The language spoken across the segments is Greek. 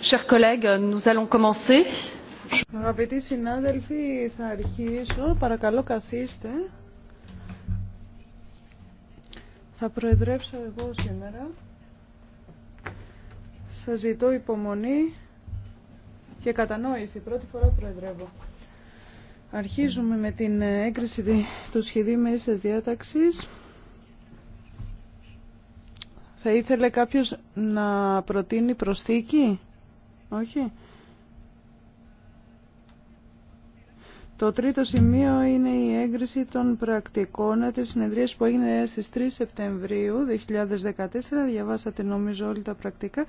Chers collègues, nous allons commencer. Αγαπητοί συνάδελφοι, θα αρχίσω. Παρακαλώ καθίστε. Θα προεδρεύσω εγώ σήμερα. Σας ζητώ υπομονή και κατανόηση. Πρώτη φορά προεδρεύω. Αρχίζουμε με την έγκριση του σχεδίου μέσης διάταξης. Θα ήθελε κάποιος να προτείνει προσθήκη. Όχι. Το τρίτο σημείο είναι η έγκριση των πρακτικών της συνεδρίας που έγινε στις 3 Σεπτεμβρίου 2014. Διαβάσατε νομίζω όλοι τα πρακτικά.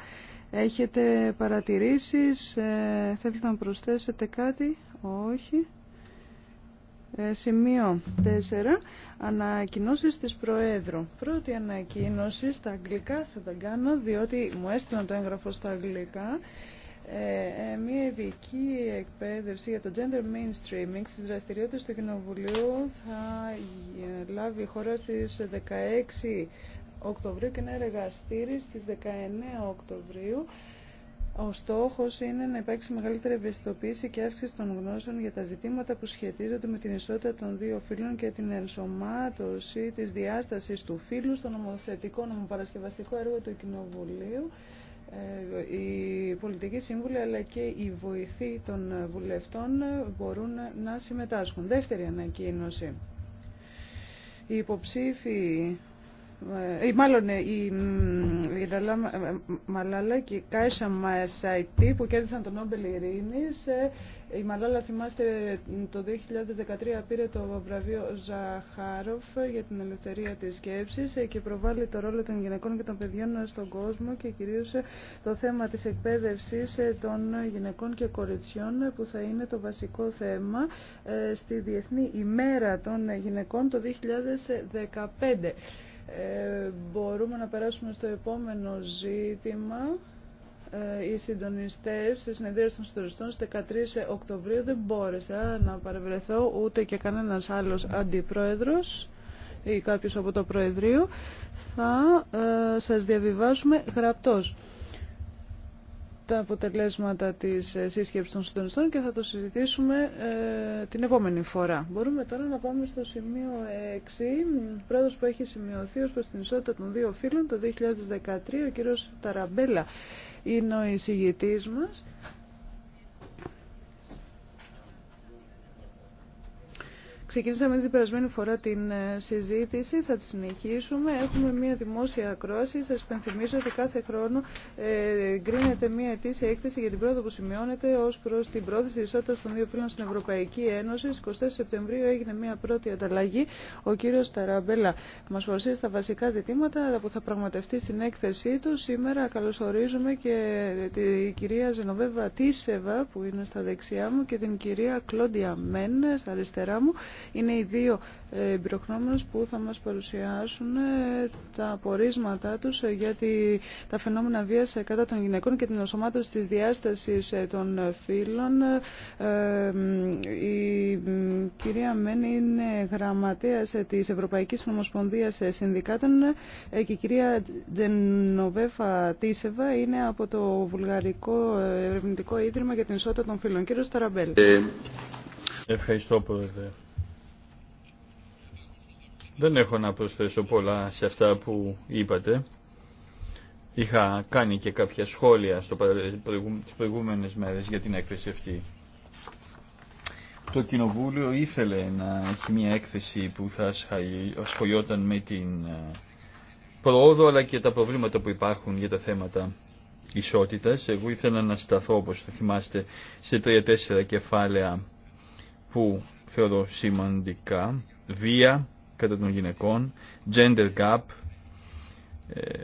Έχετε παρατηρήσεις, ε, θέλετε να προσθέσετε κάτι, όχι. Ε, σημείο 4. Ανακοινώσει τη Προέδρου. Πρώτη ανακοίνωση στα αγγλικά θα τα κάνω, διότι μου έστειλαν το έγγραφο στα αγγλικά. Ε, ε, μια ειδική εκπαίδευση για το gender mainstreaming στις δραστηριότητες του Κοινοβουλίου θα λάβει η χώρα στις 16 Οκτωβρίου και ένα εργαστήρι στις 19 Οκτωβρίου. Ο στόχο είναι να υπάρξει μεγαλύτερη ευαισθητοποίηση και αύξηση των γνώσεων για τα ζητήματα που σχετίζονται με την ισότητα των δύο φύλων και την ενσωμάτωση τη διάσταση του φύλου στο νομοθετικό νομοπαρασκευαστικό έργο του Κοινοβουλίου. Ε, οι πολιτικοί σύμβουλοι αλλά και οι βοηθοί των βουλευτών μπορούν να συμμετάσχουν. Δεύτερη ανακοίνωση. Οι υποψήφοι ε, μάλλον ε, η Ραλά ε, Μαλάλα και η Κάισα Μασαϊτή που κέρδισαν τον Νόμπελ Ειρήνης. Η Μαλάλα θυμάστε το 2013 πήρε το βραβείο Ζαχάροφ για την ελευθερία της σκέψης και προβάλλει το ρόλο των γυναικών και των παιδιών στον κόσμο και κυρίως το θέμα της εκπαίδευσης των γυναικών και κοριτσιών που θα είναι το βασικό θέμα στη Διεθνή ημέρα των γυναικών το 2015. Ε, μπορούμε να περάσουμε στο επόμενο ζήτημα. Ε, οι συντονιστέ, οι συνεδρίε των συντονιστών στι 13 Οκτωβρίου δεν μπόρεσα να παρευρεθώ ούτε και κανένα άλλο αντιπρόεδρο ή κάποιο από το Προεδρείο. Θα ε, σας διαβιβάσουμε γραπτός τα αποτελέσματα της ε, σύσκεψης των συντονιστών και θα το συζητήσουμε ε, την επόμενη φορά. Μπορούμε τώρα να πάμε στο σημείο 6, πρόεδρος που έχει σημειωθεί ως προς την ισότητα των δύο φίλων το 2013, ο κύριος Ταραμπέλα είναι ο εισηγητής μας. Ξεκινήσαμε την περασμένη φορά την ε, συζήτηση, θα τη συνεχίσουμε. Έχουμε μια δημόσια ακρόαση. Σα υπενθυμίζω ότι κάθε χρόνο ε, γκρίνεται μια ετήσια έκθεση για την πρόοδο που σημειώνεται ω προ την πρόθεση ισότητα των δύο φύλων στην Ευρωπαϊκή Ένωση. 24 Σεπτεμβρίου έγινε μια πρώτη ανταλλαγή. Ο κύριο Ταραμπέλα μα παρουσίασε τα βασικά ζητήματα που θα πραγματευτεί στην έκθεσή του. Σήμερα καλωσορίζουμε και την κυρία Ζενοβέβα Τίσεβα που είναι στα δεξιά μου και την κυρία Κλόντια Μέν στα αριστερά μου είναι οι δύο ε, εμπειρογνώμονες που θα μας παρουσιάσουν ε, τα απορίσματά τους ε, για τα φαινόμενα βίας κατά των γυναικών και την ενσωμάτωση της διάστασης των φύλων. Η κυρία Μένη είναι γραμματέας της Ευρωπαϊκής Νομοσπονδίας Συνδικάτων και η κυρία Τζενοβέφα Τίσεβα είναι από το Βουλγαρικό Ερευνητικό Ίδρυμα για την Ισότητα των Φύλων. Κύριο Σταραμπέλ. Ευχαριστώ, πολύ. Δεν έχω να προσθέσω πολλά σε αυτά που είπατε. Είχα κάνει και κάποια σχόλια στο τις προηγούμενες μέρες για την έκθεση αυτή. Το Κοινοβούλιο ήθελε να έχει μια έκθεση που θα ασχολιόταν με την ε, πρόοδο αλλά και τα προβλήματα που υπάρχουν για τα θέματα ισότητας. Εγώ ήθελα να σταθώ, όπως θα θυμάστε, σε τρία-τέσσερα κεφάλαια που θεωρώ σημαντικά. Βία, κατά των γυναικών, gender gap, ε,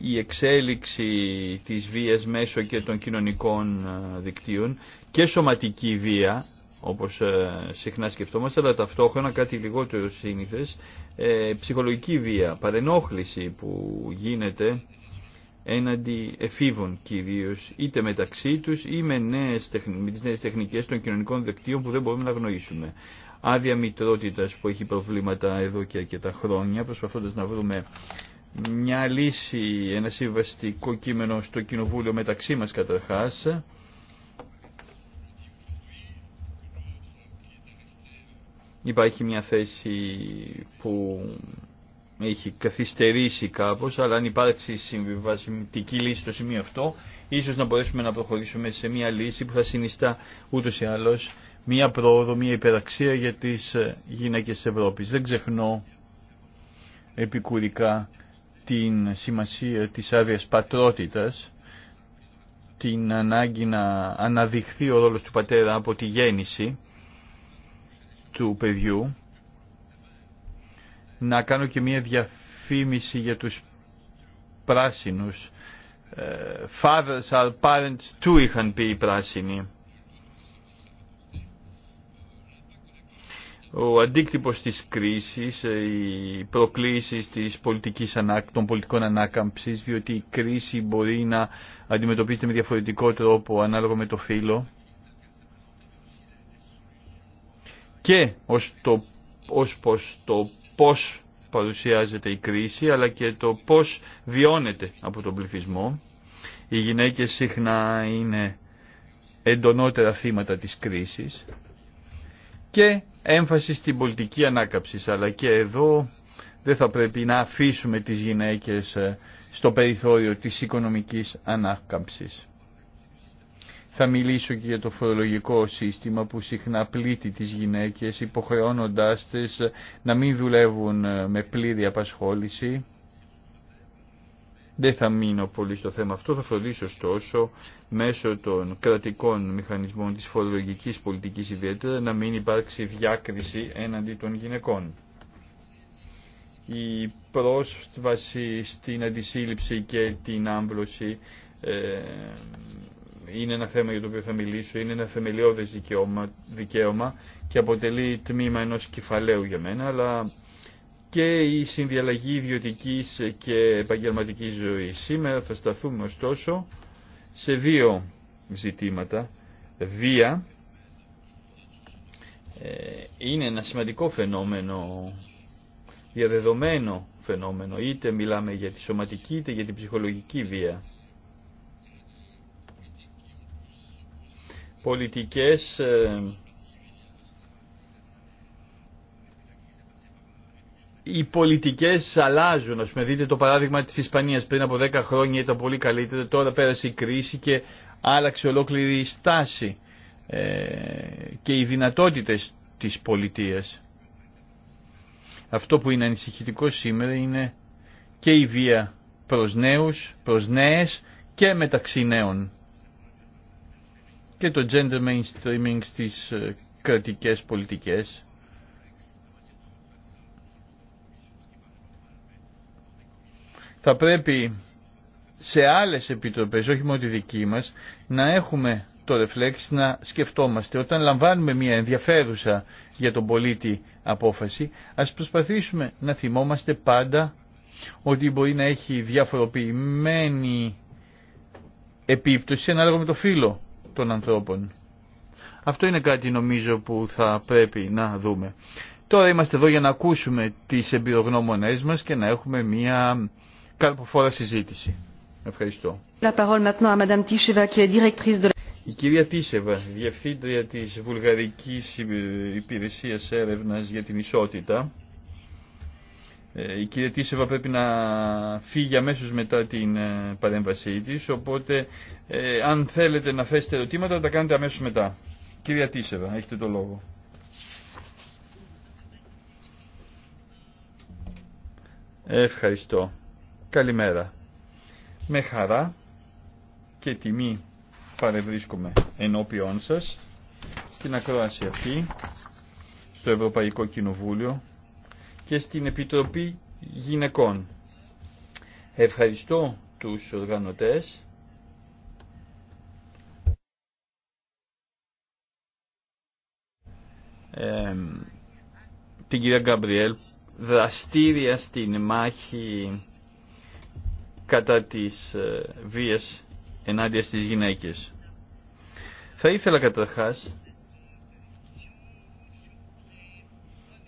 η εξέλιξη της βίας μέσω και των κοινωνικών ε, δικτύων και σωματική βία, όπως ε, συχνά σκεφτόμαστε, αλλά ταυτόχρονα κάτι λιγότερο σύνηθες, ψυχολογική βία, παρενόχληση που γίνεται έναντι εφήβων κυρίως, είτε μεταξύ τους ή με, νέες, με τις νέες τεχνικές των κοινωνικών δικτύων που δεν μπορούμε να γνωρίσουμε άδεια μητρότητα που έχει προβλήματα εδώ και αρκετά χρόνια, προσπαθώντα να βρούμε μια λύση, ένα συμβαστικό κείμενο στο Κοινοβούλιο μεταξύ μα καταρχά. Υπάρχει μια θέση που έχει καθυστερήσει κάπως, αλλά αν υπάρξει συμβιβασμητική λύση στο σημείο αυτό, ίσως να μπορέσουμε να προχωρήσουμε σε μια λύση που θα συνιστά ούτως ή άλλως μία πρόοδο, μία υπεραξία για τις ε, γυναίκες της Ευρώπης. Δεν ξεχνώ επικουρικά την σημασία της άδειας πατρότητας, την ανάγκη να αναδειχθεί ο ρόλος του πατέρα από τη γέννηση του παιδιού, να κάνω και μία διαφήμιση για τους πράσινους. Ε, fathers are parents too είχαν πει οι πράσινοι. ο αντίκτυπος της κρίσης, ε, οι προκλήσεις της πολιτικής, των πολιτικών ανάκαμψης, διότι η κρίση μπορεί να αντιμετωπίζεται με διαφορετικό τρόπο ανάλογα με το φύλλο. Και ως, το, ως πως το πώς παρουσιάζεται η κρίση, αλλά και το πώς βιώνεται από τον πληθυσμό. Οι γυναίκες συχνά είναι εντονότερα θύματα της κρίσης και έμφαση στην πολιτική ανάκαψη. Αλλά και εδώ δεν θα πρέπει να αφήσουμε τις γυναίκες ε, στο περιθώριο της οικονομικής ανάκαμψης. Θα μιλήσω και για το φορολογικό σύστημα που συχνά πλήττει τις γυναίκες υποχρεώνοντάς τις να μην δουλεύουν ε, με πλήρη απασχόληση δεν θα μείνω πολύ στο θέμα αυτό, θα φροντίσω ωστόσο μέσω των κρατικών μηχανισμών της φορολογικής πολιτικής ιδιαίτερα να μην υπάρξει διάκριση έναντι των γυναικών. Η πρόσβαση στην αντισύλληψη και την άμβλωση ε, είναι ένα θέμα για το οποίο θα μιλήσω, είναι ένα θεμελιώδες δικαίωμα, δικαίωμα και αποτελεί τμήμα ενός κεφαλαίου για μένα, αλλά και η συνδιαλλαγή ιδιωτική και επαγγελματική ζωή. Σήμερα θα σταθούμε ωστόσο σε δύο ζητήματα. Βία ε, είναι ένα σημαντικό φαινόμενο, διαδεδομένο φαινόμενο, είτε μιλάμε για τη σωματική είτε για την ψυχολογική βία. Πολιτικές ε, οι πολιτικές αλλάζουν. α πούμε, δείτε το παράδειγμα της Ισπανίας. Πριν από 10 χρόνια ήταν πολύ καλύτερη, τώρα πέρασε η κρίση και άλλαξε ολόκληρη η στάση ε, και οι δυνατότητε της πολιτείας. Αυτό που είναι ανησυχητικό σήμερα είναι και η βία προς νέους, προς νέες και μεταξύ νέων. Και το gender mainstreaming στις ε, κρατικές πολιτικές θα πρέπει σε άλλες επιτροπές, όχι μόνο τη δική μας, να έχουμε το ρεφλέξ να σκεφτόμαστε. Όταν λαμβάνουμε μια ενδιαφέρουσα για τον πολίτη απόφαση, ας προσπαθήσουμε να θυμόμαστε πάντα ότι μπορεί να έχει διαφοροποιημένη επίπτωση ανάλογα με το φύλλο των ανθρώπων. Αυτό είναι κάτι νομίζω που θα πρέπει να δούμε. Τώρα είμαστε εδώ για να ακούσουμε τις εμπειρογνώμονές μας και να έχουμε μια συζήτηση. Ευχαριστώ. Η κυρία Τίσεβα, Διευθύντρια της Βουλγαρικής Υπηρεσίας Έρευνας για την Ισότητα. Ε, η κυρία Τίσεβα πρέπει να φύγει αμέσω μετά την ε, παρέμβασή της, οπότε ε, αν θέλετε να θέσετε ερωτήματα τα κάνετε αμέσω μετά. Κυρία Τίσεβα, έχετε το λόγο. Ευχαριστώ. Καλημέρα. Με χαρά και τιμή παρευρίσκομαι ενώπιόν σας στην ακρόαση αυτή, στο Ευρωπαϊκό Κοινοβούλιο και στην Επιτροπή Γυναικών. Ευχαριστώ τους οργανωτές την κυρία Γκαμπριέλ δραστήρια στην μάχη κατά τις ε, βίας ενάντια στις γυναίκες. Θα ήθελα καταρχάς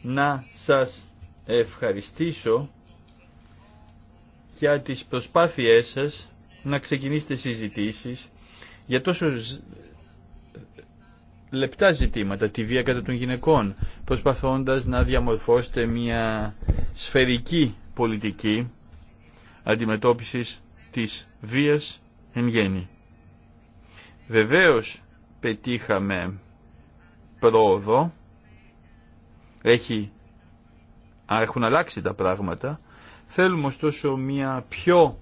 να σας ευχαριστήσω για τις προσπάθειές σας να ξεκινήσετε συζητήσεις για τόσο λεπτά ζητήματα, τη βία κατά των γυναικών, προσπαθώντας να διαμορφώσετε μια σφαιρική πολιτική αντιμετώπισης της βίας εν γέννη. Βεβαίως πετύχαμε πρόοδο, έχει, έχουν αλλάξει τα πράγματα, θέλουμε ωστόσο μια πιο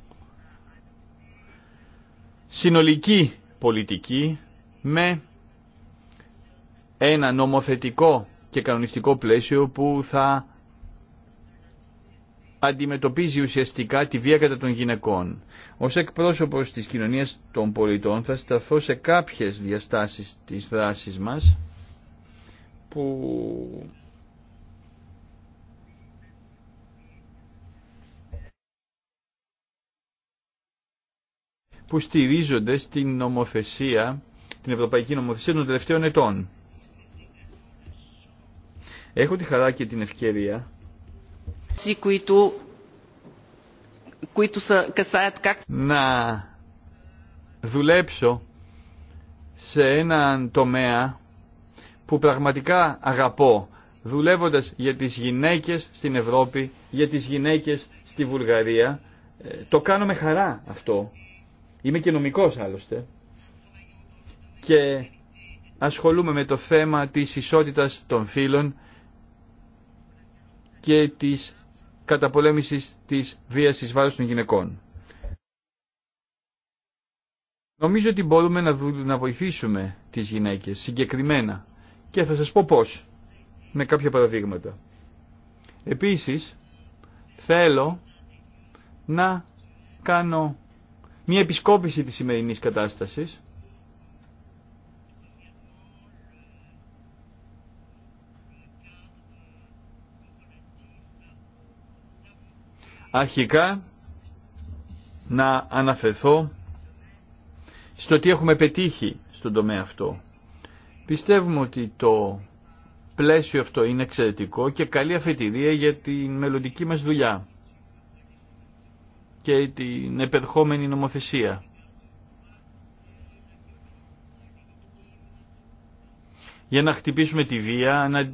συνολική πολιτική με ένα νομοθετικό και κανονιστικό πλαίσιο που θα αντιμετωπίζει ουσιαστικά τη βία κατά των γυναικών. Ως εκπρόσωπος της κοινωνίας των πολιτών θα σταθώ σε κάποιες διαστάσεις της δράσης μας που που στηρίζονται στην νομοθεσία, την ευρωπαϊκή νομοθεσία των τελευταίων ετών. Έχω τη χαρά και την ευκαιρία να δουλέψω σε έναν τομέα που πραγματικά αγαπώ, δουλεύοντας για τις γυναίκες στην Ευρώπη, για τις γυναίκες στη Βουλγαρία. Το κάνω με χαρά αυτό. Είμαι και νομικός άλλωστε. Και ασχολούμαι με το θέμα της ισότητας των φίλων και της καταπολέμησης της βίας εις βάρος των γυναικών. Νομίζω ότι μπορούμε να, να βοηθήσουμε τις γυναίκες συγκεκριμένα και θα σας πω πώς, με κάποια παραδείγματα. Επίσης, θέλω να κάνω μια επισκόπηση της σημερινής κατάστασης αρχικά να αναφερθώ στο τι έχουμε πετύχει στον τομέα αυτό. Πιστεύουμε ότι το πλαίσιο αυτό είναι εξαιρετικό και καλή αφετηρία για την μελλοντική μας δουλειά και την επερχόμενη νομοθεσία. Για να χτυπήσουμε τη βία, να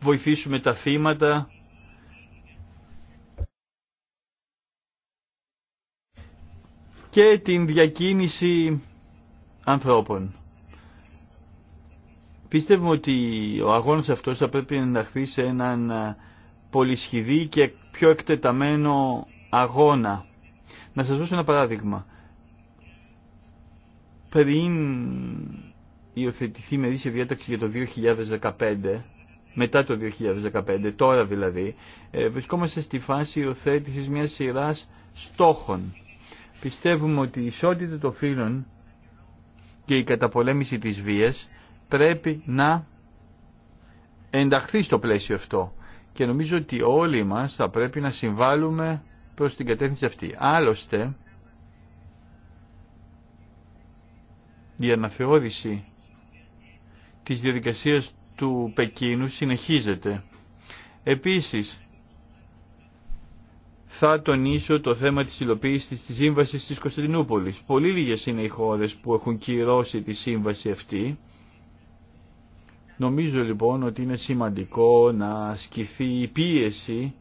βοηθήσουμε τα θύματα, και την διακίνηση ανθρώπων. Πίστευουμε ότι ο αγώνας αυτός θα πρέπει να ενταχθεί σε έναν πολυσχηδή και πιο εκτεταμένο αγώνα. Να σας δώσω ένα παράδειγμα. Πριν υιοθετηθεί με δύση διάταξη για το 2015, μετά το 2015, τώρα δηλαδή, ε, βρισκόμαστε στη φάση υιοθέτησης μιας σειράς στόχων Πιστεύουμε ότι η ισότητα των φύλων και η καταπολέμηση της βίας πρέπει να ενταχθεί στο πλαίσιο αυτό. Και νομίζω ότι όλοι μας θα πρέπει να συμβάλλουμε προς την κατεύθυνση αυτή. Άλλωστε, η αναθεώρηση της διαδικασίας του Πεκίνου συνεχίζεται. Επίσης, θα τονίσω το θέμα της υλοποίησης της σύμβασης της Κωνσταντινούπολης. Πολύ λίγες είναι οι χώρες που έχουν κυρώσει τη σύμβαση αυτή. Νομίζω λοιπόν ότι είναι σημαντικό να ασκηθεί η πίεση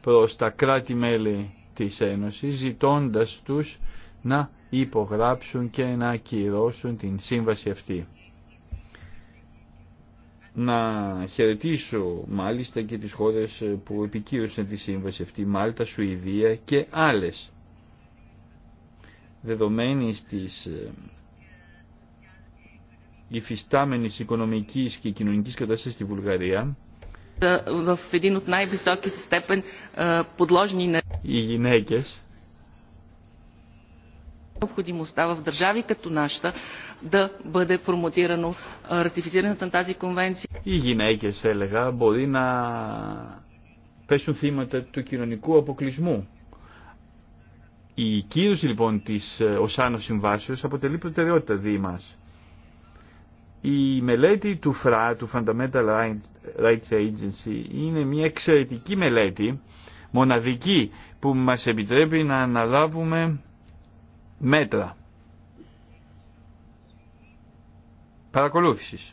προς τα κράτη-μέλη της Ένωσης, ζητώντας τους να υπογράψουν και να ακυρώσουν την σύμβαση αυτή να χαιρετήσω μάλιστα και τις χώρες ε, που επικύρωσαν τη σύμβαση αυτή, Μάλτα, Σουηδία και άλλες. Δεδομένης της ε, υφιστάμενης οικονομικής και κοινωνικής κατάστασης στη Βουλγαρία, ε, οι γυναίκες необходимостта в οι γυναίκες έλεγα μπορεί να πέσουν θύματα του κοινωνικού αποκλεισμού. Η κύρωση λοιπόν της ε, Οσάνο Συμβάσεως αποτελεί προτεραιότητα δι' μας. Η μελέτη του ΦΡΑ, του Fundamental Rights Agency, είναι μια εξαιρετική μελέτη, μοναδική, που μας επιτρέπει να αναλάβουμε μέτρα παρακολούθησης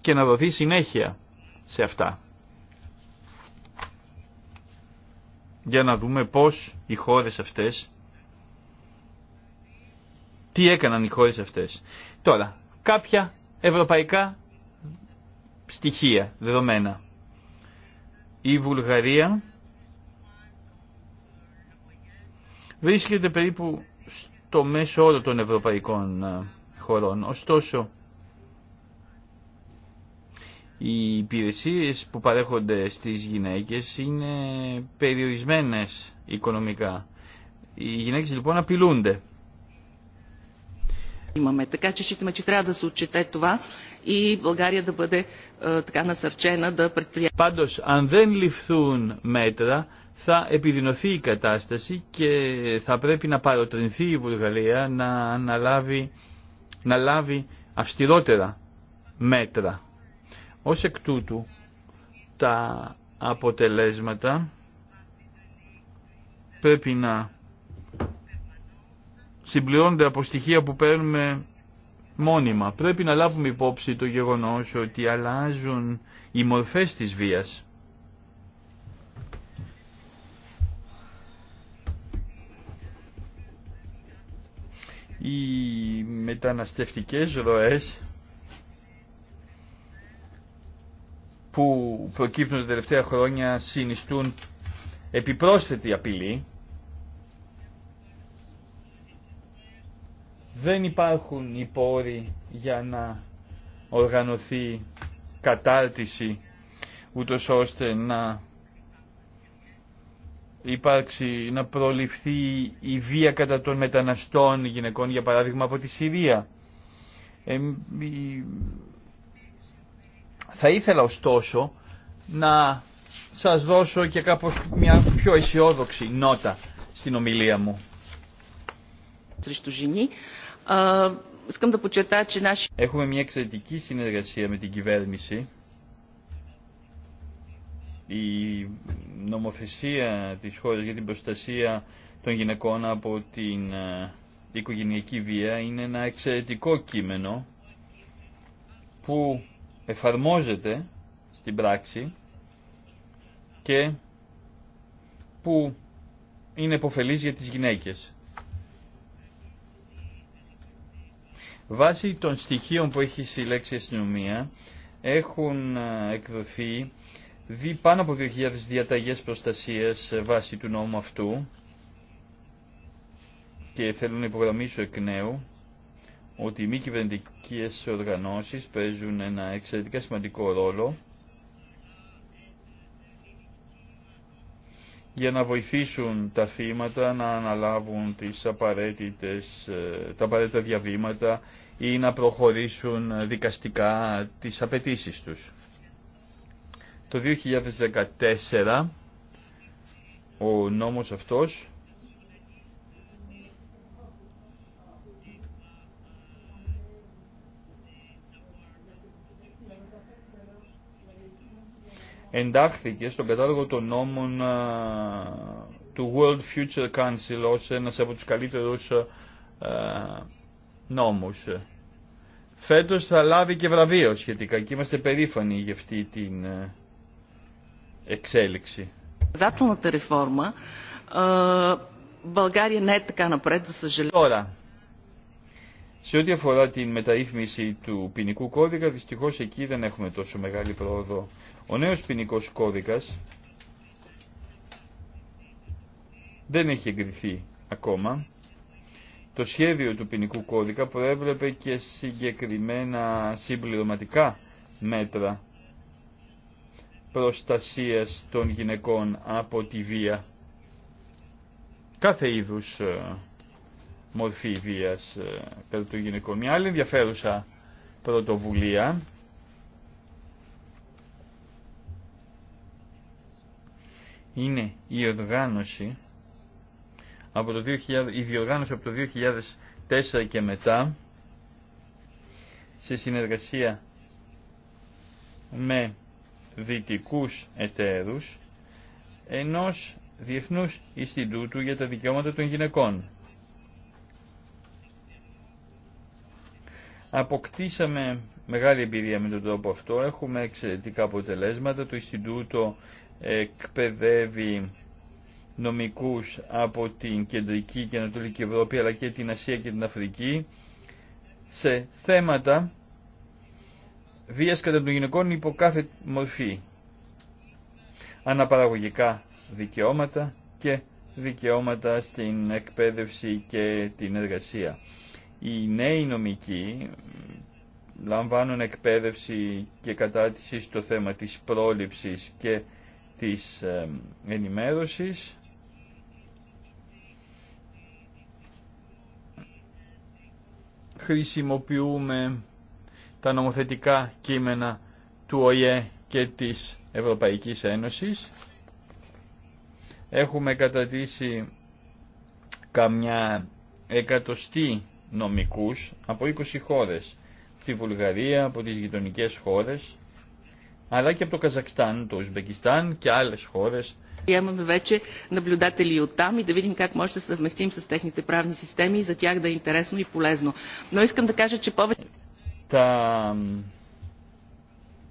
και να δοθεί συνέχεια σε αυτά. Για να δούμε πώς οι χώρες αυτές, τι έκαναν οι χώρες αυτές. Τώρα, κάποια ευρωπαϊκά στοιχεία, δεδομένα. Η Βουλγαρία βρίσκεται περίπου στο μέσο όλων των ευρωπαϊκών ε, χωρών. Ωστόσο, οι υπηρεσίες που παρέχονται στις γυναίκες είναι περιορισμένες οικονομικά. Οι γυναίκες λοιπόν απειλούνται. Πάντω, Така че считаме, че трябва да се отчете това и България да Πάντως, αν δεν ληφθούν μέτρα, θα επιδεινωθεί η κατάσταση και θα πρέπει να παροτρινθεί η Βουλγαρία να, να λάβει αυστηρότερα μέτρα. Ως εκ τούτου, τα αποτελέσματα πρέπει να συμπληρώνονται από στοιχεία που παίρνουμε μόνιμα. Πρέπει να λάβουμε υπόψη το γεγονός ότι αλλάζουν οι μορφές της βίας. Οι μεταναστευτικές ροές που προκύπτουν τα τελευταία χρόνια συνιστούν επιπρόσθετη απειλή. Δεν υπάρχουν οι για να οργανωθεί κατάρτιση ούτως ώστε να υπάρξει, να προληφθεί η βία κατά των μεταναστών γυναικών, για παράδειγμα από τη Συρία. Ε, θα ήθελα ωστόσο να σας δώσω και κάπως μια πιο αισιόδοξη νότα στην ομιλία μου. Έχουμε μια εξαιρετική συνεργασία με την κυβέρνηση. Η νομοθεσία της χώρας για την προστασία των γυναικών από την ε, οικογενειακή βία είναι ένα εξαιρετικό κείμενο που εφαρμόζεται στην πράξη και που είναι υποφελής για τις γυναίκες. Βάσει των στοιχείων που έχει συλλέξει η αστυνομία έχουν ε, εκδοθεί δι πάνω από 2.000 διαταγές προστασίας βάσει του νόμου αυτού και θέλω να υπογραμμίσω εκ νέου ότι οι μη κυβερνητικέ οργανώσεις παίζουν ένα εξαιρετικά σημαντικό ρόλο για να βοηθήσουν τα θύματα να αναλάβουν τις απαραίτητες, ε, τα απαραίτητα διαβήματα ή να προχωρήσουν δικαστικά τις απαιτήσεις τους. Το 2014 ο νόμος αυτός εντάχθηκε στον κατάλογο των νόμων του World Future Council ως ένας από τους καλύτερους νόμους. Φέτος θα λάβει και βραβείο σχετικά και είμαστε περήφανοι για αυτή την εξέλιξη. Τώρα, σε ό,τι αφορά την μεταρρύθμιση του ποινικού κώδικα, δυστυχώς εκεί δεν έχουμε τόσο μεγάλη πρόοδο. Ο νέος ποινικό κώδικας δεν έχει εγκριθεί ακόμα. Το σχέδιο του ποινικού κώδικα προέβλεπε και συγκεκριμένα συμπληρωματικά μέτρα προστασίας των γυναικών από τη βία. Κάθε είδους ε, μορφή βίας κατά ε, το γυναικών. Μια άλλη ενδιαφέρουσα πρωτοβουλία είναι η οργάνωση από το 2000, η διοργάνωση από το 2004 και μετά σε συνεργασία με δυτικούς εταίρους ενός Διεθνούς Ινστιτούτου για τα Δικαιώματα των Γυναικών. Αποκτήσαμε μεγάλη εμπειρία με τον τρόπο αυτό, έχουμε εξαιρετικά αποτελέσματα, το Ινστιτούτο εκπαιδεύει νομικούς από την Κεντρική και Ανατολική Ευρώπη αλλά και την Ασία και την Αφρική σε θέματα βίας κατά των γυναικών υπό κάθε μορφή αναπαραγωγικά δικαιώματα και δικαιώματα στην εκπαίδευση και την εργασία. Οι νέοι νομικοί λαμβάνουν εκπαίδευση και κατάρτιση στο θέμα της πρόληψης και της ενημέρωσης. Χρησιμοποιούμε τα νομοθετικά κείμενα του ΟΗΕ και της Ευρωπαϊκής Ένωσης. Έχουμε κατατήσει καμιά εκατοστή νομικούς από 20 χώρες, τη Βουλγαρία, από τις γειτονικές χώρες, αλλά και από το Καζακστάν, το Ουσμπεκιστάν και άλλες χώρες. Имаме вече наблюдатели от там и да видим Τα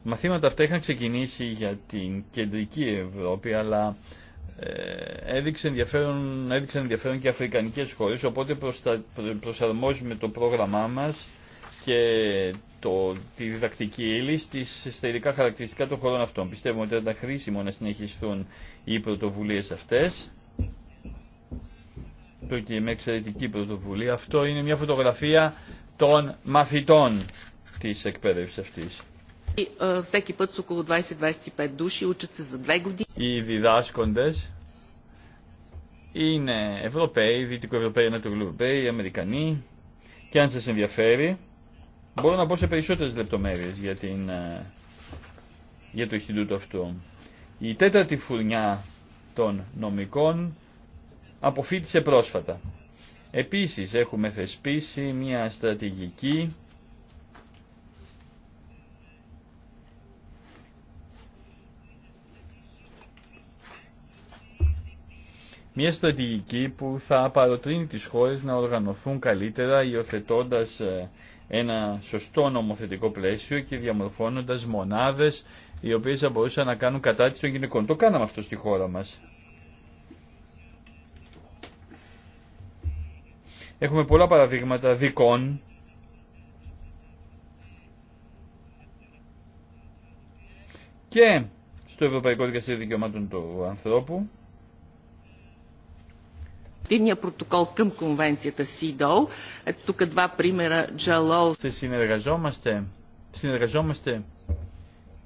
μαθήματα αυτά είχαν ξεκινήσει για την κεντρική Ευρώπη, αλλά ε, έδειξε ενδιαφέρον, έδειξαν ενδιαφέρον και αφρικανικές χώρες, οπότε προσαρμόζουμε το πρόγραμμά μας και το, τη διδακτική ύλη στις, στα ειδικά χαρακτηριστικά των χωρών αυτών. Πιστεύουμε ότι θα ήταν χρήσιμο να συνεχιστούν οι πρωτοβουλίες αυτές. και με εξαιρετική πρωτοβουλία. Αυτό είναι μια φωτογραφία των μαθητών της εκπαίδευσης αυτής. Всеки път с около 20-25 души Οι διδάσκοντες είναι Ευρωπαίοι, Δυτικοευρωπαίοι, Ανατολικοευρωπαίοι, Αμερικανοί και αν σας ενδιαφέρει μπορώ να πω σε περισσότερες λεπτομέρειες για, την, για το Ινστιτούτο αυτό. Η τέταρτη φουρνιά των νομικών αποφύτησε πρόσφατα. Επίσης έχουμε θεσπίσει μια στρατηγική μια στρατηγική που θα παροτρύνει τις χώρες να οργανωθούν καλύτερα υιοθετώντα ε, ένα σωστό νομοθετικό πλαίσιο και διαμορφώνοντας μονάδες οι οποίες θα μπορούσαν να κάνουν κατάρτιση των γυναικών. Το κάναμε αυτό στη χώρα μας. Έχουμε πολλά παραδείγματα δικών και στο Ευρωπαϊκό Δικαστήριο Δικαιωμάτων του Ανθρώπου административния протокол към конвенцията СИДО. Ето тук два примера. Джало. Се συνεργαζόμαστε, συνεργαζόμαστε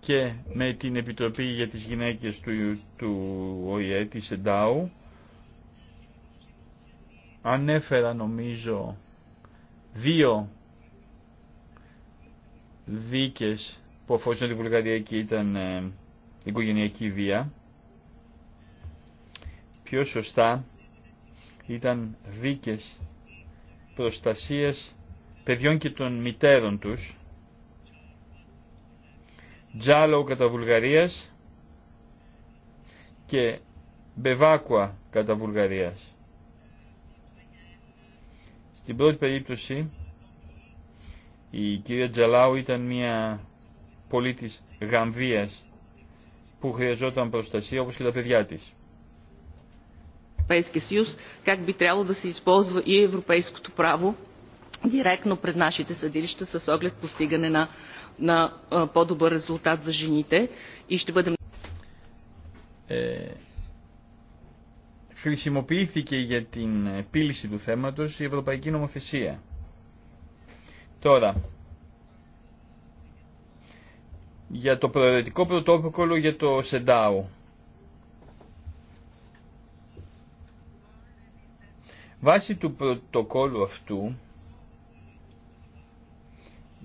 και με την Επιτροπή για τις Γυναίκες του, του ΟΗΕ, της ΕΝΤΑΟΥ, Ανέφερα νομίζω δύο δίκες που αφορούσαν τη Βουλγαρία και ήταν ε, οικογενειακή βία. Πιο σωστά ήταν δίκες προστασίας παιδιών και των μητέρων τους. Τζάλο κατά Βουλγαρίας και Μπεβάκουα κατά Βουλγαρίας. Στην πρώτη περίπτωση η κυρία Τζαλάου ήταν μια πολίτης Γαμβίας που χρειαζόταν προστασία όπως και τα παιδιά της. Европейския съюз, как би трябвало да се използва и европейското право директно пред нашите съдилища с оглед постигане на, на по-добър резултат за жените и ще бъдем... Е, χρησιμοποιήθηκε για την επίλυση του θέματος η Ευρωπαϊκή Νομοθεσία. Τώρα, για το προαιρετικό πρωτόκολλο για το ΣΕΝΤΑΟ. Βάσει του πρωτοκόλου αυτού,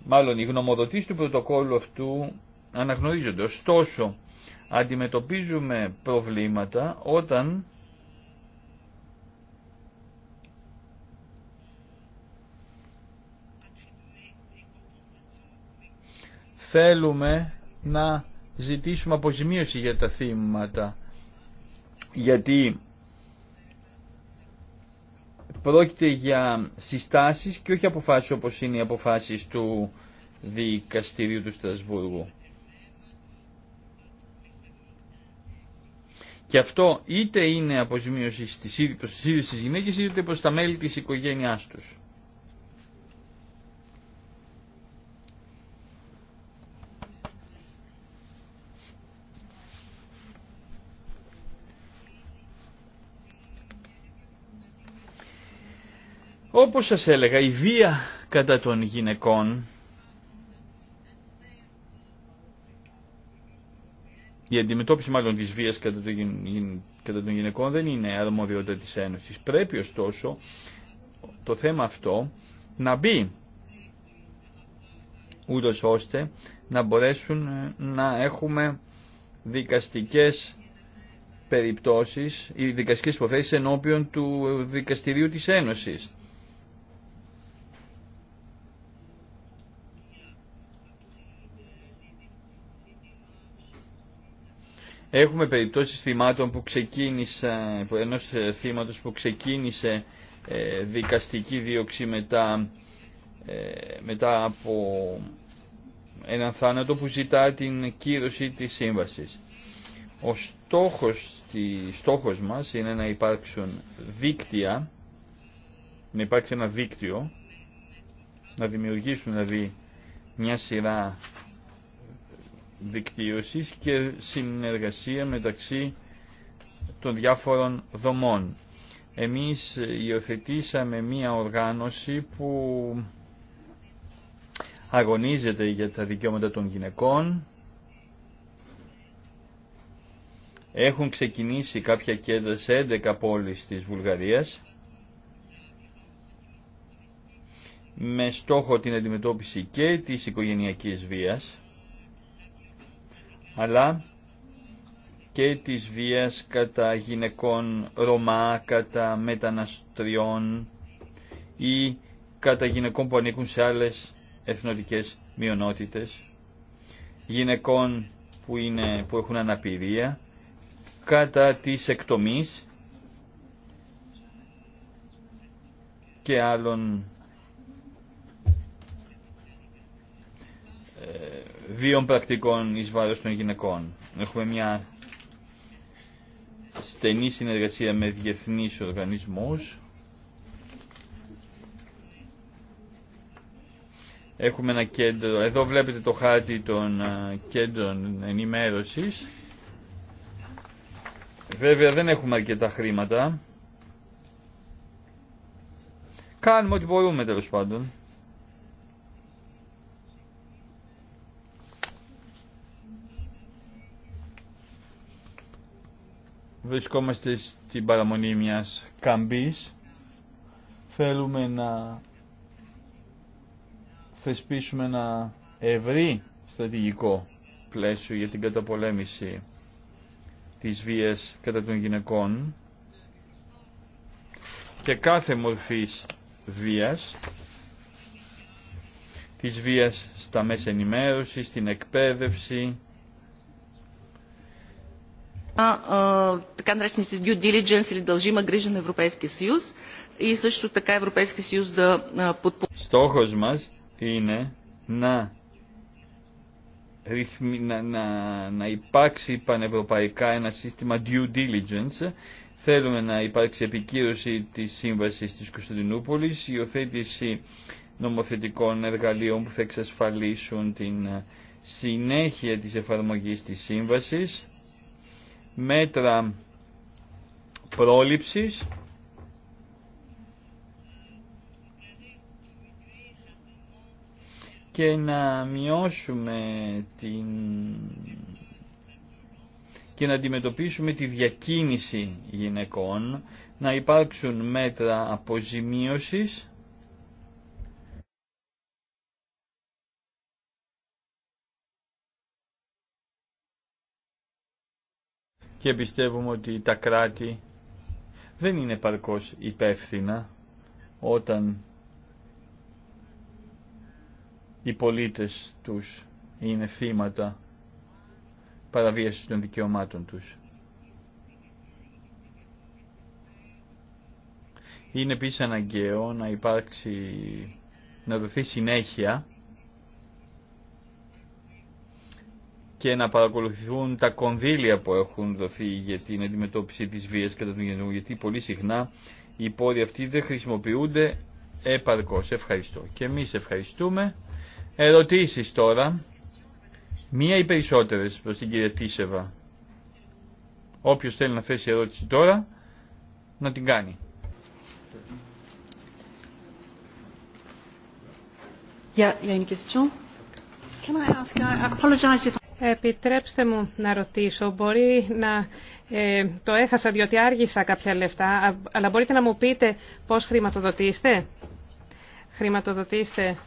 μάλλον οι γνωμοδοτήσεις του πρωτοκόλου αυτού αναγνωρίζονται. Ωστόσο, αντιμετωπίζουμε προβλήματα όταν θέλουμε να ζητήσουμε αποζημίωση για τα θύματα. Γιατί πρόκειται για συστάσεις και όχι αποφάσεις όπως είναι οι αποφάσεις του Δικαστηρίου του Στρασβούργου. Και αυτό είτε είναι αποζημίωση στις ίδιες τις γυναίκες είτε προς τα μέλη της οικογένειάς τους. Όπως σας έλεγα, η βία κατά των γυναικών, η αντιμετώπιση μάλλον της βίας κατά των γυναικών δεν είναι αρμοδιότητα της Ένωσης. Πρέπει ωστόσο το θέμα αυτό να μπει ούτως ώστε να μπορέσουν ε, να έχουμε δικαστικές περιπτώσεις ή δικαστικές υποθέσεις ενώπιον του δικαστηρίου της Ένωσης. Έχουμε περιπτώσεις θυμάτων που που ενός ε, θύματος που ξεκίνησε ε, δικαστική δίωξη ε, μετά, από έναν θάνατο που ζητά την κύρωση της σύμβασης. Ο στόχος, στόχος μας είναι να υπάρξουν δίκτυα, να υπάρξει ένα δίκτυο, να δημιουργήσουν δηλαδή μια σειρά δικτύωσης και συνεργασία μεταξύ των διάφορων δομών. Εμείς υιοθετήσαμε μία οργάνωση που αγωνίζεται για τα δικαιώματα των γυναικών. Έχουν ξεκινήσει κάποια κέντρα σε 11 πόλεις της Βουλγαρίας με στόχο την αντιμετώπιση και της οικογενειακής βίας αλλά και της βίας κατά γυναικών Ρωμά, κατά μεταναστριών ή κατά γυναικών που ανήκουν σε άλλες εθνοτικές μειονότητες, γυναικών που, είναι, που έχουν αναπηρία, κατά της εκτομής και άλλων ε, Δύο πρακτικών εις βάρος των γυναικών. Έχουμε μια στενή συνεργασία με διεθνείς οργανισμούς. Έχουμε ένα κέντρο, εδώ βλέπετε το χάρτη των κέντρων ενημέρωσης. Βέβαια δεν έχουμε αρκετά χρήματα. Κάνουμε ό,τι μπορούμε τέλο πάντων. βρισκόμαστε στην παραμονή μιας καμπής. Θέλουμε να θεσπίσουμε ένα ευρύ στρατηγικό πλαίσιο για την καταπολέμηση της βίας κατά των γυναικών και κάθε μορφής βίας, της βίας στα μέσα ενημέρωση, στην εκπαίδευση, така μας είναι να να, να υπάρξει πανευρωπαϊκά ένα σύστημα due diligence. Θέλουμε να υπάρξει επικύρωση της σύμβασης της Κωνσταντινούπολης, υιοθέτηση νομοθετικών εργαλείων που θα εξασφαλίσουν την συνέχεια της εφαρμογής της σύμβασης μέτρα πρόληψης και να μειώσουμε την και να αντιμετωπίσουμε τη διακίνηση γυναικών, να υπάρξουν μέτρα αποζημίωσης και πιστεύουμε ότι τα κράτη δεν είναι παρκώς υπεύθυνα όταν οι πολίτες τους είναι θύματα παραβίασης των δικαιωμάτων τους. Είναι επίσης αναγκαίο να υπάρξει, να δοθεί συνέχεια και να παρακολουθούν τα κονδύλια που έχουν δοθεί για την αντιμετώπιση της βίας κατά τον γεννού, γιατί πολύ συχνά οι πόροι αυτοί δεν χρησιμοποιούνται επαρκώς. Ευχαριστώ. Και εμείς ευχαριστούμε. Ερωτήσεις τώρα, μία ή περισσότερες προς την κυρία Τίσεβα. Όποιος θέλει να θέσει ερώτηση τώρα, να την κάνει. Can I ask, I apologize Επιτρέψτε μου να ρωτήσω, μπορεί να ε, το έχασα διότι άργησα κάποια λεφτά, αλλά μπορείτε να μου πείτε πώς χρηματοδοτήσετε. Χρηματοδοτήσετε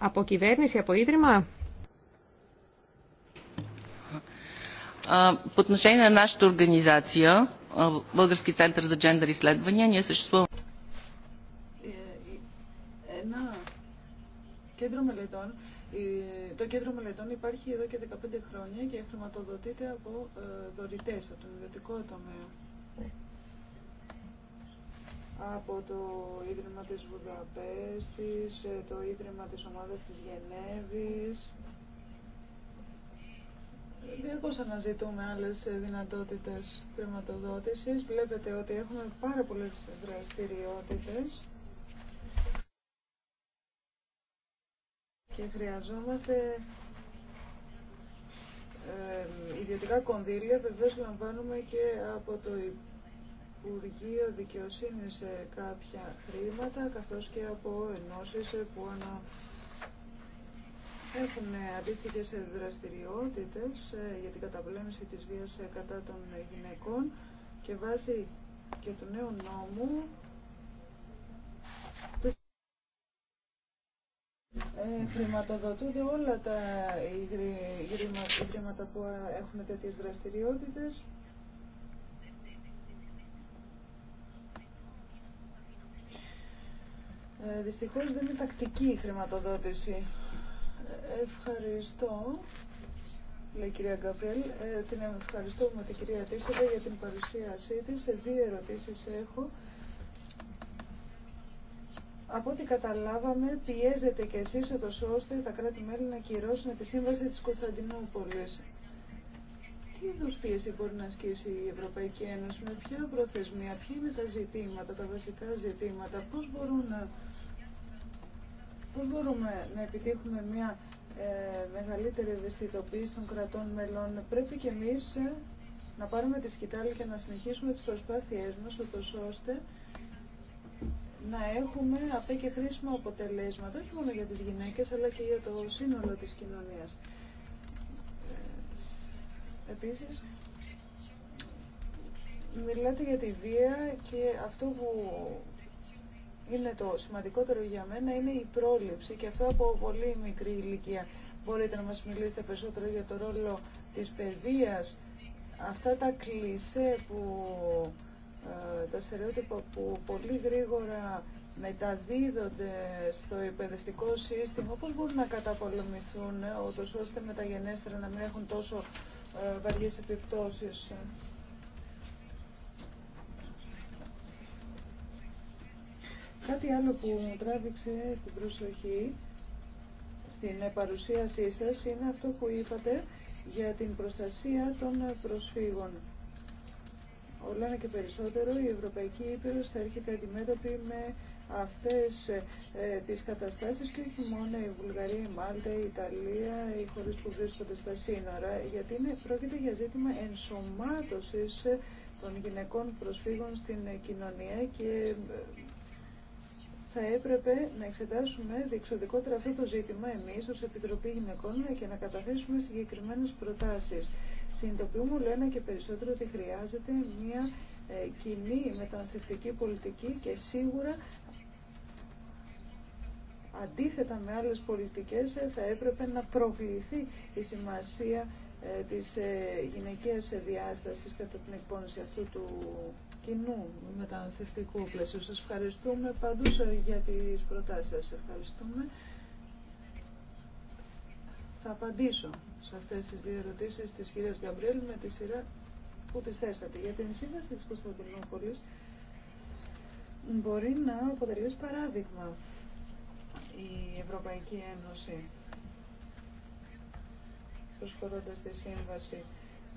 από κυβέρνηση, από ίδρυμα. По отношение на нашата организация, Български център за джендър изследвания, ние съществуваме. Ένα κέντρο μελετών ε, το κέντρο μελετών υπάρχει εδώ και 15 χρόνια και χρηματοδοτείται από ε, δωρητές, από τον ιδιωτικό τομέα. Από το Ίδρυμα της Βουδαπέστης, ε, το Ίδρυμα της Ομάδας της Γενέβης. Διαρκώς αναζητούμε άλλες δυνατότητες χρηματοδότησης. Βλέπετε ότι έχουμε πάρα πολλές δραστηριότητες. και χρειαζόμαστε ιδιωτικά κονδύλια βεβαίως λαμβάνουμε και από το Υπουργείο Δικαιοσύνη κάποια χρήματα καθώς και από ενώσεις που ανα... έχουν αντίστοιχε δραστηριότητες ε, για την καταπολέμηση της βίας ε, κατά των γυναικών και βάσει και του νέου νόμου Ε, χρηματοδοτούνται όλα τα ιδρύματα που ε, έχουν τέτοιες δραστηριότητες. Ε, δυστυχώς δεν είναι τακτική η χρηματοδότηση. Ε, ευχαριστώ, λέει η κυρία Γκαβρέλ. Ε, την με την κυρία Τίσεβα για την παρουσίασή της. Σε δύο ερωτήσεις έχω. Από ό,τι καταλάβαμε, πιέζετε και εσείς ούτω ώστε τα κράτη-μέλη να κυρώσουν τη σύμβαση τη Κωνσταντινούπολη. Τι είδου πίεση μπορεί να ασκήσει η Ευρωπαϊκή Ένωση, με ποια προθεσμία, ποια είναι τα ζητήματα, τα βασικά ζητήματα, Πώ μπορούν να, μπορούμε να επιτύχουμε μια ε, μεγαλύτερη ευαισθητοποίηση των κρατών μελών. Πρέπει και εμείς ε, να πάρουμε τη σκητάλη και να συνεχίσουμε τις προσπάθειές μας, ούτως ώστε να έχουμε αυτά και χρήσιμα αποτελέσματα, όχι μόνο για τις γυναίκες, αλλά και για το σύνολο της κοινωνίας. Ε, επίσης, μιλάτε για τη βία και αυτό που είναι το σημαντικότερο για μένα είναι η πρόληψη και αυτό από πολύ μικρή ηλικία. Μπορείτε να μας μιλήσετε περισσότερο για το ρόλο της παιδείας, αυτά τα κλισέ που ε, τα στερεότυπα που πολύ γρήγορα μεταδίδονται στο εκπαιδευτικό σύστημα, πώς μπορούν να καταπολεμηθούν, ε, ούτως ώστε μεταγενέστερα να μην έχουν τόσο ε, βαριές επιπτώσεις. Κάτι άλλο που μου τράβηξε την προσοχή στην παρουσίασή σας είναι αυτό που είπατε για την προστασία των προσφύγων όλο και περισσότερο η Ευρωπαϊκή Ήπειρος θα έρχεται αντιμέτωπη με αυτές ε, τις καταστάσεις και όχι μόνο η Βουλγαρία, η Μάλτα, η Ιταλία, οι χώρες που βρίσκονται στα σύνορα, γιατί είναι, πρόκειται για ζήτημα ενσωμάτωσης ε, των γυναικών προσφύγων στην ε, κοινωνία και ε, θα έπρεπε να εξετάσουμε διεξοδικότερα αυτό το ζήτημα εμείς ως Επιτροπή Γυναικών και να καταθέσουμε συγκεκριμένες προτάσεις συνειδητοποιούμε όλο ένα και περισσότερο ότι χρειάζεται μια ε, κοινή μεταναστευτική πολιτική και σίγουρα αντίθετα με άλλες πολιτικές ε, θα έπρεπε να προβληθεί η σημασία ε, της γυναικείας διάστασης κατά την εκπόνηση αυτού του κοινού μεταναστευτικού πλαισίου. Σας ευχαριστούμε πάντως για τις προτάσεις σας. Ευχαριστούμε θα απαντήσω σε αυτές τις δύο ερωτήσεις της κυρίας Γκαμπρέλ με τη σειρά που τις θέσατε. Για την σύμβαση της Κωνσταντινούπολης μπορεί να αποτελεί παράδειγμα η Ευρωπαϊκή Ένωση προσχωρώντας τη σύμβαση.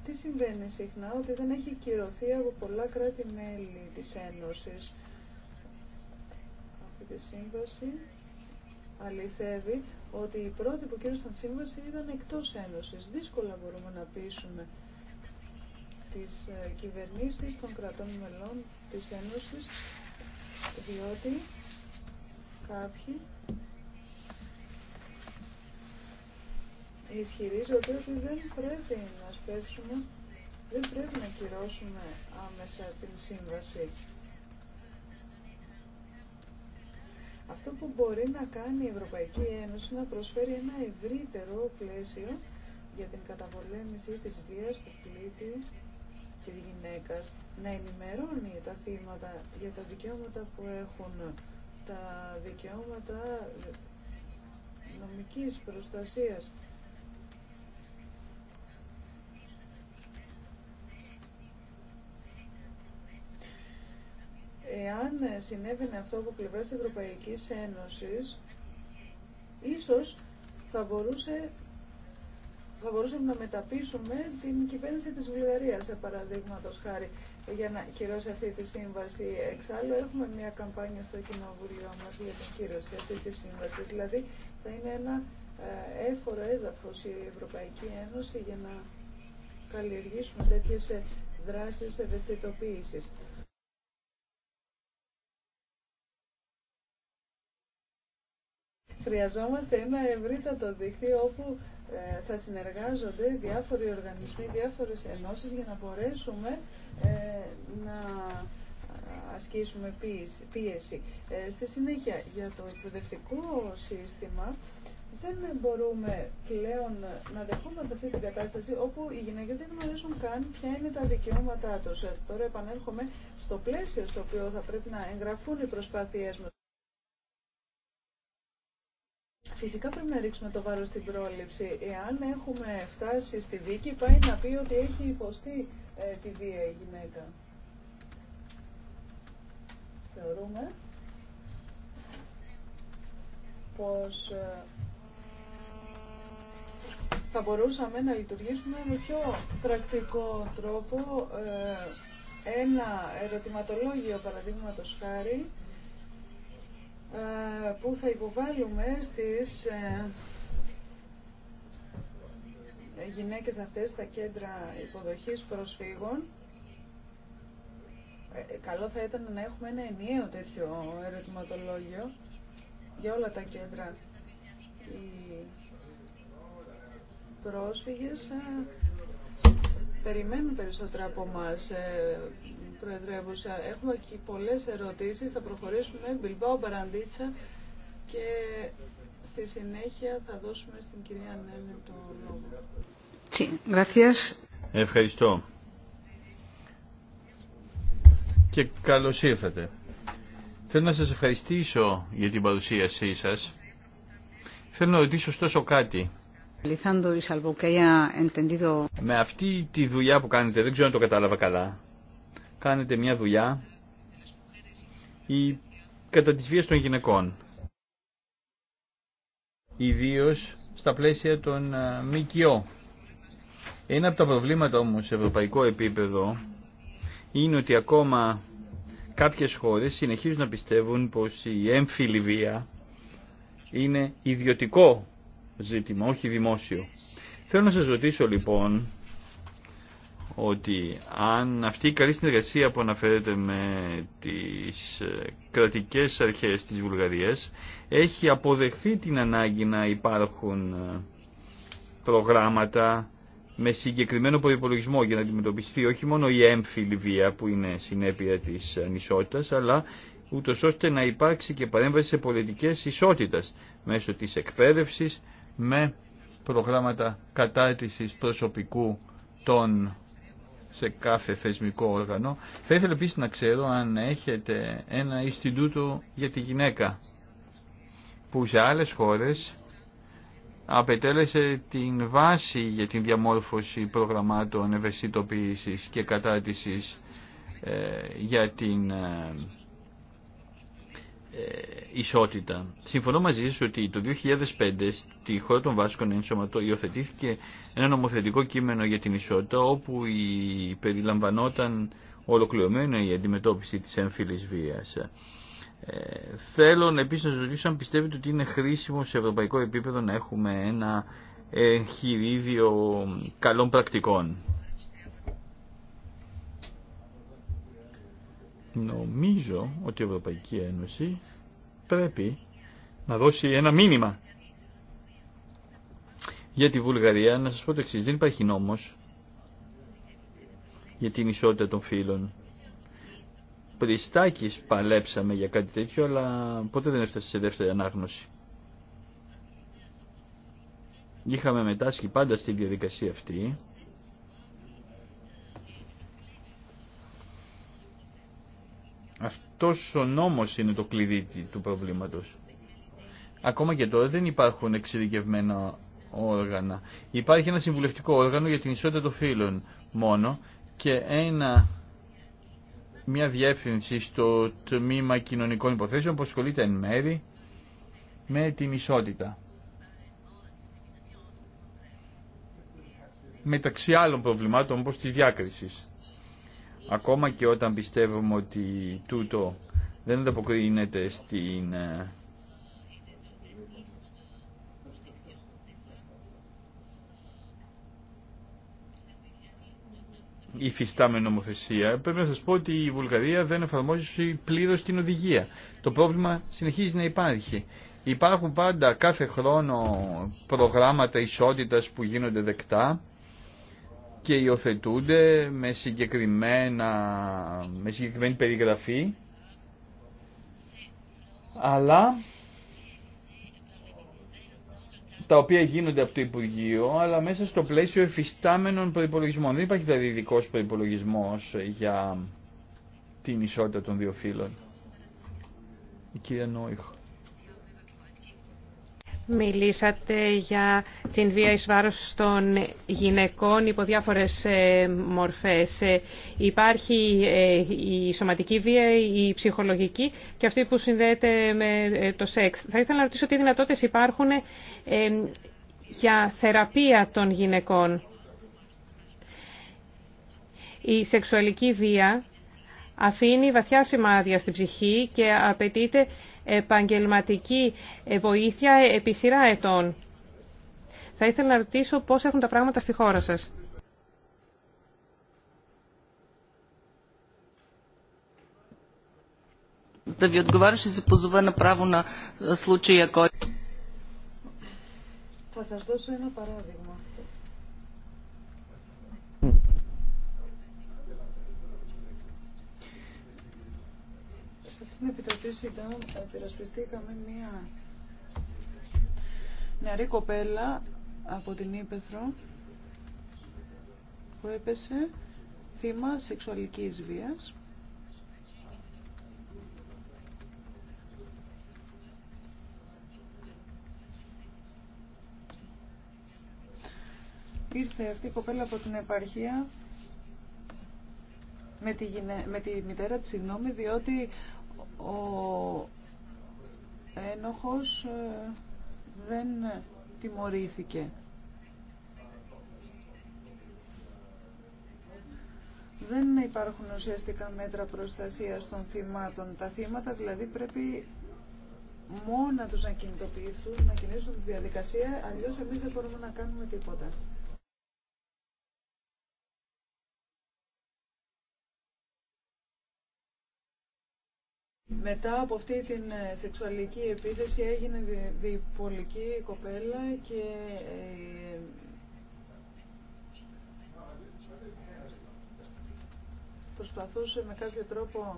Τι συμβαίνει συχνά ότι δεν έχει κυρωθεί από πολλά κράτη-μέλη της Ένωσης αυτή τη σύμβαση αληθεύει ότι οι πρώτοι που κύρωσαν σύμβαση ήταν εκτός Ένωσης. Δύσκολα μπορούμε να πείσουμε τις ε, κυβερνήσεις των κρατών μελών της Ένωσης, διότι κάποιοι ισχυρίζονται ότι δεν πρέπει να σπεύσουμε, δεν πρέπει να κυρώσουμε άμεσα την σύμβαση. Αυτό που μπορεί να κάνει η Ευρωπαϊκή Ένωση να προσφέρει ένα ευρύτερο πλαίσιο για την καταπολέμηση της βίας που πλήττει τη γυναίκα, να ενημερώνει τα θύματα για τα δικαιώματα που έχουν, τα δικαιώματα νομικής προστασίας εάν συνέβαινε αυτό από πλευρά της Ευρωπαϊκή Ένωση ίσως θα, μπορούσε, μπορούσαμε να μεταπίσουμε την κυβέρνηση της Βουλγαρίας, σε παραδείγματος χάρη, για να κυρώσει αυτή τη σύμβαση. Εξάλλου έχουμε μια καμπάνια στο κοινοβούλιο μας για την κύρωση αυτή τη σύμβαση. Δηλαδή θα είναι ένα ε, έφορο έδαφος η Ευρωπαϊκή Ένωση για να καλλιεργήσουμε τέτοιες ε, δράσεις ευαισθητοποίησης. Χρειαζόμαστε ένα ευρύτατο δίκτυο όπου ε, θα συνεργάζονται διάφοροι οργανισμοί, διάφορες ενώσεις για να μπορέσουμε ε, να ασκήσουμε πίεση. Ε, στη συνέχεια, για το εκπαιδευτικό σύστημα, δεν μπορούμε πλέον να δεχόμαστε αυτή την κατάσταση όπου οι γυναίκε δεν γνωρίζουν καν ποια είναι τα δικαιώματά τους. Τώρα επανέρχομαι στο πλαίσιο στο οποίο θα πρέπει να εγγραφούν οι προσπάθειές μας. Φυσικά πρέπει να ρίξουμε το βάρος στην πρόληψη. Εάν έχουμε φτάσει στη δίκη, πάει να πει ότι έχει υποστεί ε, τη βία η γυναίκα. Θεωρούμε πως ε, θα μπορούσαμε να λειτουργήσουμε με πιο πρακτικό τρόπο ε, ένα ερωτηματολόγιο, παραδείγματος χάρη, ε, που θα υποβάλουμε στις ε, γυναίκες αυτές στα κέντρα υποδοχής προσφύγων. Ε, καλό θα ήταν να έχουμε ένα ενιαίο τέτοιο ερωτηματολόγιο για όλα τα κέντρα. Οι πρόσφυγες περιμένουν περισσότερα από εμάς Προεδρεύουσα. Έχουμε και πολλές ερωτήσεις. Θα προχωρήσουμε. Μπιλμπάο Μπαραντίτσα και στη συνέχεια θα δώσουμε στην κυρία Νέλη το λόγο. Ευχαριστώ. Και καλώς ήρθατε. Θέλω να σας ευχαριστήσω για την παρουσίασή σας. Θέλω να ρωτήσω ωστόσο κάτι. Με αυτή τη δουλειά που κάνετε, δεν ξέρω αν το κατάλαβα καλά, κάνετε μια δουλειά η κατά τις βίας των γυναικών. ιδίω στα πλαίσια των ΜΚΟ. Ένα από τα προβλήματα όμως σε ευρωπαϊκό επίπεδο είναι ότι ακόμα κάποιες χώρες συνεχίζουν να πιστεύουν πως η έμφυλη βία είναι ιδιωτικό ζήτημα, όχι δημόσιο. Θέλω να σας ρωτήσω λοιπόν ότι αν αυτή η καλή συνεργασία που αναφέρεται με τις ε, κρατικές αρχές της Βουλγαρίας έχει αποδεχθεί την ανάγκη να υπάρχουν ε, προγράμματα με συγκεκριμένο προπολογισμό για να αντιμετωπιστεί όχι μόνο η έμφυλη βία που είναι συνέπεια της ανισότητας αλλά ούτω ώστε να υπάρξει και παρέμβαση σε πολιτικές ισότητας μέσω της εκπαίδευσης με προγράμματα κατάρτισης προσωπικού των σε κάθε θεσμικό όργανο. Θα ήθελα επίσης να ξέρω αν έχετε ένα Ινστιτούτο για τη γυναίκα που σε άλλες χώρες απαιτέλεσε την βάση για την διαμόρφωση προγραμμάτων ευαισθητοποίησης και κατάρτισης ε, για την ε, ε, ισότητα. Συμφωνώ μαζί σας ότι το 2005 στη χώρα των Βάσκων ενσωματώ υιοθετήθηκε ένα νομοθετικό κείμενο για την ισότητα όπου η, περιλαμβανόταν ολοκληρωμένο η αντιμετώπιση της έμφυλης βίας. Ε, θέλω επίσης να σας ρωτήσω αν πιστεύετε ότι είναι χρήσιμο σε ευρωπαϊκό επίπεδο να έχουμε ένα εγχειρίδιο καλών πρακτικών. Νομίζω ότι η Ευρωπαϊκή Ένωση πρέπει να δώσει ένα μήνυμα για τη Βουλγαρία. Να σας πω το εξής, δεν υπάρχει νόμος για την ισότητα των φύλων. Πριστάκης παλέψαμε για κάτι τέτοιο, αλλά ποτέ δεν έφτασε σε δεύτερη ανάγνωση. Είχαμε μετάσχει πάντα στη διαδικασία αυτή Αυτός ο νόμος είναι το κλειδί του προβλήματος. Ακόμα και τώρα δεν υπάρχουν εξειδικευμένα όργανα. Υπάρχει ένα συμβουλευτικό όργανο για την ισότητα των φύλων μόνο και ένα, μια διεύθυνση στο τμήμα κοινωνικών υποθέσεων που ασχολείται εν μέρη με την ισότητα. Μεταξύ άλλων προβλημάτων όπως της διάκρισης. Ακόμα και όταν πιστεύουμε ότι τούτο δεν ανταποκρίνεται στην ε, υφιστάμενη νομοθεσία, πρέπει να σας πω ότι η Βουλγαρία δεν εφαρμόζει πλήρως την οδηγία. Το πρόβλημα συνεχίζει να υπάρχει. Υπάρχουν πάντα κάθε χρόνο προγράμματα ισότητας που γίνονται δεκτά και υιοθετούνται με, συγκεκριμένα, με συγκεκριμένη περιγραφή αλλά τα οποία γίνονται από το Υπουργείο, αλλά μέσα στο πλαίσιο εφιστάμενων προπολογισμών. Δεν υπάρχει δηλαδή ειδικό προπολογισμό για την ισότητα των δύο φύλων. Η κυρία Νόηχο. Μιλήσατε για την βία εις βάρος των γυναικών υπό διάφορες ε, μορφές. Ε, υπάρχει ε, η σωματική βία, η ψυχολογική και αυτή που συνδέεται με το σεξ. Θα ήθελα να ρωτήσω τι δυνατότητες υπάρχουν για θεραπεία των γυναικών. Η σεξουαλική βία αφήνει βαθιά σημάδια στην ψυχή και απαιτείται επαγγελματική βοήθεια επί σειρά ετών. Θα ήθελα να ρωτήσω πώς έχουν τα πράγματα στη χώρα σας. да ви се Θα σας δώσω ένα παράδειγμα. Στην Επιτροπή Συντάμ πειρασπιστήκαμε μια νεαρή κοπέλα από την Ήπεθρο που έπεσε θύμα σεξουαλικής βίας. Ήρθε αυτή η κοπέλα από την επαρχία με τη, με τη μητέρα της συγγνώμη διότι ο ένοχος ε, δεν τιμωρήθηκε. Δεν υπάρχουν ουσιαστικά μέτρα προστασίας των θυμάτων. Τα θύματα δηλαδή πρέπει μόνα τους να κινητοποιηθούν, να κινήσουν τη διαδικασία, αλλιώς εμείς δεν μπορούμε να κάνουμε τίποτα. Μετά από αυτή την ε, σεξουαλική επίθεση έγινε διπολική κοπέλα και ε, προσπαθούσε με κάποιο τρόπο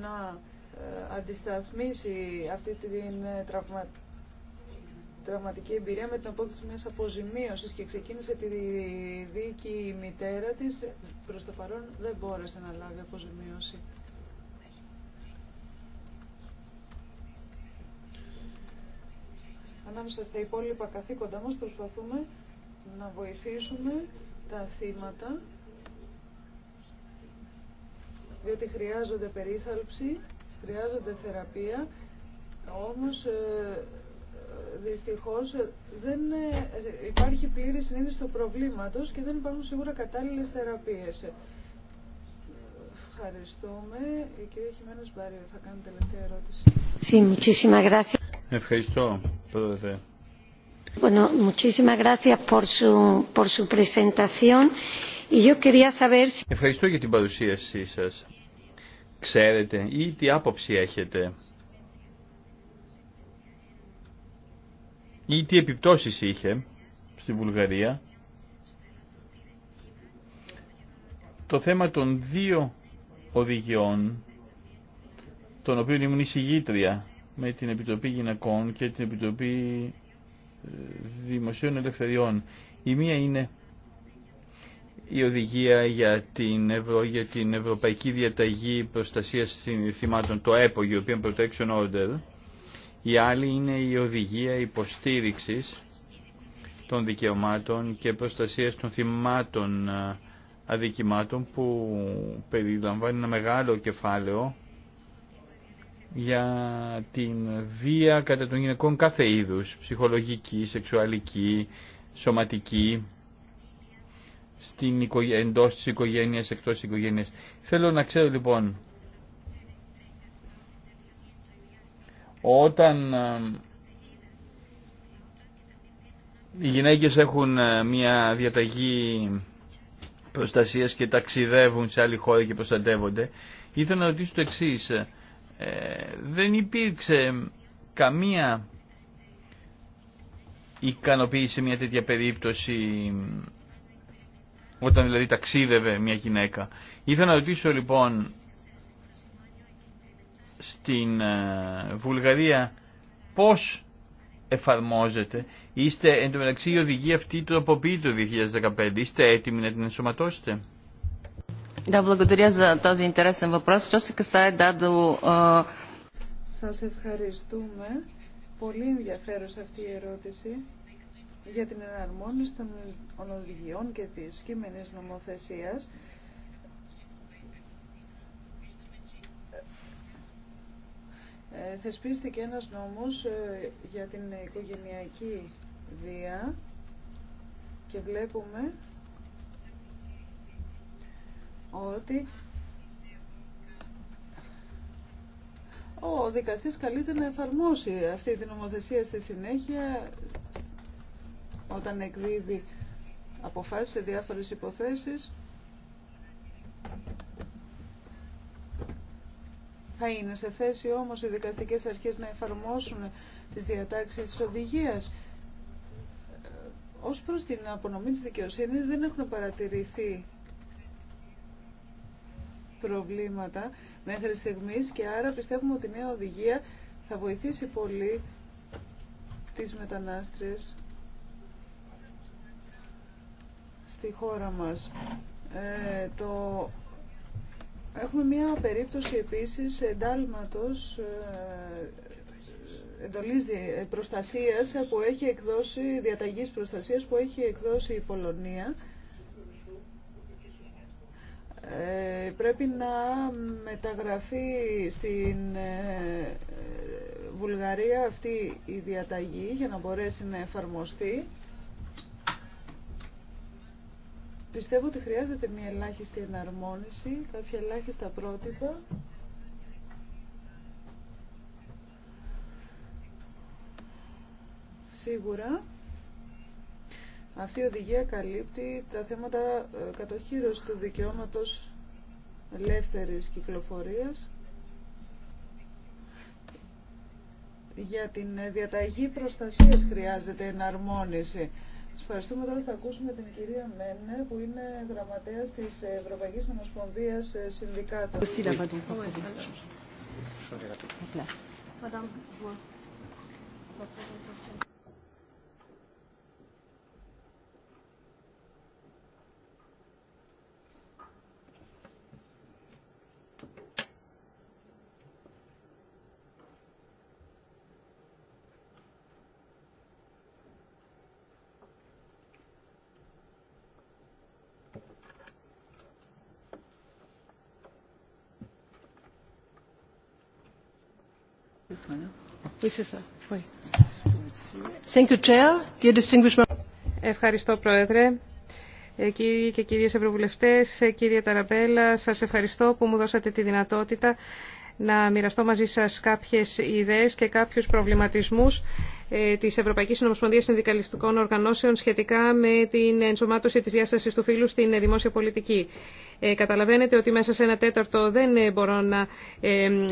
να ε, αντισταθμίσει αυτή την τραυματική τραυματική εμπειρία με την απόκτηση μιας αποζημίωσης και ξεκίνησε τη δίκη η μητέρα της. Προς το παρόν δεν μπόρεσε να λάβει αποζημίωση. Ανάμεσα στα υπόλοιπα καθήκοντα μας προσπαθούμε να βοηθήσουμε τα θύματα διότι χρειάζονται περίθαλψη, χρειάζονται θεραπεία, όμως ε, δυστυχώς δεν ε, υπάρχει πλήρη συνείδηση του προβλήματος και δεν υπάρχουν σίγουρα κατάλληλες θεραπείες. Ευχαριστούμε. Η κυρία Χιμένα Μπαρίο θα κάνει τελευταία ερώτηση. Sí, muchísimas gracias. Ευχαριστώ, πρόεδρε. Bueno, muchísimas gracias por su, por su presentación. Y yo quería saber si... Ευχαριστώ για την παρουσίασή σας. Ξέρετε ή τι άποψη έχετε ή τι επιπτώσεις είχε στη Βουλγαρία το θέμα των δύο οδηγιών των οποίων ήμουν εισηγήτρια με την Επιτροπή Γυναικών και την Επιτροπή ε, Δημοσίων Ελευθεριών. Η μία είναι η οδηγία για την, Ευρω... για την Ευρωπαϊκή Διαταγή Προστασίας Θυμάτων, το ΕΠΟ, European Protection Order, η άλλη είναι η οδηγία υποστήριξης των δικαιωμάτων και προστασίας των θυμάτων αδικημάτων που περιλαμβάνει ένα μεγάλο κεφάλαιο για την βία κατά των γυναικών κάθε είδους, ψυχολογική, σεξουαλική, σωματική, στην εντός της οικογένειας, εκτός της οικογένειας. Θέλω να ξέρω λοιπόν Όταν ε, οι γυναίκες έχουν ε, μια διαταγή προστασίας και ταξιδεύουν σε άλλη χώρα και προστατεύονται, ήθελα να ρωτήσω το εξή. Ε, δεν υπήρξε καμία ικανοποίηση σε μια τέτοια περίπτωση όταν δηλαδή ταξίδευε μια γυναίκα. Ήθελα να ρωτήσω λοιπόν στην ε, Βουλγαρία πώς εφαρμόζεται. Είστε εν τω μεταξύ η οδηγία αυτή τροποποιεί το 2015. Είστε έτοιμοι να την ενσωματώσετε. Σα ευχαριστούμε. Πολύ ενδιαφέρον σε αυτή η ερώτηση για την εναρμόνιση των οδηγιών και της κείμενης νομοθεσίας. Ε, θεσπίστηκε ένας νόμος ε, για την οικογενειακή βία και βλέπουμε ότι ο δικαστής καλείται να εφαρμόσει αυτή την νομοθεσία στη συνέχεια όταν εκδίδει αποφάσεις σε διάφορες υποθέσεις θα είναι σε θέση όμως οι δικαστικές αρχές να εφαρμόσουν τις διατάξεις της οδηγίας. Ε, ως προς την απονομή της δικαιοσύνης δεν έχουν παρατηρηθεί προβλήματα μέχρι στιγμής και άρα πιστεύουμε ότι η νέα οδηγία θα βοηθήσει πολύ τις μετανάστρες στη χώρα μας. Ε, το Έχουμε μία περίπτωση επίσης εντάλματος ε, εντολής προστασίας που έχει εκδώσει, διαταγής προστασίας που έχει εκδώσει η Πολωνία. Ε, πρέπει να μεταγραφεί στην ε, Βουλγαρία αυτή η διαταγή για να μπορέσει να εφαρμοστεί. Πιστεύω ότι χρειάζεται μια ελάχιστη εναρμόνιση, κάποια ελάχιστα πρότυπα. Σίγουρα. Αυτή η οδηγία καλύπτει τα θέματα ε, κατοχύρωση του δικαιώματος ελεύθερης κυκλοφορίας για την ε, διαταγή προστασίας χρειάζεται εναρμόνιση. Σας ευχαριστούμε. Τώρα θα ακούσουμε την κυρία Μένε που είναι γραμματέας της Ευρωπαϊκής Ομοσπονδίας ε, Συνδικάτων. Ευχαριστώ, Πρόεδρε. Ε, κύριοι και κυρίες Ευρωβουλευτές, ε, κύριε Ταραπέλα, σας ευχαριστώ που μου δώσατε τη δυνατότητα να μοιραστώ μαζί σας κάποιες ιδέες και κάποιους προβληματισμούς ε, τη Ευρωπαϊκή Συνομοσπονδίας Συνδικαλιστικών Οργανώσεων σχετικά με την ενσωμάτωση της διάσταση του φύλου στην ε, δημόσια πολιτική. Ε, καταλαβαίνετε ότι μέσα σε ένα τέταρτο δεν μπορώ να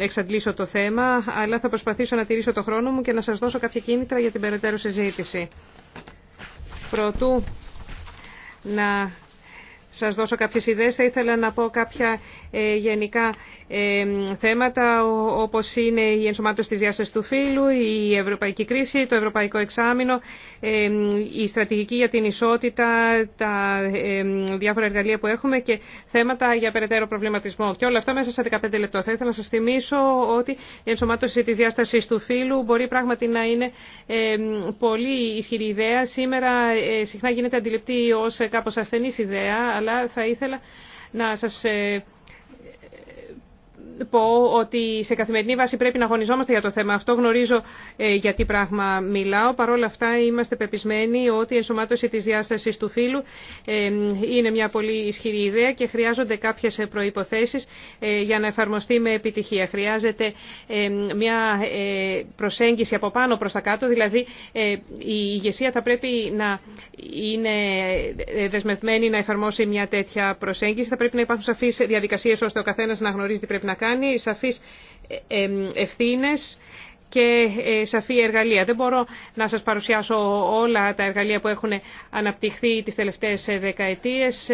εξαντλήσω το θέμα, αλλά θα προσπαθήσω να τηρήσω το χρόνο μου και να σα δώσω κάποια κίνητρα για την περαιτέρω συζήτηση. Προτού να σας δώσω κάποιες ιδέες. Θα ήθελα να πω κάποια ε, γενικά ε, θέματα, όπως είναι η ενσωμάτωση της διάστασης του φύλου, η ευρωπαϊκή κρίση, το ευρωπαϊκό εξάμεινο, η στρατηγική για την ισότητα, τα διάφορα εργαλεία που έχουμε και θέματα για περαιτέρω προβληματισμό. Και όλα αυτά μέσα σε 15 λεπτό. Θα ήθελα να σας θυμίσω ότι η ενσωμάτωση της διάσταση του φύλου μπορεί πράγματι να είναι πολύ ισχυρή ιδέα. Σήμερα ε, συχνά γίνεται αντιληπτή ω κάπως ασθενή ιδέα, αλλά θα ήθελα να σας ε, πω ότι σε καθημερινή βάση πρέπει να αγωνιζόμαστε για το θέμα αυτό. Γνωρίζω ε, για τι πράγμα μιλάω. Παρ' όλα αυτά είμαστε πεπισμένοι ότι η ενσωμάτωση της διάστασης του φύλου ε, είναι μια πολύ ισχυρή ιδέα και χρειάζονται κάποιες ε, προϋποθέσεις για να εφαρμοστεί με επιτυχία. Χρειάζεται μια προσέγγιση από πάνω προς τα κάτω, δηλαδή η ηγεσία θα πρέπει να είναι δεσμευμένη να εφαρμόσει μια τέτοια προσέγγιση. Θα πρέπει να υπάρχουν διαδικασίες ώστε ο να γνωρίζει τι πρέπει να κάνει σαφείς ε, ε, ευθύνες και ε, σαφή εργαλεία. Δεν μπορώ να σας παρουσιάσω όλα τα εργαλεία που έχουν αναπτυχθεί τις τελευταίες δεκαετίες.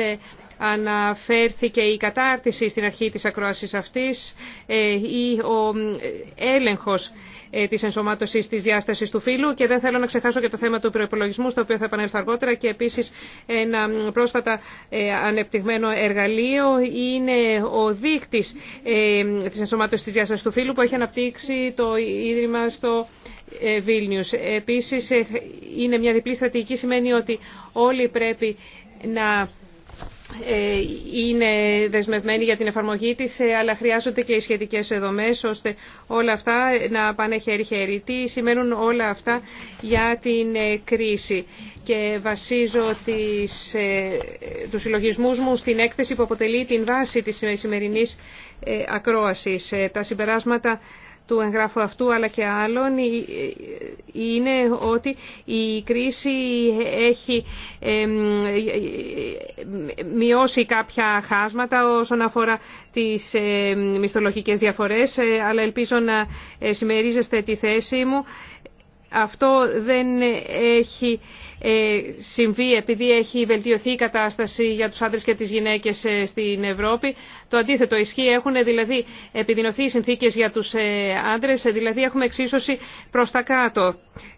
Αναφέρθηκε η κατάρτιση στην αρχή της ακρόασης αυτής ή ο έλεγχος ε, τη ενσωμάτωση τη διάσταση του φύλου και δεν θέλω να ξεχάσω και το θέμα του προπολογισμού, στο οποίο θα επανέλθω αργότερα και επίσης ένα πρόσφατα ε, ανεπτυγμένο εργαλείο είναι ο δείκτης ε, της ενσωμάτωση τη διάσταση του φύλου που έχει αναπτύξει το Ίδρυμα στο Βίλνιους. Επίσης είναι μια διπλή στρατηγική, σημαίνει ότι όλοι πρέπει να ε, είναι δεσμευμένη για την εφαρμογή της, ε, αλλά χρειάζονται και οι σχετικές δομές, ώστε όλα αυτά να πάνε χέρι-χέρι. Τι σημαίνουν όλα αυτά για την ε, κρίση. Και βασίζω τις, τους συλλογισμούς μου στην έκθεση που αποτελεί την βάση της σημερινής ακρόασης. Τα συμπεράσματα του εγγράφου αυτού αλλά και άλλων είναι ότι η κρίση έχει μειώσει κάποια χάσματα όσον αφορά τις μισθολογικές διαφορές ε, αλλά ελπίζω να ε, συμμερίζεστε τη θέση μου. Αυτό δεν έχει ε, συμβεί επειδή έχει βελτιωθεί η κατάσταση για τους άντρες και τις γυναίκες ε, στην Ευρώπη. Το αντίθετο ισχύει έχουν ε, δηλαδή επιδεινωθεί οι συνθήκες για τους άντρες, δηλαδή έχουμε εξίσωση προς τα κάτω.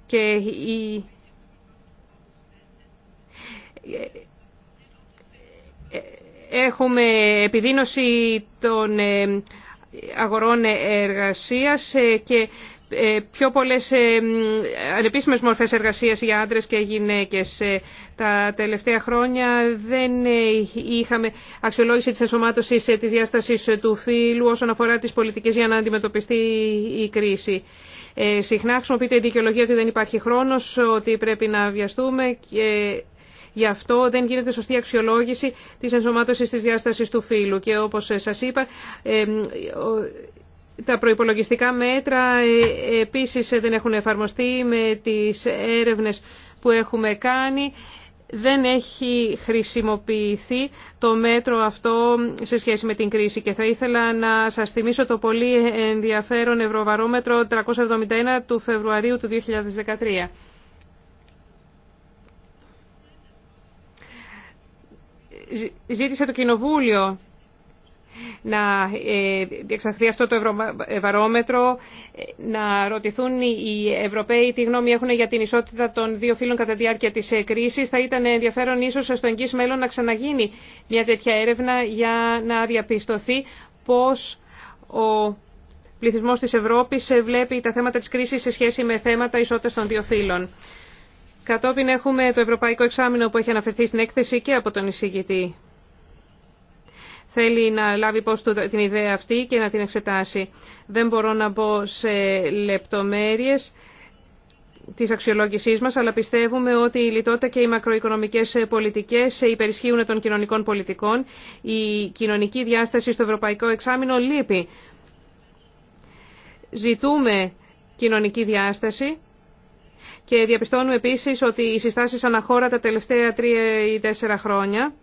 Και Έχουμε επιδείνωση των αγορών εργασίας και ε, πιο πολλές ε, ανεπίσημες μορφές εργασίας για άντρες και γυναίκες. Ε, τα τελευταία χρόνια δεν είχαμε αξιολόγηση της ενσωμάτωσης της διάστασης του φύλου όσον αφορά τις πολιτικές για να αντιμετωπιστεί η κρίση. συχνά χρησιμοποιείται η δικαιολογία ότι δεν υπάρχει χρόνος, ότι πρέπει να βιαστούμε και Γι' αυτό δεν γίνεται σωστή αξιολόγηση της ενσωμάτωσης της διάστασης του φύλου. Και όπως σας είπα, τα προϋπολογιστικά μέτρα ε, επίσης ε, δεν έχουν εφαρμοστεί με τις έρευνες που έχουμε κάνει. Δεν έχει χρησιμοποιηθεί το μέτρο αυτό σε σχέση με την κρίση και θα ήθελα να σας θυμίσω το πολύ ενδιαφέρον Ευρωβαρόμετρο 371 του Φεβρουαρίου του 2013. Ζήτησε το Κοινοβούλιο να ε, διεξαχθεί αυτό το ευρωβαρόμετρο, να ρωτηθούν οι Ευρωπαίοι τι γνώμη έχουν για την ισότητα των δύο φύλων κατά τη διάρκεια της ε, κρίσης. Θα ήταν ενδιαφέρον ίσως στο εγγύς μέλλον να ξαναγίνει μια τέτοια έρευνα για να διαπιστωθεί πώς ο πληθυσμός της Ευρώπης ε, βλέπει τα θέματα της κρίσης σε σχέση με θέματα ισότητας των δύο φύλων. Κατόπιν έχουμε το Ευρωπαϊκό Εξάμεινο που έχει αναφερθεί στην έκθεση και από τον εισηγητή θέλει να λάβει υπόψη την ιδέα αυτή και να την εξετάσει. Δεν μπορώ να μπω σε λεπτομέρειες της αξιολόγησής μας, αλλά πιστεύουμε ότι η λιτότητα και οι μακροοικονομικές πολιτικές υπερισχύουν των κοινωνικών πολιτικών. Η κοινωνική διάσταση στο Ευρωπαϊκό Εξάμεινο λείπει. Ζητούμε κοινωνική διάσταση και διαπιστώνουμε επίσης ότι οι συστάσεις αναχώρα τα τελευταία τρία ή τέσσερα χρόνια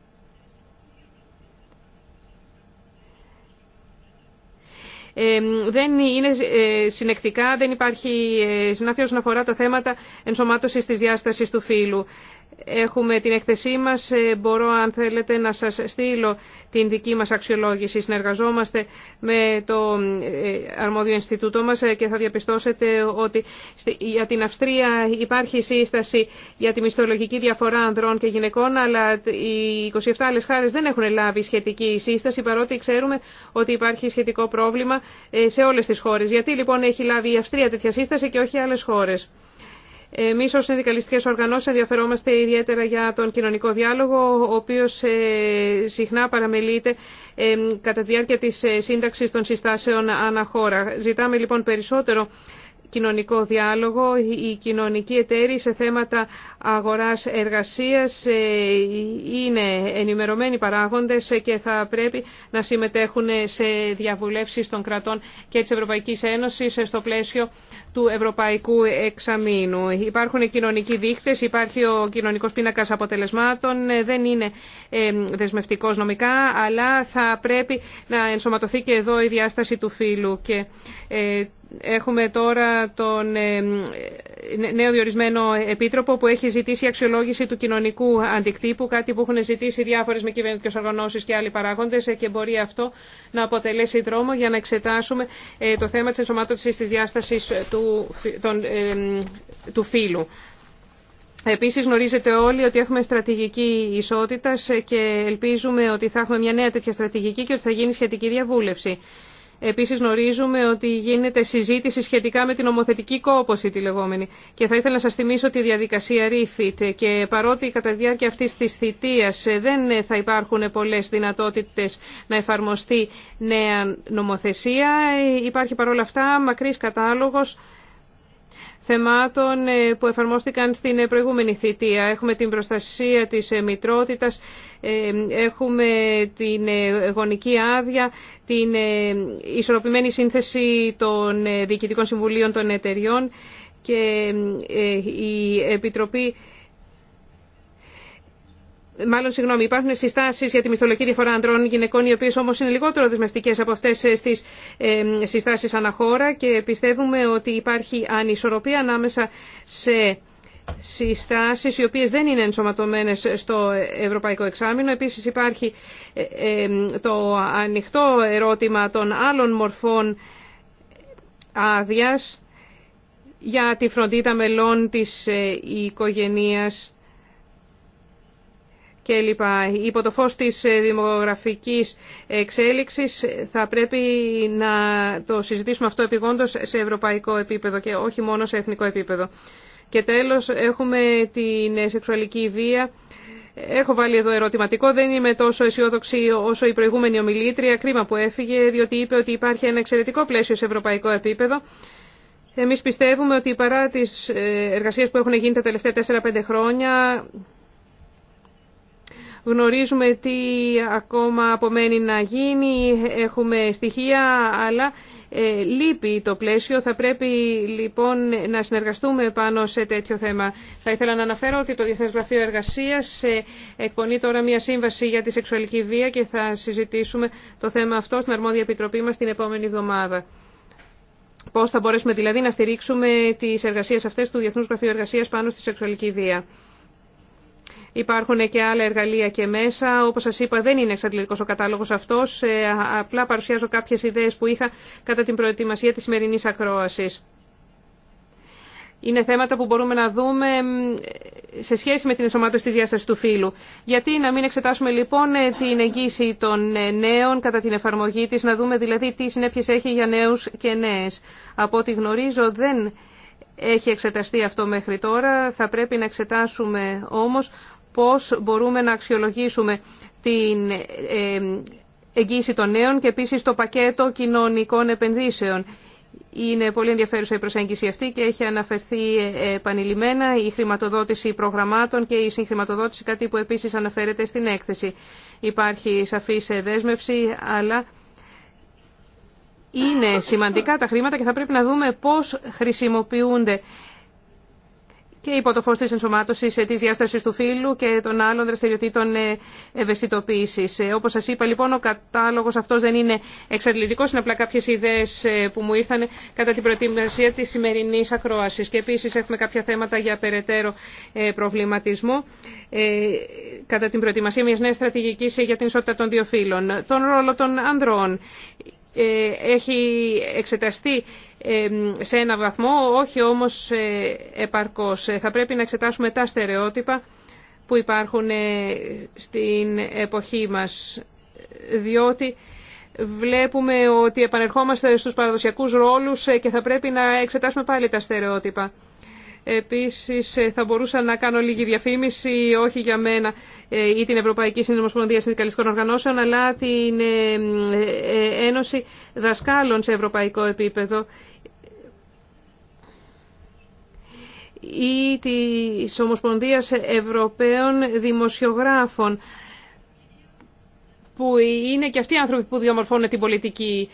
δεν είναι ε, συνεκτικά, δεν υπάρχει ε, συνάφεια όσον αφορά τα θέματα ενσωμάτωσης της διάστασης του φύλου. Έχουμε την έκθεσή μας, ε, μπορώ αν θέλετε να σας στείλω την δική μας αξιολόγηση. Συνεργαζόμαστε με το ε, αρμόδιο Ινστιτούτο μας ε, και θα διαπιστώσετε ότι για την Αυστρία υπάρχει σύσταση για τη μισθολογική διαφορά ανδρών και γυναικών, αλλά οι 27 άλλες χάρες δεν έχουν λάβει σχετική σύσταση, παρότι ξέρουμε ότι υπάρχει σχετικό πρόβλημα σε όλες τις χώρες. Γιατί λοιπόν έχει λάβει η Αυστρία τέτοια σύσταση και όχι άλλες χώρες. Εμεί ω συνδικαλιστικέ οργανώσει ενδιαφερόμαστε ιδιαίτερα για τον κοινωνικό διάλογο, ο οποίο ε, συχνά παραμελείται ε, κατά τη διάρκεια τη ε, σύνταξη των συστάσεων αναχώρα. Ζητάμε λοιπόν περισσότερο κοινωνικό διάλογο, η κοινωνική εταίροι σε θέματα αγοράς εργασίας ε, είναι ενημερωμένοι παράγοντες και θα πρέπει να συμμετέχουν σε διαβουλεύσεις των κρατών και της Ευρωπαϊκής Ένωσης στο πλαίσιο του Ευρωπαϊκού Εξαμήνου. Υπάρχουν κοινωνικοί δείχτες, υπάρχει ο κοινωνικός πίνακας αποτελεσμάτων, δεν είναι ε, δεσμευτικός νομικά, αλλά θα πρέπει να ενσωματωθεί και εδώ η διάσταση του φύλου και ε, Έχουμε τώρα τον ε, νέο διορισμένο επίτροπο που έχει ζητήσει αξιολόγηση του κοινωνικού αντικτύπου, κάτι που έχουν ζητήσει διάφορες με κυβερνητικές οργανώσεις και άλλοι παράγοντες ε, και μπορεί αυτό να αποτελέσει δρόμο για να εξετάσουμε ε, το θέμα της ενσωμάτωσης της διάστασης του, του φύλου. Επίσης γνωρίζετε όλοι ότι έχουμε στρατηγική ισότητα και ελπίζουμε ότι θα έχουμε μια νέα τέτοια στρατηγική και ότι θα γίνει σχετική διαβούλευση. Επίσης γνωρίζουμε ότι γίνεται συζήτηση σχετικά με την ομοθετική κόποση τη λεγόμενη. Και θα ήθελα να σας θυμίσω η διαδικασία REFIT και παρότι κατά διάρκεια αυτή τη θητεία δεν θα υπάρχουν πολλέ δυνατότητες να εφαρμοστεί νέα νομοθεσία, υπάρχει παρόλα αυτά μακρύ κατάλογος θεμάτων ε, που εφαρμόστηκαν στην ε, προηγούμενη θητεία. Έχουμε την προστασία της ε, μητρότητας, έχουμε την γονική άδεια, την ισορροπημένη σύνθεση των διοικητικών συμβουλίων των εταιριών και η Επιτροπή Μάλλον, συγγνώμη, υπάρχουν συστάσει για τη μυθολογική διαφορά ανδρών γυναικών, οι οποίε όμω είναι λιγότερο δεσμευτικέ από αυτέ ε, τι ε, συστάσει αναχώρα και πιστεύουμε ότι υπάρχει ανισορροπία ανάμεσα σε συστάσεις οι οποίες δεν είναι ενσωματωμένες στο Ευρωπαϊκό Εξάμεινο. Επίσης υπάρχει ε, το ανοιχτό ερώτημα των άλλων μορφών άδειας για τη φροντίδα μελών της οικογενείας κλπ. Υπό το φως της ε, δημογραφικής εξέλιξης θα πρέπει να το συζητήσουμε αυτό επιγόντως σε ευρωπαϊκό επίπεδο και όχι μόνο σε εθνικό επίπεδο. Και τέλος έχουμε την ε, σεξουαλική βία. Έχω βάλει εδώ ερωτηματικό, δεν είμαι τόσο αισιόδοξη όσο η προηγούμενη ομιλήτρια, κρίμα που έφυγε, διότι είπε ότι υπάρχει ένα εξαιρετικό πλαίσιο σε ευρωπαϊκό επίπεδο. Εμείς πιστεύουμε ότι παρά τις ε, εργασίες που έχουν γίνει τα τελευταία 4-5 χρόνια, Γνωρίζουμε τι ακόμα απομένει να γίνει, έχουμε στοιχεία, αλλά ε, λείπει το πλαίσιο. Θα πρέπει λοιπόν να συνεργαστούμε πάνω σε τέτοιο θέμα. Θα ήθελα να αναφέρω ότι το Διεθνές Γραφείο Εργασίας ε, εκπονεί τώρα μια σύμβαση για τη σεξουαλική βία και θα συζητήσουμε το θέμα αυτό στην αρμόδια επιτροπή μας την επόμενη εβδομάδα. Πώς θα μπορέσουμε δηλαδή να στηρίξουμε τις εργασίες αυτές του Διεθνούς Γραφείου Εργασίας πάνω στη σεξουαλική βία. Υπάρχουν και άλλα εργαλεία και μέσα. Όπως σας είπα δεν είναι εξαντλητικός ο κατάλογος αυτός. Ε, απλά παρουσιάζω κάποιες ιδέες που είχα κατά την προετοιμασία της σημερινής ακρόασης. Είναι θέματα που μπορούμε να δούμε σε σχέση με την ενσωμάτωση της διάστασης του φύλου. Γιατί να μην εξετάσουμε λοιπόν ε, την εγγύηση των ε, νέων κατά την εφαρμογή της, να δούμε δηλαδή τι συνέπειες έχει για νέους και νέες. Από ό,τι γνωρίζω δεν έχει εξεταστεί αυτό μέχρι τώρα. Θα πρέπει να εξετάσουμε όμως πώς μπορούμε να αξιολογήσουμε την ε, εγγύηση των νέων και επίσης το πακέτο κοινωνικών επενδύσεων. Είναι πολύ ενδιαφέρουσα η προσέγγιση αυτή και έχει αναφερθεί επανειλημμένα η χρηματοδότηση προγραμμάτων και η συγχρηματοδότηση, κάτι που επίσης αναφέρεται στην έκθεση. Υπάρχει σαφή δέσμευση, αλλά είναι σημαντικά τα χρήματα και θα πρέπει να δούμε πώς χρησιμοποιούνται και υπό το φως της ενσωμάτωσης ε, της διάστασης του φύλου και των άλλων δραστηριοτήτων ε, ευαισθητοποίησης. Ε, όπως σας είπα λοιπόν ο κατάλογος αυτός δεν είναι εξαντλητικός, είναι απλά κάποιες ιδέες που μου ήρθαν κατά την προετοιμασία της σημερινής ακρόασης. Και επίσης έχουμε κάποια θέματα για περαιτέρω προβληματισμό κατά την προετοιμασία μιας νέας στρατηγικής για την ισότητα των δύο φύλων, τον ρόλο των ανδρών ε, έχει εξεταστεί ε, σε ένα βαθμό, όχι όμως ε, επαρκώς. Θα πρέπει να εξετάσουμε τα στερεότυπα που υπάρχουν στην εποχή μας, διότι βλέπουμε ότι επανερχόμαστε στους παραδοσιακούς ρόλους και θα πρέπει να εξετάσουμε πάλι τα στερεότυπα. Επίσης ε, θα μπορούσα να κάνω λίγη διαφήμιση, όχι για μένα ε, ή την Ευρωπαϊκή Συνομοσπονδία Συνδικαλιστικών Οργανώσεων, αλλά την ε, Ένωση Δασκάλων σε ευρωπαϊκό επίπεδο ή της Ομοσπονδίας Ευρωπαίων Δημοσιογράφων, που είναι και αυτοί οι άνθρωποι που διαμορφώνουν την πολιτική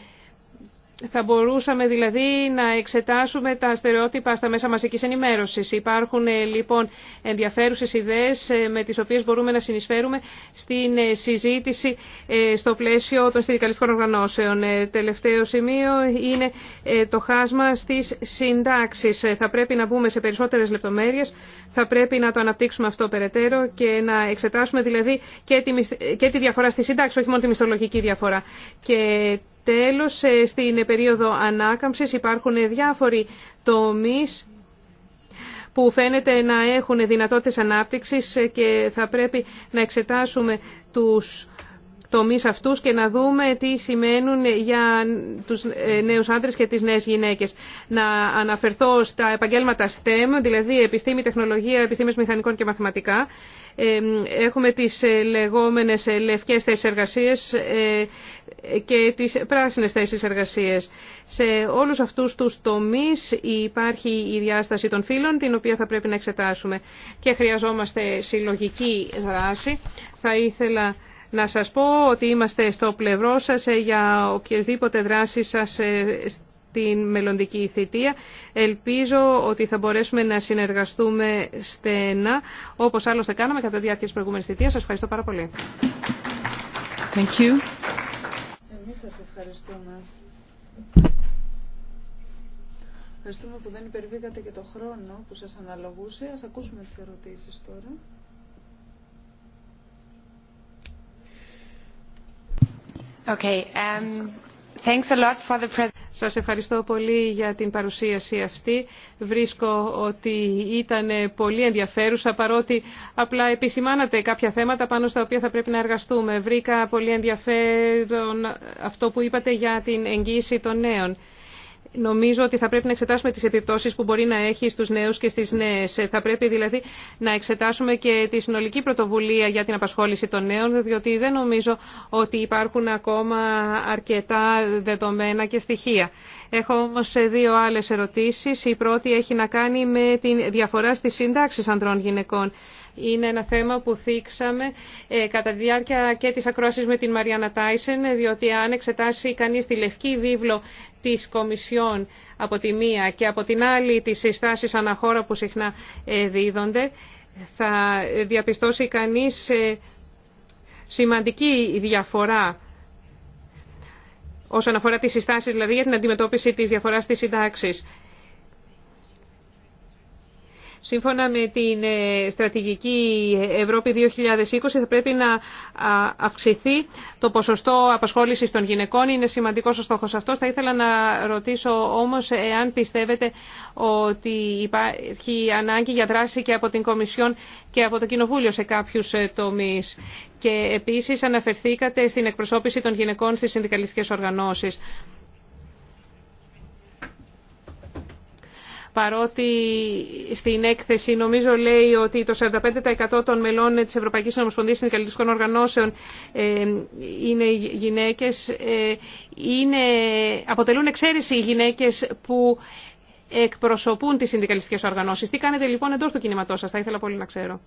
θα μπορούσαμε δηλαδή να εξετάσουμε τα στερεότυπα στα μέσα μαζικής ενημέρωσης. Υπάρχουν ε, λοιπόν ενδιαφέρουσες ιδέες ε, με τις οποίες μπορούμε να συνεισφέρουμε στην ε, συζήτηση στο πλαίσιο των συνδικαλιστικών οργανώσεων. Τελευταίο σημείο είναι το χάσμα στις συντάξεις. Θα πρέπει να μπούμε σε περισσότερες λεπτομέρειες, θα πρέπει να το αναπτύξουμε αυτό περαιτέρω και να εξετάσουμε δηλαδή και τη, και τη διαφορά στη σύνταξη, όχι μόνο τη μισθολογική διαφορά. Και Τέλος, ε, στην περίοδο ανάκαμψης υπάρχουν διάφοροι τομείς που φαίνεται να έχουν δυνατότητες ανάπτυξης και θα πρέπει να εξετάσουμε τους τομείς αυτούς και να δούμε τι σημαίνουν για τους ε, νέους άντρες και τις νέες γυναίκες. Να αναφερθώ στα επαγγέλματα STEM, δηλαδή επιστήμη, τεχνολογία, επιστήμες μηχανικών και μαθηματικά. Ε, έχουμε τις λεγόμενες λευκές θέσεις εργασίες, και τις πράσινες θέσεις εργασίας. Σε όλους αυτούς τους τομείς υπάρχει η διάσταση των φύλων, την οποία θα πρέπει να εξετάσουμε και χρειαζόμαστε συλλογική δράση. Θα ήθελα να σας πω ότι είμαστε στο πλευρό σας ε, για οποιασδήποτε δράση σας ε, στην μελλοντική θητεία. Ελπίζω ότι θα μπορέσουμε να συνεργαστούμε στενά, όπως άλλωστε κάναμε κατά τη διάρκεια της προηγούμενης θητείας. Σας ευχαριστώ πάρα πολύ. Σας ευχαριστούμε. Ευχαριστούμε που δεν υπερβήκατε και το χρόνο που σας αναλογούσε. Ας ακούσουμε τις ερωτήσεις τώρα. Okay, um... Σας ευχαριστώ πολύ για την παρουσίαση αυτή. Βρίσκω ότι ήταν πολύ ενδιαφέρουσα παρότι απλά επισημάνατε κάποια θέματα πάνω στα οποία θα πρέπει να εργαστούμε. Βρήκα πολύ ενδιαφέρον αυτό που είπατε για την εγγύηση των νέων νομίζω ότι θα πρέπει να εξετάσουμε τις επιπτώσεις που μπορεί να έχει στους νέους και στις νέες. Θα πρέπει δηλαδή να εξετάσουμε και τη συνολική πρωτοβουλία για την απασχόληση των νέων, διότι δεν νομίζω ότι υπάρχουν ακόμα αρκετά δεδομένα και στοιχεία. Έχω όμως δύο άλλες ερωτήσεις. Η πρώτη έχει να κάνει με τη διαφορά στις συντάξεις ανδρών γυναικών είναι ένα θέμα που θίξαμε ε, κατά τη διάρκεια και της ακρόασης με την Μαριάννα Τάισεν, ε, διότι αν εξετάσει κανείς τη λευκή βίβλο της Κομισιόν από τη μία και από την άλλη τις συστάσεις αναχώρα που συχνά ε, δίδονται, θα διαπιστώσει κανείς σημαντική διαφορά όσον αφορά τις συστάσεις δηλαδή για την αντιμετώπιση της διαφοράς της συντάξης. Σύμφωνα με την ε, στρατηγική Ευρώπη 2020 θα πρέπει να αυξηθεί το ποσοστό απασχόλησης των γυναικών. Είναι σημαντικός ο στόχος αυτός. Θα ήθελα να ρωτήσω όμως εάν πιστεύετε ότι υπάρχει ανάγκη για δράση και από την Κομισιόν και από το Κοινοβούλιο σε κάποιους ε, τομείς. Και επίσης αναφερθήκατε στην εκπροσώπηση των γυναικών στις συνδικαλιστικές οργανώσεις. παρότι στην έκθεση νομίζω λέει ότι το 45% των μελών της Ευρωπαϊκής Ομοσπονδίας Συνδικαλιστικών Οργανώσεων ε, είναι γυναίκες, ε, είναι, αποτελούν εξαίρεση οι γυναίκες που εκπροσωπούν τις συνδικαλιστικές οργανώσεις. Τι κάνετε λοιπόν εντός του κινήματός σας, θα ήθελα πολύ να ξέρω.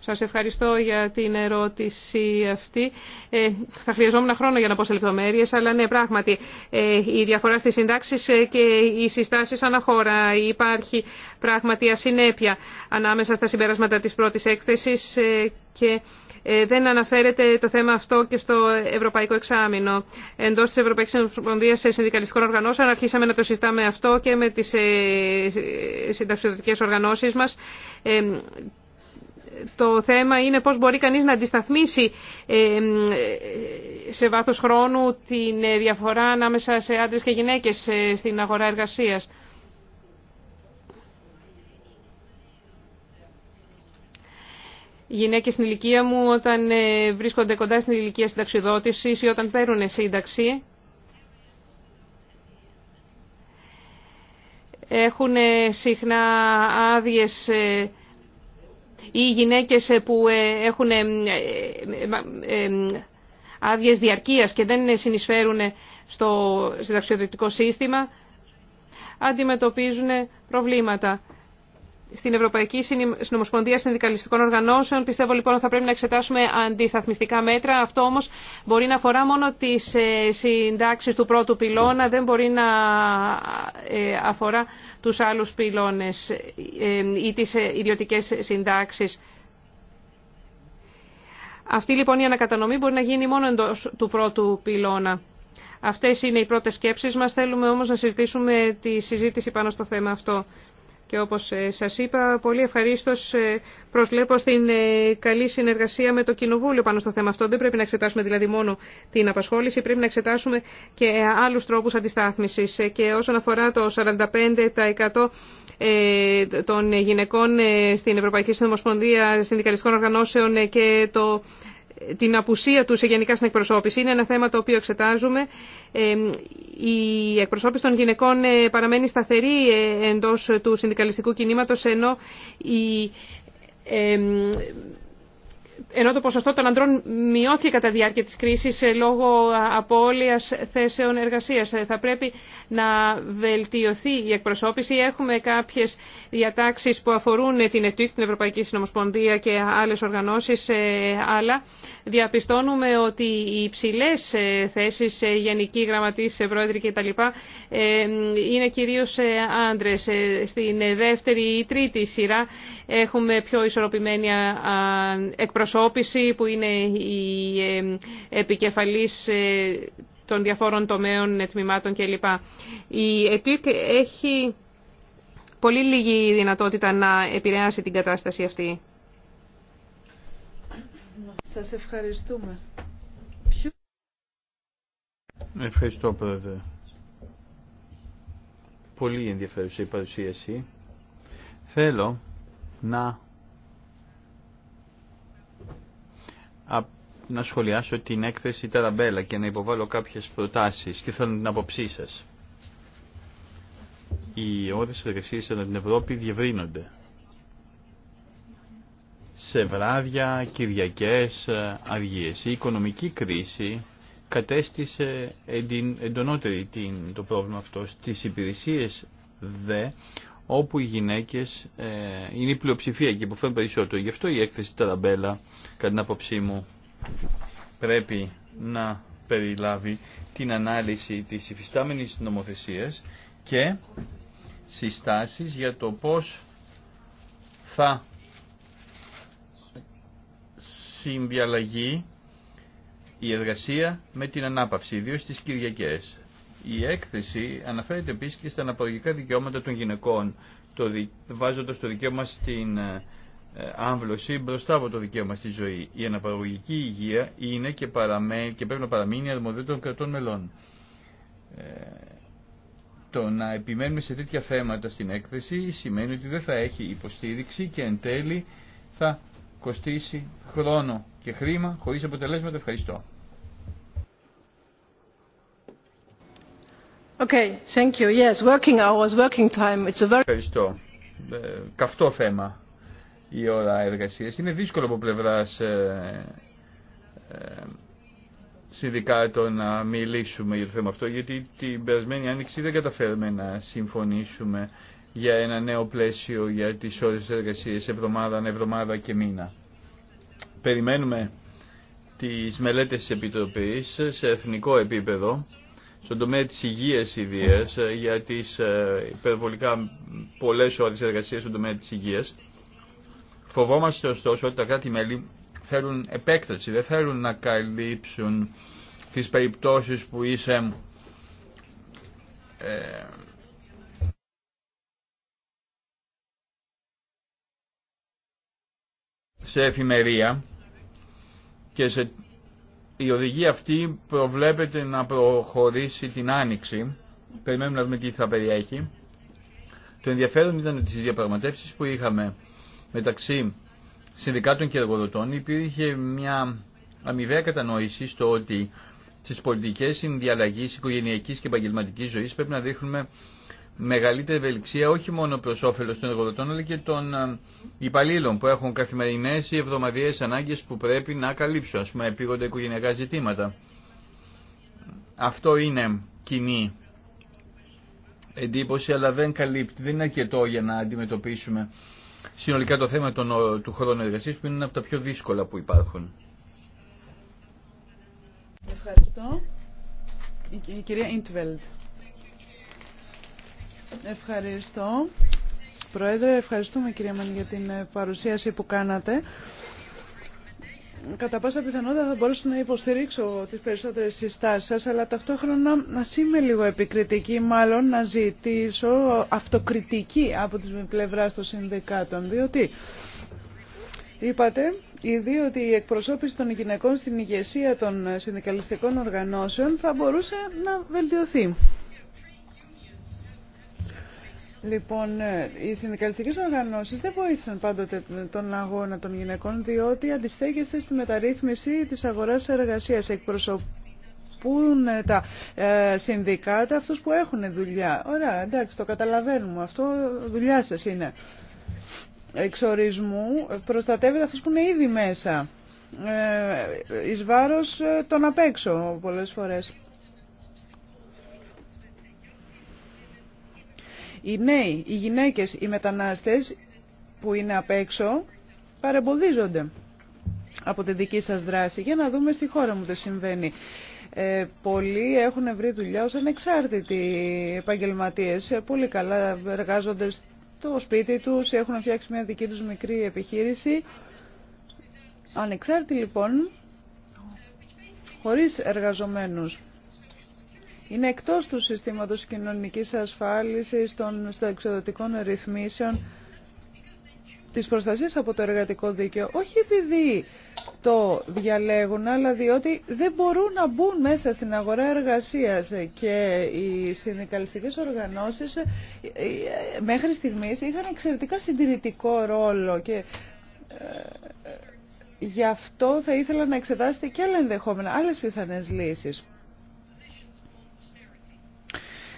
Σας ευχαριστώ για την ερώτηση αυτή. Ε, θα χρειαζόμουν χρόνο για να πω σε λεπτομέρειες, αλλά ναι, πράγματι, ε, η διαφορά στις συντάξεις ε, και οι συστάσεις αναχώρα. Υπάρχει πράγματι ασυνέπεια ανάμεσα στα συμπέρασματα της πρώτης έκθεσης ε, και ε, δεν αναφέρεται το θέμα αυτό και στο Ευρωπαϊκό Εξάμεινο. Εντό τη Ευρωπαϊκή Ομοσπονδία Συνδικαλιστικών Οργανώσεων αρχίσαμε να το συζητάμε αυτό και με τι συνταξιδοτικέ οργανώσει μα το θέμα είναι πώς μπορεί κανείς να αντισταθμίσει ε, σε βάθος χρόνου την ε, διαφορά ανάμεσα σε άντρες και γυναίκες ε, στην αγορά εργασίας. Γυναίκες στην ηλικία μου όταν βρίσκονται κοντά στην ηλικία συνταξιδότησης ή όταν παίρνουν σύνταξη έχουν συχνά άδειες ή γυναίκες ε, που ε, έχουν ε, άδειε διαρκείας και δεν συνεισφέρουν στο συνταξιοδοτικό σύστημα αντιμετωπίζουν προβλήματα στην Ευρωπαϊκή Συνομοσπονδία Συνδικαλιστικών Οργανώσεων. Πιστεύω λοιπόν ότι θα πρέπει να εξετάσουμε αντισταθμιστικά μέτρα. Αυτό όμω μπορεί να αφορά μόνο τι ε, συντάξει του πρώτου πυλώνα, δεν μπορεί να ε, αφορά του άλλου πυλώνε ε, ή τι ιδιωτικέ συντάξει. Αυτή λοιπόν η ανακατανομή μπορεί να γίνει μόνο εντό του πρώτου πυλώνα. Αυτές είναι οι πρώτες σκέψεις μας. Θέλουμε όμως να συζητήσουμε τη συζήτηση πάνω στο θέμα αυτό. Και όπως ε, σας είπα, πολύ ευχαρίστως ε, προσβλέπω στην ε, καλή συνεργασία με το Κοινοβούλιο πάνω στο θέμα αυτό. Δεν πρέπει να εξετάσουμε δηλαδή μόνο την απασχόληση, πρέπει να εξετάσουμε και άλλους τρόπους αντιστάθμισης. Και όσον αφορά το 45% των γυναικών στην Ευρωπαϊκή Συνομοσπονδία Συνδικαλιστικών Οργανώσεων και το την απουσία σε γενικά στην εκπροσώπηση. Είναι ένα θέμα το οποίο εξετάζουμε. Ε, η εκπροσώπηση των γυναικών ε, παραμένει σταθερή ε, εντός του συνδικαλιστικού κινήματος, ενώ η ενώ το ποσοστό των αντρών μειώθηκε κατά διάρκεια της κρίσης ε, λόγω απώλειας θέσεων εργασίας. Ε, θα πρέπει να βελτιωθεί η εκπροσώπηση. Έχουμε κάποιες διατάξεις που αφορούν την ΕΤΟΥΚ, την Ευρωπαϊκή Συνομοσπονδία και άλλες οργανώσεις, ε, αλλά διαπιστώνουμε ότι οι υψηλέ θέσεις, γενική γραμματείς, πρόεδροι κτλ. είναι κυρίως άντρες. Στην δεύτερη ή τρίτη σειρά έχουμε πιο ισορροπημένη εκπροσώπηση που είναι η ε, επικεφαλής ε, των διαφόρων τομέων, ε, τμήματων κλπ. Η ΕΤΙΚ έχει πολύ λίγη δυνατότητα να επηρεάσει την κατάσταση αυτή. Σας ευχαριστούμε. Ευχαριστώ, Πρόεδρε. Πολύ ενδιαφέρουσα η παρουσίαση. Θέλω να να σχολιάσω την έκθεση Ταραμπέλα και να υποβάλω κάποιες προτάσεις και θέλω την άποψή σας. Οι ώρες εργασίας ανά την Ευρώπη διευρύνονται. Σε βράδια, Κυριακές, ε, αργίες. Η οικονομική κρίση κατέστησε εντονότερη το πρόβλημα αυτό. Στις υπηρεσίες δε όπου οι γυναίκες ε, είναι η πλειοψηφία και υποφέρουν περισσότερο. Γι' αυτό η έκθεση Ταραμπέλα, κατά την άποψή μου, πρέπει να περιλάβει την ανάλυση της υφιστάμενης νομοθεσίας και συστάσεις για το πώς θα συμβιαλλαγεί η εργασία με την ανάπαυση, ιδίως στις Κυριακές. Η έκθεση αναφέρεται επίσης και στα αναπαραγωγικά δικαιώματα των γυναικών, το βάζοντας το δικαίωμα στην ε, ε, άμβλωση μπροστά από το δικαίωμα στη ζωή. Η αναπαραγωγική υγεία είναι και, παραμέ... και πρέπει να παραμείνει αρμοδιότητα των κρατών μελών. Ε, το να επιμένουμε σε τέτοια θέματα στην έκθεση σημαίνει ότι δεν θα έχει υποστήριξη και εν τέλει θα κοστίσει χρόνο και χρήμα χωρίς αποτελέσματα. Ευχαριστώ. Ευχαριστώ. καυτό θέμα η ώρα εργασία. Είναι δύσκολο από πλευρά ε, ε, συνδικάτων να μιλήσουμε για το θέμα αυτό, γιατί την περασμένη άνοιξη δεν καταφέρουμε να συμφωνήσουμε για ένα νέο πλαίσιο για τις ώρες εργασία, εβδομάδα, εβδομάδα και μήνα. Περιμένουμε τις μελέτες της σε εθνικό επίπεδο στον τομέα της υγείας ιδίας ε, για τις ε, υπερβολικά πολλές ώρες εργασίας στον τομέα της υγείας. Φοβόμαστε ωστόσο ότι τα κράτη-μέλη θέλουν επέκταση, δεν θέλουν να καλύψουν τις περιπτώσεις που είσαι ε, σε εφημερία και σε η οδηγία αυτή προβλέπεται να προχωρήσει την Άνοιξη. Περιμένουμε να δούμε τι θα περιέχει. Το ενδιαφέρον ήταν ότι στις διαπραγματεύσεις που είχαμε μεταξύ συνδικάτων και εργοδοτών υπήρχε μια αμοιβαία κατανόηση στο ότι στις πολιτικές συνδιαλλαγής οικογενειακής και επαγγελματική ζωής πρέπει να δείχνουμε μεγαλύτερη ευελιξία όχι μόνο προς όφελος των εργοδοτών αλλά και των ε, υπαλλήλων που έχουν καθημερινές ή εβδομαδιαίες ανάγκες που πρέπει να καλύψουν, ας πούμε επίγονται οικογενειακά ζητήματα. Αυτό είναι κοινή εντύπωση αλλά δεν καλύπτει, δεν είναι αρκετό για να αντιμετωπίσουμε συνολικά το θέμα των, ε, του χρόνου εργασίας που είναι ένα από τα πιο δύσκολα που υπάρχουν. Ευχαριστώ. Η, κυρία Ευχαριστώ. Πρόεδρε, ευχαριστούμε κυρία Μαν για την ε, παρουσίαση που κάνατε. Κατά πάσα πιθανότητα θα μπορούσα να υποστηρίξω τις περισσότερες συστάσεις σας, αλλά ταυτόχρονα να είμαι λίγο επικριτική, μάλλον να ζητήσω αυτοκριτική από τις πλευρά των συνδικάτων, διότι είπατε ήδη ότι η εκπροσώπηση των γυναικών στην ηγεσία των ε, συνδικαλιστικών οργανώσεων θα μπορούσε να βελτιωθεί. Λοιπόν, ε, οι συνδικαλιστικέ οργανώσει δεν βοήθησαν πάντοτε τον αγώνα των γυναικών, διότι αντιστέκεστε στη μεταρρύθμιση τη αγορά εργασία. Εκπροσωπούν ε, τα ε, συνδικάτα αυτού που έχουν δουλειά. Ωραία, εντάξει, το καταλαβαίνουμε. Αυτό δουλειά σα είναι. Εξορισμού προστατεύεται αυτού που είναι ήδη μέσα. Εις βάρος των απ' πολλές φορές. Οι νέοι, οι γυναίκες, οι μετανάστες που είναι απ' έξω παρεμποδίζονται από τη δική σας δράση. Για να δούμε στη χώρα μου τι συμβαίνει. Ε, πολλοί έχουν βρει δουλειά ως ανεξάρτητοι επαγγελματίες. Ε, πολύ καλά εργάζονται στο σπίτι τους, έχουν φτιάξει μια δική τους μικρή επιχείρηση. Ανεξάρτητοι λοιπόν, χωρίς εργαζομένους είναι εκτός του συστήματος κοινωνικής ασφάλισης, των εξοδοτικών ρυθμίσεων, της προστασίας από το εργατικό δίκαιο, όχι επειδή το διαλέγουν, αλλά διότι δεν μπορούν να μπουν μέσα στην αγορά εργασίας και οι συνδικαλιστικές οργανώσεις ε, ε, μέχρι στιγμής είχαν εξαιρετικά συντηρητικό ρόλο και ε, γι' αυτό θα ήθελα να εξετάσετε και άλλα ενδεχόμενα, άλλες πιθανές λύσεις.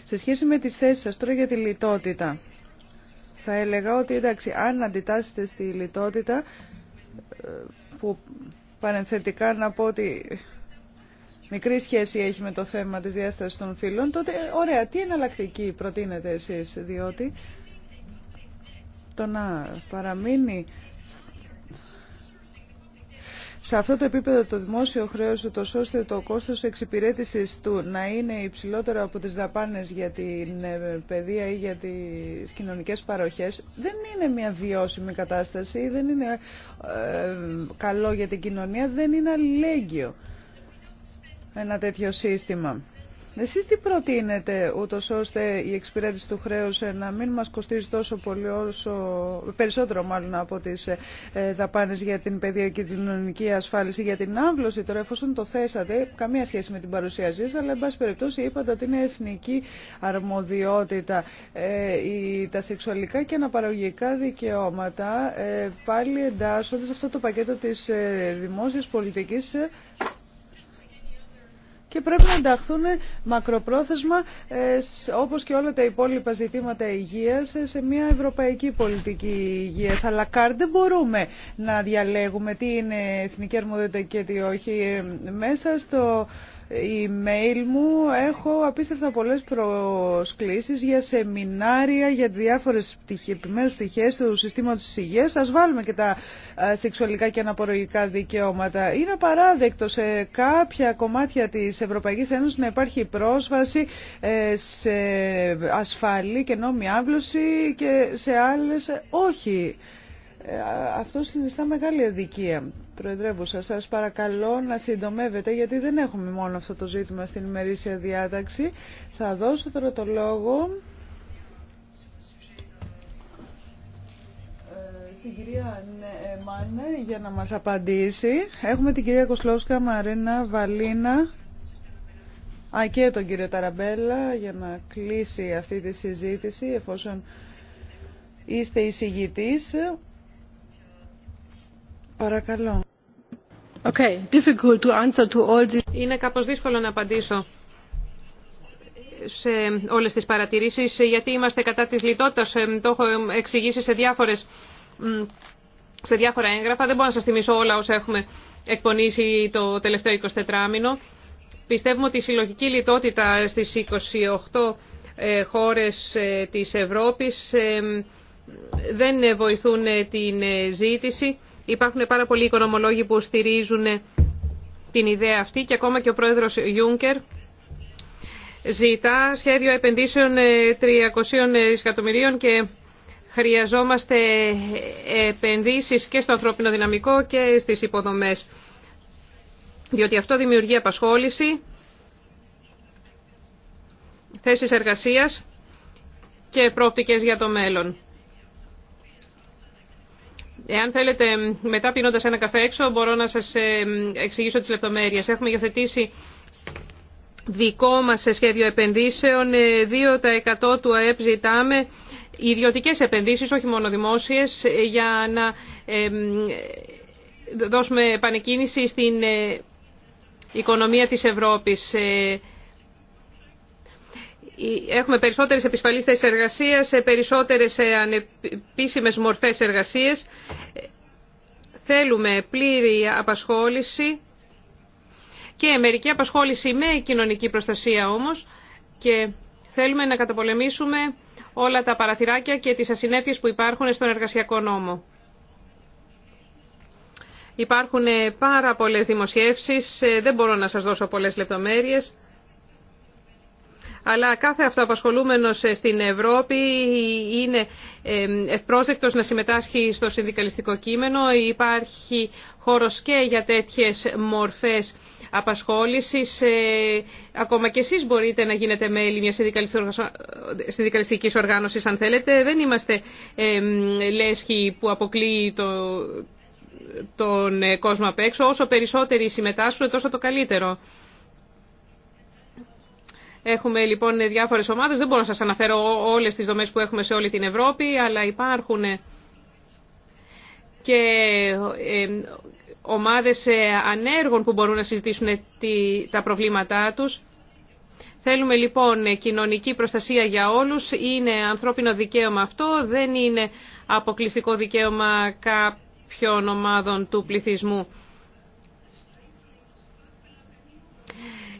Σε σχέση με τις θέσεις σας τώρα για τη λιτότητα, θα έλεγα ότι εντάξει, αν αντιτάσσετε στη λιτότητα, ε, που παρενθετικά να πω ότι μικρή σχέση έχει με το θέμα της διάστασης των φύλων, τότε ωραία, τι εναλλακτική προτείνετε εσείς, διότι το να παραμείνει σε αυτό το επίπεδο το δημόσιο χρέος, το ώστε το κόστος εξυπηρέτησης του να είναι υψηλότερο από τις δαπάνες για την ε, παιδεία ή για τις κοινωνικές παροχές, δεν είναι μια βιώσιμη κατάσταση, δεν είναι ε, καλό για την κοινωνία, δεν είναι αλληλέγγυο ένα τέτοιο σύστημα. Εσείς τι προτείνετε ούτως ώστε η εξυπηρέτηση του χρέους ε, να μην μας κοστίζει τόσο πολύ όσο, περισσότερο μάλλον από τις ε, δαπάνες για την παιδεία και την κοινωνική ασφάλιση για την άμβλωση τώρα εφόσον το θέσατε, καμία σχέση με την παρουσίασή αλλά εν πάση περιπτώσει είπατε ότι είναι εθνική αρμοδιότητα ε, τα σεξουαλικά και αναπαραγωγικά δικαιώματα πάλι εντάσσονται σε αυτό το πακέτο της δημόσιας πολιτικής και πρέπει να ενταχθούν μακροπρόθεσμα, ε, όπως και όλα τα υπόλοιπα ζητήματα υγείας, ε, σε μια ευρωπαϊκή πολιτική υγείας. Αλλά καρ δεν μπορούμε να διαλέγουμε τι είναι εθνική αρμοδιότητα και τι όχι. Ε, μέσα στο email μου έχω απίστευτα πολλές προσκλήσεις για σεμινάρια, για διάφορες επιμέρους πτυχές του συστήματος της υγείας. Ας βάλουμε και τα σεξουαλικά και αναπορογικά δικαιώματα. Είναι απαράδεκτο σε κάποια κομμάτια της Ευρωπαϊκής Ένωσης να υπάρχει πρόσβαση ε, σε ασφαλή και νόμιμη άμβλωση και σε άλλες όχι. Ε, αυτό συνιστά μεγάλη αδικία. Προεδρεύουσα, σας παρακαλώ να συντομεύετε γιατί δεν έχουμε μόνο αυτό το ζήτημα στην ημερήσια διάταξη. Θα δώσω τώρα το λόγο στην κυρία ε, Μάνε για να μας απαντήσει. Έχουμε την κυρία Κοσλόσκα, Μαρίνα, Βαλίνα α, και τον κύριο Ταραμπέλα για να κλείσει αυτή τη συζήτηση εφόσον είστε εισηγητής. Είναι κάπως δύσκολο να απαντήσω σε όλες τις παρατηρήσεις γιατί είμαστε κατά της λιτότητας. Ε, το έχω εξηγήσει σε, διάφορες, σε διάφορα έγγραφα. Δεν μπορώ να σας θυμίσω όλα όσα έχουμε εκπονήσει το τελευταίο 24 μήνο. Πιστεύουμε ότι η συλλογική λιτότητα στις 28 ε, χώρες ε, της Ευρώπης δεν βοηθούν την ζήτηση Υπάρχουν πάρα πολλοί οικονομολόγοι που στηρίζουν την ιδέα αυτή και ακόμα και ο πρόεδρος Γιούγκερ ζητά σχέδιο επενδύσεων 300 ε, δισεκατομμυρίων και χρειαζόμαστε επενδύσεις και στο ανθρώπινο δυναμικό και στις υποδομές. Διότι αυτό δημιουργεί απασχόληση, θέσεις εργασίας και πρόπτικες για το μέλλον. Εάν θέλετε, μετά πίνοντα ένα καφέ έξω, μπορώ να σας ε, εξηγήσω τις λεπτομέρειες. Έχουμε υιοθετήσει δικό μα σχέδιο επενδύσεων, 2% ε, του ΑΕΠ ζητάμε, ιδιωτικές επενδύσεις, όχι μόνο δημόσίε, για να δώσουμε επανεκκίνηση στην ε, οικονομία της Ευρώπης έχουμε περισσότερες επισφαλείς θέσεις εργασίας, περισσότερες ε, ανεπίσημες μορφές εργασίας. Θέλουμε πλήρη απασχόληση και μερική απασχόληση με κοινωνική προστασία όμως και θέλουμε να καταπολεμήσουμε όλα τα παραθυράκια και τις ασυνέπειες που υπάρχουν στον εργασιακό νόμο. Υπάρχουν πάρα πολλές δημοσιεύσεις, ε, δεν μπορώ να σας δώσω πολλές λεπτομέρειες αλλά κάθε αυτοαπασχολούμενος ε, στην Ευρώπη είναι ε, ευπρόσδεκτος να συμμετάσχει στο συνδικαλιστικό κείμενο. Υπάρχει χώρος και για τέτοιες μορφές απασχόλησης. Ε, ακόμα και εσείς μπορείτε να γίνετε μέλη μιας συνδικαλιστικής οργάνωσης αν θέλετε. Δεν είμαστε ε, λέσχοι που αποκλείει το, τον κόσμο απ' έξω. Όσο περισσότεροι συμμετάσχουν τόσο το καλύτερο. Έχουμε λοιπόν διάφορες ομάδες, δεν μπορώ να σας αναφέρω όλες τις δομές που έχουμε σε όλη την Ευρώπη, αλλά υπάρχουν ε, και ε, ομάδες ε, ανέργων που μπορούν να συζητήσουν τα προβλήματά τους. Θέλουμε λοιπόν κοινωνική προστασία για όλους, είναι ανθρώπινο δικαίωμα αυτό, δεν είναι αποκλειστικό δικαίωμα κάποιων ομάδων του πληθυσμού.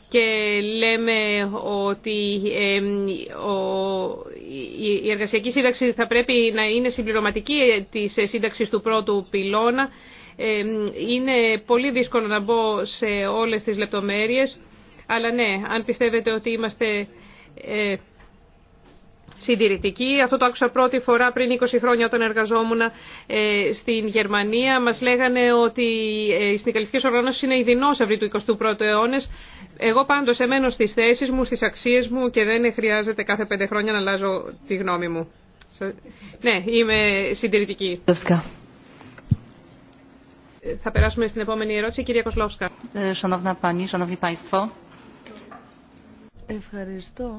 και λέμε ότι η εργασιακή σύνταξη θα πρέπει να είναι συμπληρωματική της σύνταξης του πρώτου πυλώνα. Είναι πολύ δύσκολο να μπω σε όλες τις λεπτομέρειες, αλλά ναι, αν πιστεύετε ότι είμαστε ε, συντηρητική. Αυτό το άκουσα πρώτη φορά πριν 20 χρόνια όταν εργαζόμουν ε, στην Γερμανία. Μας λέγανε ότι ε, οι συνδικαλιστικέ οργανώσει είναι οι δεινόσαυροι του 21ου αιώνα. Εγώ πάντω εμένω στι θέσει μου, στι αξίες μου και δεν χρειάζεται κάθε πέντε χρόνια να αλλάζω τη γνώμη μου. Ναι, είμαι συντηρητική. Ε, θα περάσουμε στην επόμενη ερώτηση, κυρία Κοσλόφσκα. Ευχαριστώ.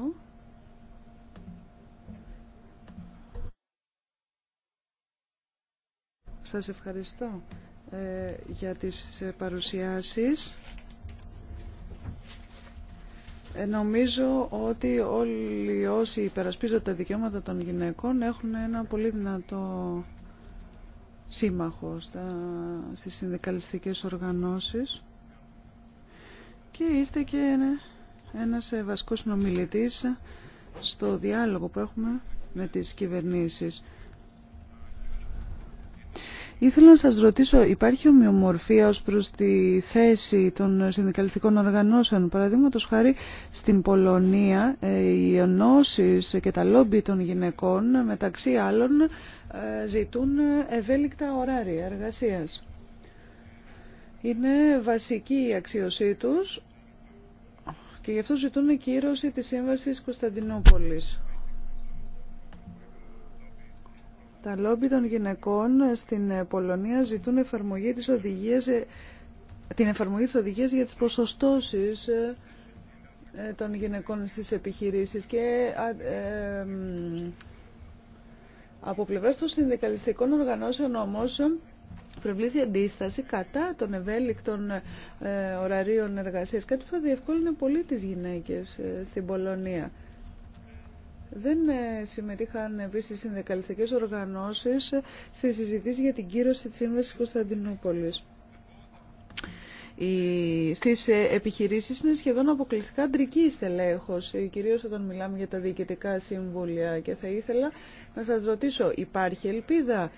Σας ευχαριστώ ε, για τις παρουσιάσεις. Ε, νομίζω ότι όλοι όσοι υπερασπίζονται τα δικαιώματα των γυναικών έχουν ένα πολύ δυνατό σύμμαχο στα, στις συνδικαλιστικές οργανώσεις και είστε και ένας βασικός νομιλητής στο διάλογο που έχουμε με τις κυβερνήσεις. Ήθελα να σας ρωτήσω, υπάρχει ομοιομορφία ως προς τη θέση των συνδικαλιστικών οργανώσεων. Παραδείγματο χάρη στην Πολωνία, ε, οι ενώσεις και τα λόμπι των γυναικών, μεταξύ άλλων, ε, ζητούν ευέλικτα ωράρια εργασίας. Είναι βασική η αξίωσή τους και γι' αυτό ζητούν κύρωση της Σύμβασης Κωνσταντινούπολης. Τα λόμπι των γυναικών στην Πολωνία ζητούν εφαρμογή της οδηγίας, την εφαρμογή της οδηγίας για τις ποσοστώσεις ε, ε, των γυναικών στις επιχειρήσεις και ε, από πλευράς των συνδικαλιστικών οργανώσεων όμως προβλήθη αντίσταση κατά των ευέλικτων ωραρίων εργασίας, κάτι που θα διευκόλυνε πολύ τις γυναίκες στην Πολωνία. Δεν ε, συμμετείχαν επίσης συνδικαλιστικέ οργανώσει στη συζητήσει για την κύρωση τη σύμβαση Κωνσταντινούπολης. Οι... Στις ε, επιχειρήσεις είναι σχεδόν αποκλειστικά αντρική στελέχωση, κυρίω όταν μιλάμε για τα διοικητικά συμβούλια και θα ήθελα να σα ρωτήσω, υπάρχει ελπίδα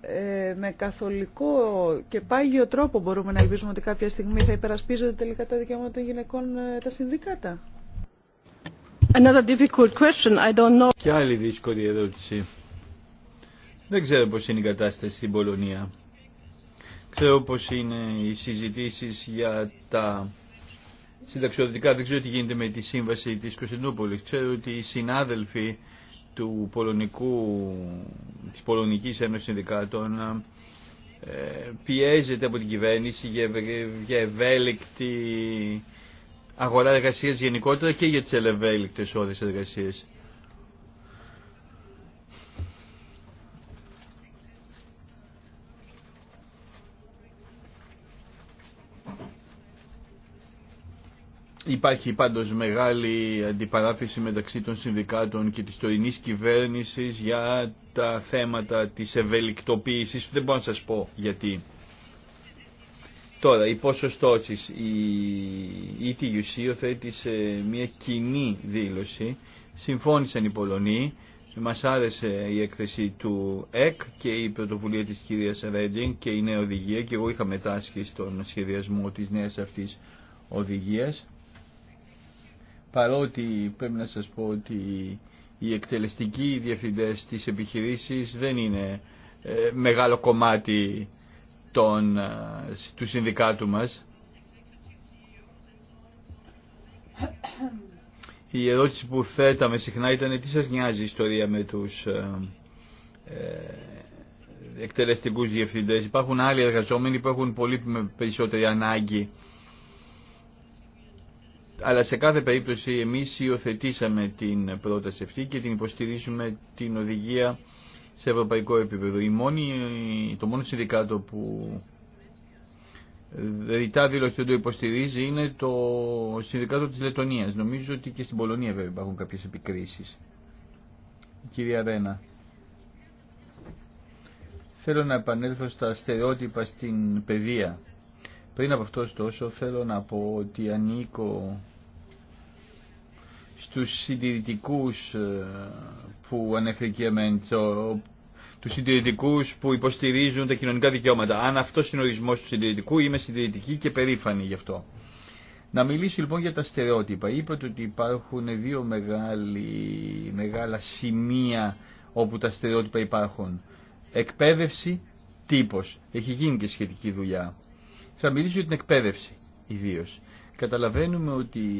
ε, με καθολικό και πάγιο τρόπο μπορούμε να ελπίζουμε ότι κάποια στιγμή θα υπερασπίζονται τελικά τα δικαιώματα των γυναικών τα συνδικάτα. Another Και άλλη δύσκολη ερώτηση. Δεν ξέρω πώς είναι η κατάσταση στην Πολωνία. Ξέρω πώς είναι οι συζητήσεις για τα συνταξιοδοτικά. Δεν ξέρω τι γίνεται με τη σύμβαση της Κωνσταντινούπολης. Ξέρω ότι οι συνάδελφοι του Πολωνικού, της Πολωνικής Ένωσης Συνδικάτων ε, πιέζεται από την κυβέρνηση για ευέλικτη αγορά εργασία γενικότερα και για τις ελευέλικτε όρες εργασίε. Υπάρχει πάντως μεγάλη αντιπαράθεση μεταξύ των συνδικάτων και της τωρινή κυβέρνησης για τα θέματα της ευελικτοποίησης. Δεν μπορώ να σας πω γιατί. Τώρα, οι ποσοστώσει. Η ETUC οθέτησε μια κοινή δήλωση. Συμφώνησαν οι Πολωνοί. Μα άρεσε η έκθεση του ΕΚ και η πρωτοβουλία τη κυρία Ρέντινγκ και η νέα οδηγία και εγώ είχα μετάσχει στον σχεδιασμό της νέα αυτή οδηγίας. Παρότι πρέπει να σα πω ότι οι εκτελεστικοί διευθυντέ τη επιχειρήση δεν είναι ε, μεγάλο κομμάτι των, ε, του συνδικάτου μας. Η ερώτηση που θέταμε συχνά ήταν τι σας νοιάζει η ιστορία με τους ε, ε εκτελεστικούς διευθυντές. Υπάρχουν άλλοι εργαζόμενοι που έχουν πολύ περισσότερη ανάγκη. Αλλά σε κάθε περίπτωση εμείς υιοθετήσαμε την πρόταση αυτή και την υποστηρίζουμε την οδηγία σε ευρωπαϊκό επίπεδο. Η μόνη, το μόνο συνδικάτο που ρητά δήλωσε ότι δεν το υποστηρίζει είναι το συνδικάτο της Λετωνίας. Νομίζω ότι και στην Πολωνία βέβαια υπάρχουν κάποιες επικρίσεις. κυρία Ρένα. Θέλω να επανέλθω στα στερεότυπα στην παιδεία. Πριν από αυτό ωστόσο θέλω να πω ότι ανήκω στους συντηρητικού ε, που ανέφερε η τους συντηρητικούς που υποστηρίζουν τα κοινωνικά δικαιώματα. Αν αυτό είναι ο ορισμός του συντηρητικού, είμαι συντηρητική και περήφανη γι' αυτό. Να μιλήσω λοιπόν για τα στερεότυπα. Είπατε ότι υπάρχουν δύο μεγάλη, μεγάλα σημεία όπου τα στερεότυπα υπάρχουν. Εκπαίδευση, τύπος. Έχει γίνει και σχετική δουλειά. Θα μιλήσω για την εκπαίδευση ιδίως. Καταλαβαίνουμε ότι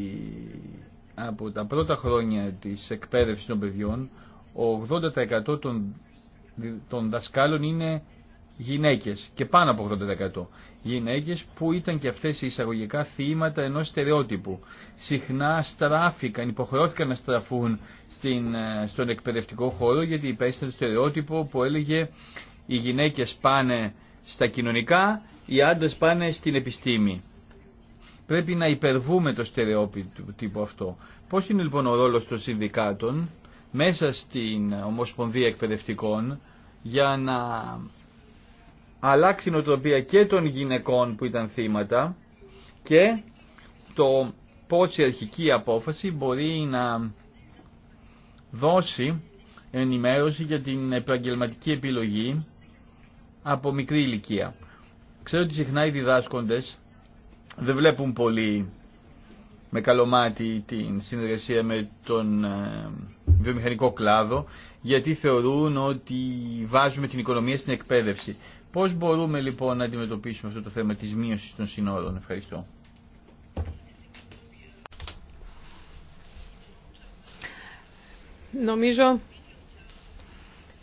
από τα πρώτα χρόνια της εκπαίδευσης των παιδιών, ο 80% των, δασκάλων είναι γυναίκες και πάνω από 80% γυναίκες που ήταν και αυτές οι εισαγωγικά θύματα ενός στερεότυπου. Συχνά στράφηκαν, υποχρεώθηκαν να στραφούν στην, ε, στον εκπαιδευτικό χώρο γιατί υπέστησαν το στερεότυπο που έλεγε οι γυναίκες πάνε στα κοινωνικά, οι άντρες πάνε στην επιστήμη. Πρέπει να υπερβούμε το στερεότυπο αυτό. Πώς είναι λοιπόν ο ρόλος των συνδικάτων μέσα στην Ομοσπονδία Εκπαιδευτικών για να αλλάξει η νοοτροπία και των γυναικών που ήταν θύματα και το πώς η αρχική απόφαση μπορεί να δώσει ενημέρωση για την επαγγελματική επιλογή από μικρή ηλικία. Ξέρω ότι συχνά οι διδάσκοντες δεν βλέπουν πολύ με καλό μάτι την συνεργασία με τον ε, βιομηχανικό κλάδο, γιατί θεωρούν ότι βάζουμε την οικονομία στην εκπαίδευση. Πώς μπορούμε λοιπόν να αντιμετωπίσουμε αυτό το θέμα της μείωσης των συνόρων. Ευχαριστώ. Νομίζω,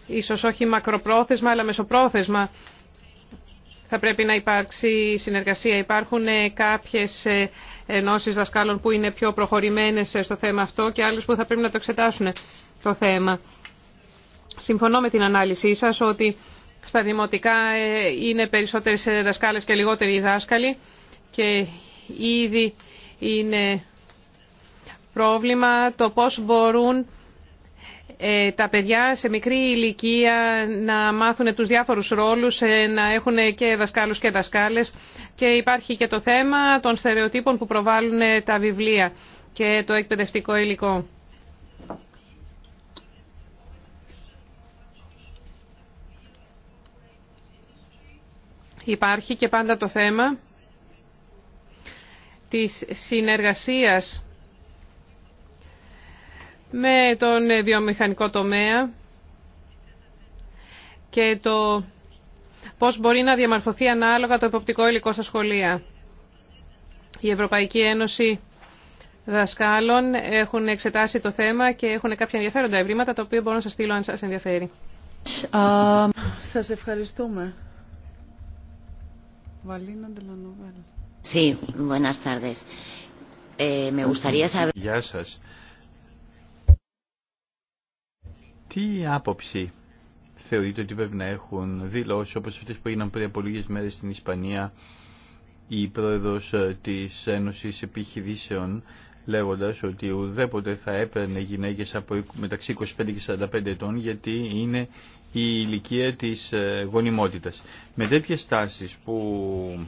ίσως όχι μακροπρόθεσμα, αλλά μεσοπρόθεσμα, θα πρέπει να υπάρξει συνεργασία. Υπάρχουν ε, κάποιες ε, ενώσεις δασκάλων που είναι πιο προχωρημένες ε, στο θέμα αυτό και άλλες που θα πρέπει να το εξετάσουν το θέμα. Συμφωνώ με την ανάλυση σας ότι στα δημοτικά είναι περισσότερες δασκάλες και λιγότεροι δάσκαλοι και ήδη είναι πρόβλημα το πώς μπορούν ε, τα παιδιά σε μικρή ηλικία να μάθουν τους διάφορους ρόλους, ε, να έχουν και δασκάλους και δασκάλες και υπάρχει και το θέμα των στερεοτύπων που προβάλλουν ε, τα βιβλία και το εκπαιδευτικό υλικό. Υπάρχει και πάντα το θέμα της συνεργασίας με τον ε, βιομηχανικό τομέα και το πώς μπορεί να διαμορφωθεί ανάλογα το εποπτικό υλικό στα σχολεία. Η Ευρωπαϊκή Ένωση Δασκάλων έχουν εξετάσει το θέμα και έχουν κάποια ενδιαφέροντα ευρήματα, τα οποία μπορώ να σας στείλω αν σας ενδιαφέρει. Σας ευχαριστούμε. Βαλίνα Sí, ε, Γεια σας. Τι άποψη θεωρείτε ότι πρέπει να έχουν δηλώσει όπως αυτές που έγιναν πριν από λίγες μέρες στην Ισπανία η πρόεδρος ε, της Ένωσης Επιχειρήσεων λέγοντας ότι ουδέποτε θα έπαιρνε γυναίκες από μεταξύ 25 και 45 ετών γιατί είναι η ηλικία της ε, γονιμότητας. Με τέτοιες τάσεις που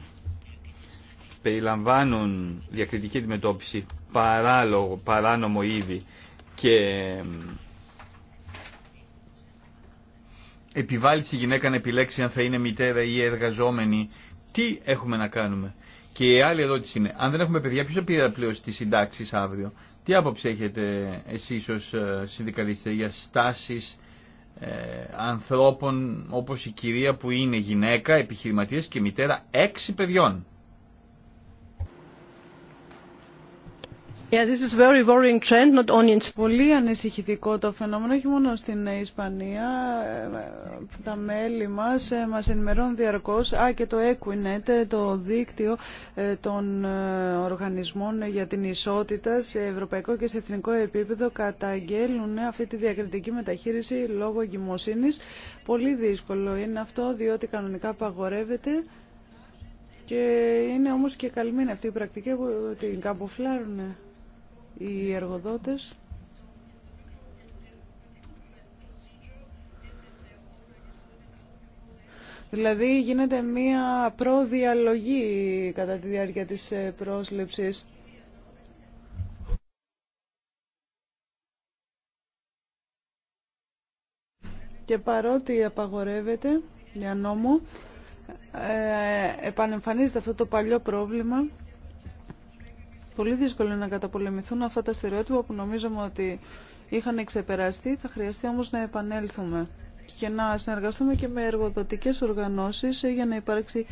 περιλαμβάνουν διακριτική αντιμετώπιση, παράλογο, παράνομο ήδη και επιβάλλει στη γυναίκα να επιλέξει αν θα είναι μητέρα ή εργαζόμενη, τι έχουμε να κάνουμε. Και η άλλη ερώτηση είναι, αν δεν έχουμε παιδιά, ποιο πήρε πλέον τι συντάξει αύριο. Τι άποψη έχετε εσεί ω ε, συνδικαλιστέ για στάσει ε, ανθρώπων όπω η κυρία που είναι γυναίκα, επιχειρηματίας και μητέρα έξι παιδιών. Yeah, this is very worrying trend, not only in... Πολύ ανησυχητικό το φαινόμενο, όχι μόνο στην Ισπανία. Ε, τα μέλη μας ε, μας ενημερώνουν διαρκώς. Α, και το Equinet, ε, το δίκτυο των οργανισμών για την ισότητα σε ευρωπαϊκό και σε εθνικό επίπεδο καταγγέλνουν αυτή τη διακριτική μεταχείριση λόγω εγκυμοσύνης. Πολύ δύσκολο είναι αυτό, διότι κανονικά απαγορεύεται. Και είναι όμως και καλυμμένη αυτή η πρακτική που την καποφλάρουνε οι εργοδότες Δηλαδή γίνεται μία προδιαλογή κατά τη διάρκεια της ε, πρόσληψης. Και παρότι απαγορεύεται για νόμο, ε, ε, επανεμφανίζεται αυτό το παλιό πρόβλημα πολύ δύσκολο να καταπολεμηθούν αυτά τα στερεότυπα που νομίζαμε ότι είχαν ξεπεραστεί. θα χρειαστεί όμως να επανέλθουμε και να συνεργαστούμε και με εργοδοτικές οργανώσεις για να υπάρξει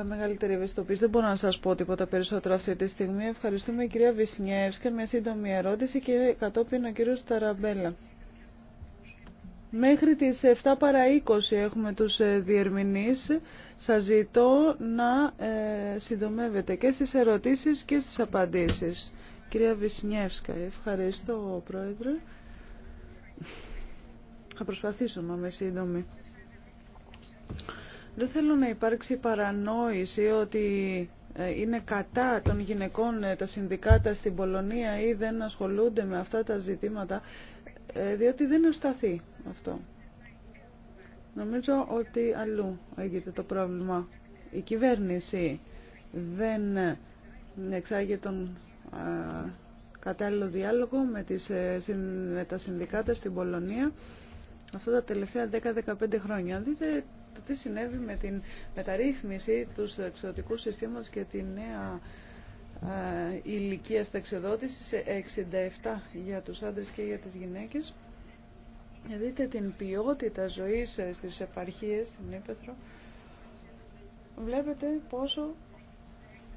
ε, μεγαλύτερη ευαισθητοποίηση. Δεν μπορώ να σας πω τίποτα περισσότερο αυτή τη στιγμή. Ευχαριστούμε κυρία Βυσνιεύσκα. Μια σύντομη ερώτηση και κατόπιν ο κύριος Ταραμπέλα. Μέχρι τις 7 παρα 20 έχουμε τους ε, διερμηνείς. Σας ζητώ να ε, συντομεύετε και στις ερωτήσεις και στις απαντήσεις. Κυρία Βυσνιεύσκα, ευχαριστώ Πρόεδρε. Θα προσπαθήσω να είμαι σύντομη. Δεν θέλω να υπάρξει παρανόηση ότι ε, είναι κατά των γυναικών τα συνδικάτα στην Πολωνία ή δεν ασχολούνται με αυτά τα ζητήματα, διότι δεν σταθεί αυτό. Νομίζω ότι αλλού έγινε το πρόβλημα. Η κυβέρνηση δεν εξάγει τον κατάλληλο διάλογο με, τις, ε, με τα συνδικάτα στην Πολωνία αυτά τα τελευταία 10-15 χρόνια. Δείτε το τι συνέβη με την μεταρρύθμιση του εξωτικού συστήματος και τη νέα ηλικία σε 67 για τους άντρες και για τις γυναίκες. Δείτε την ποιότητα ζωής ε, στις επαρχίες, στην Ήπεθρο. Βλέπετε πόσο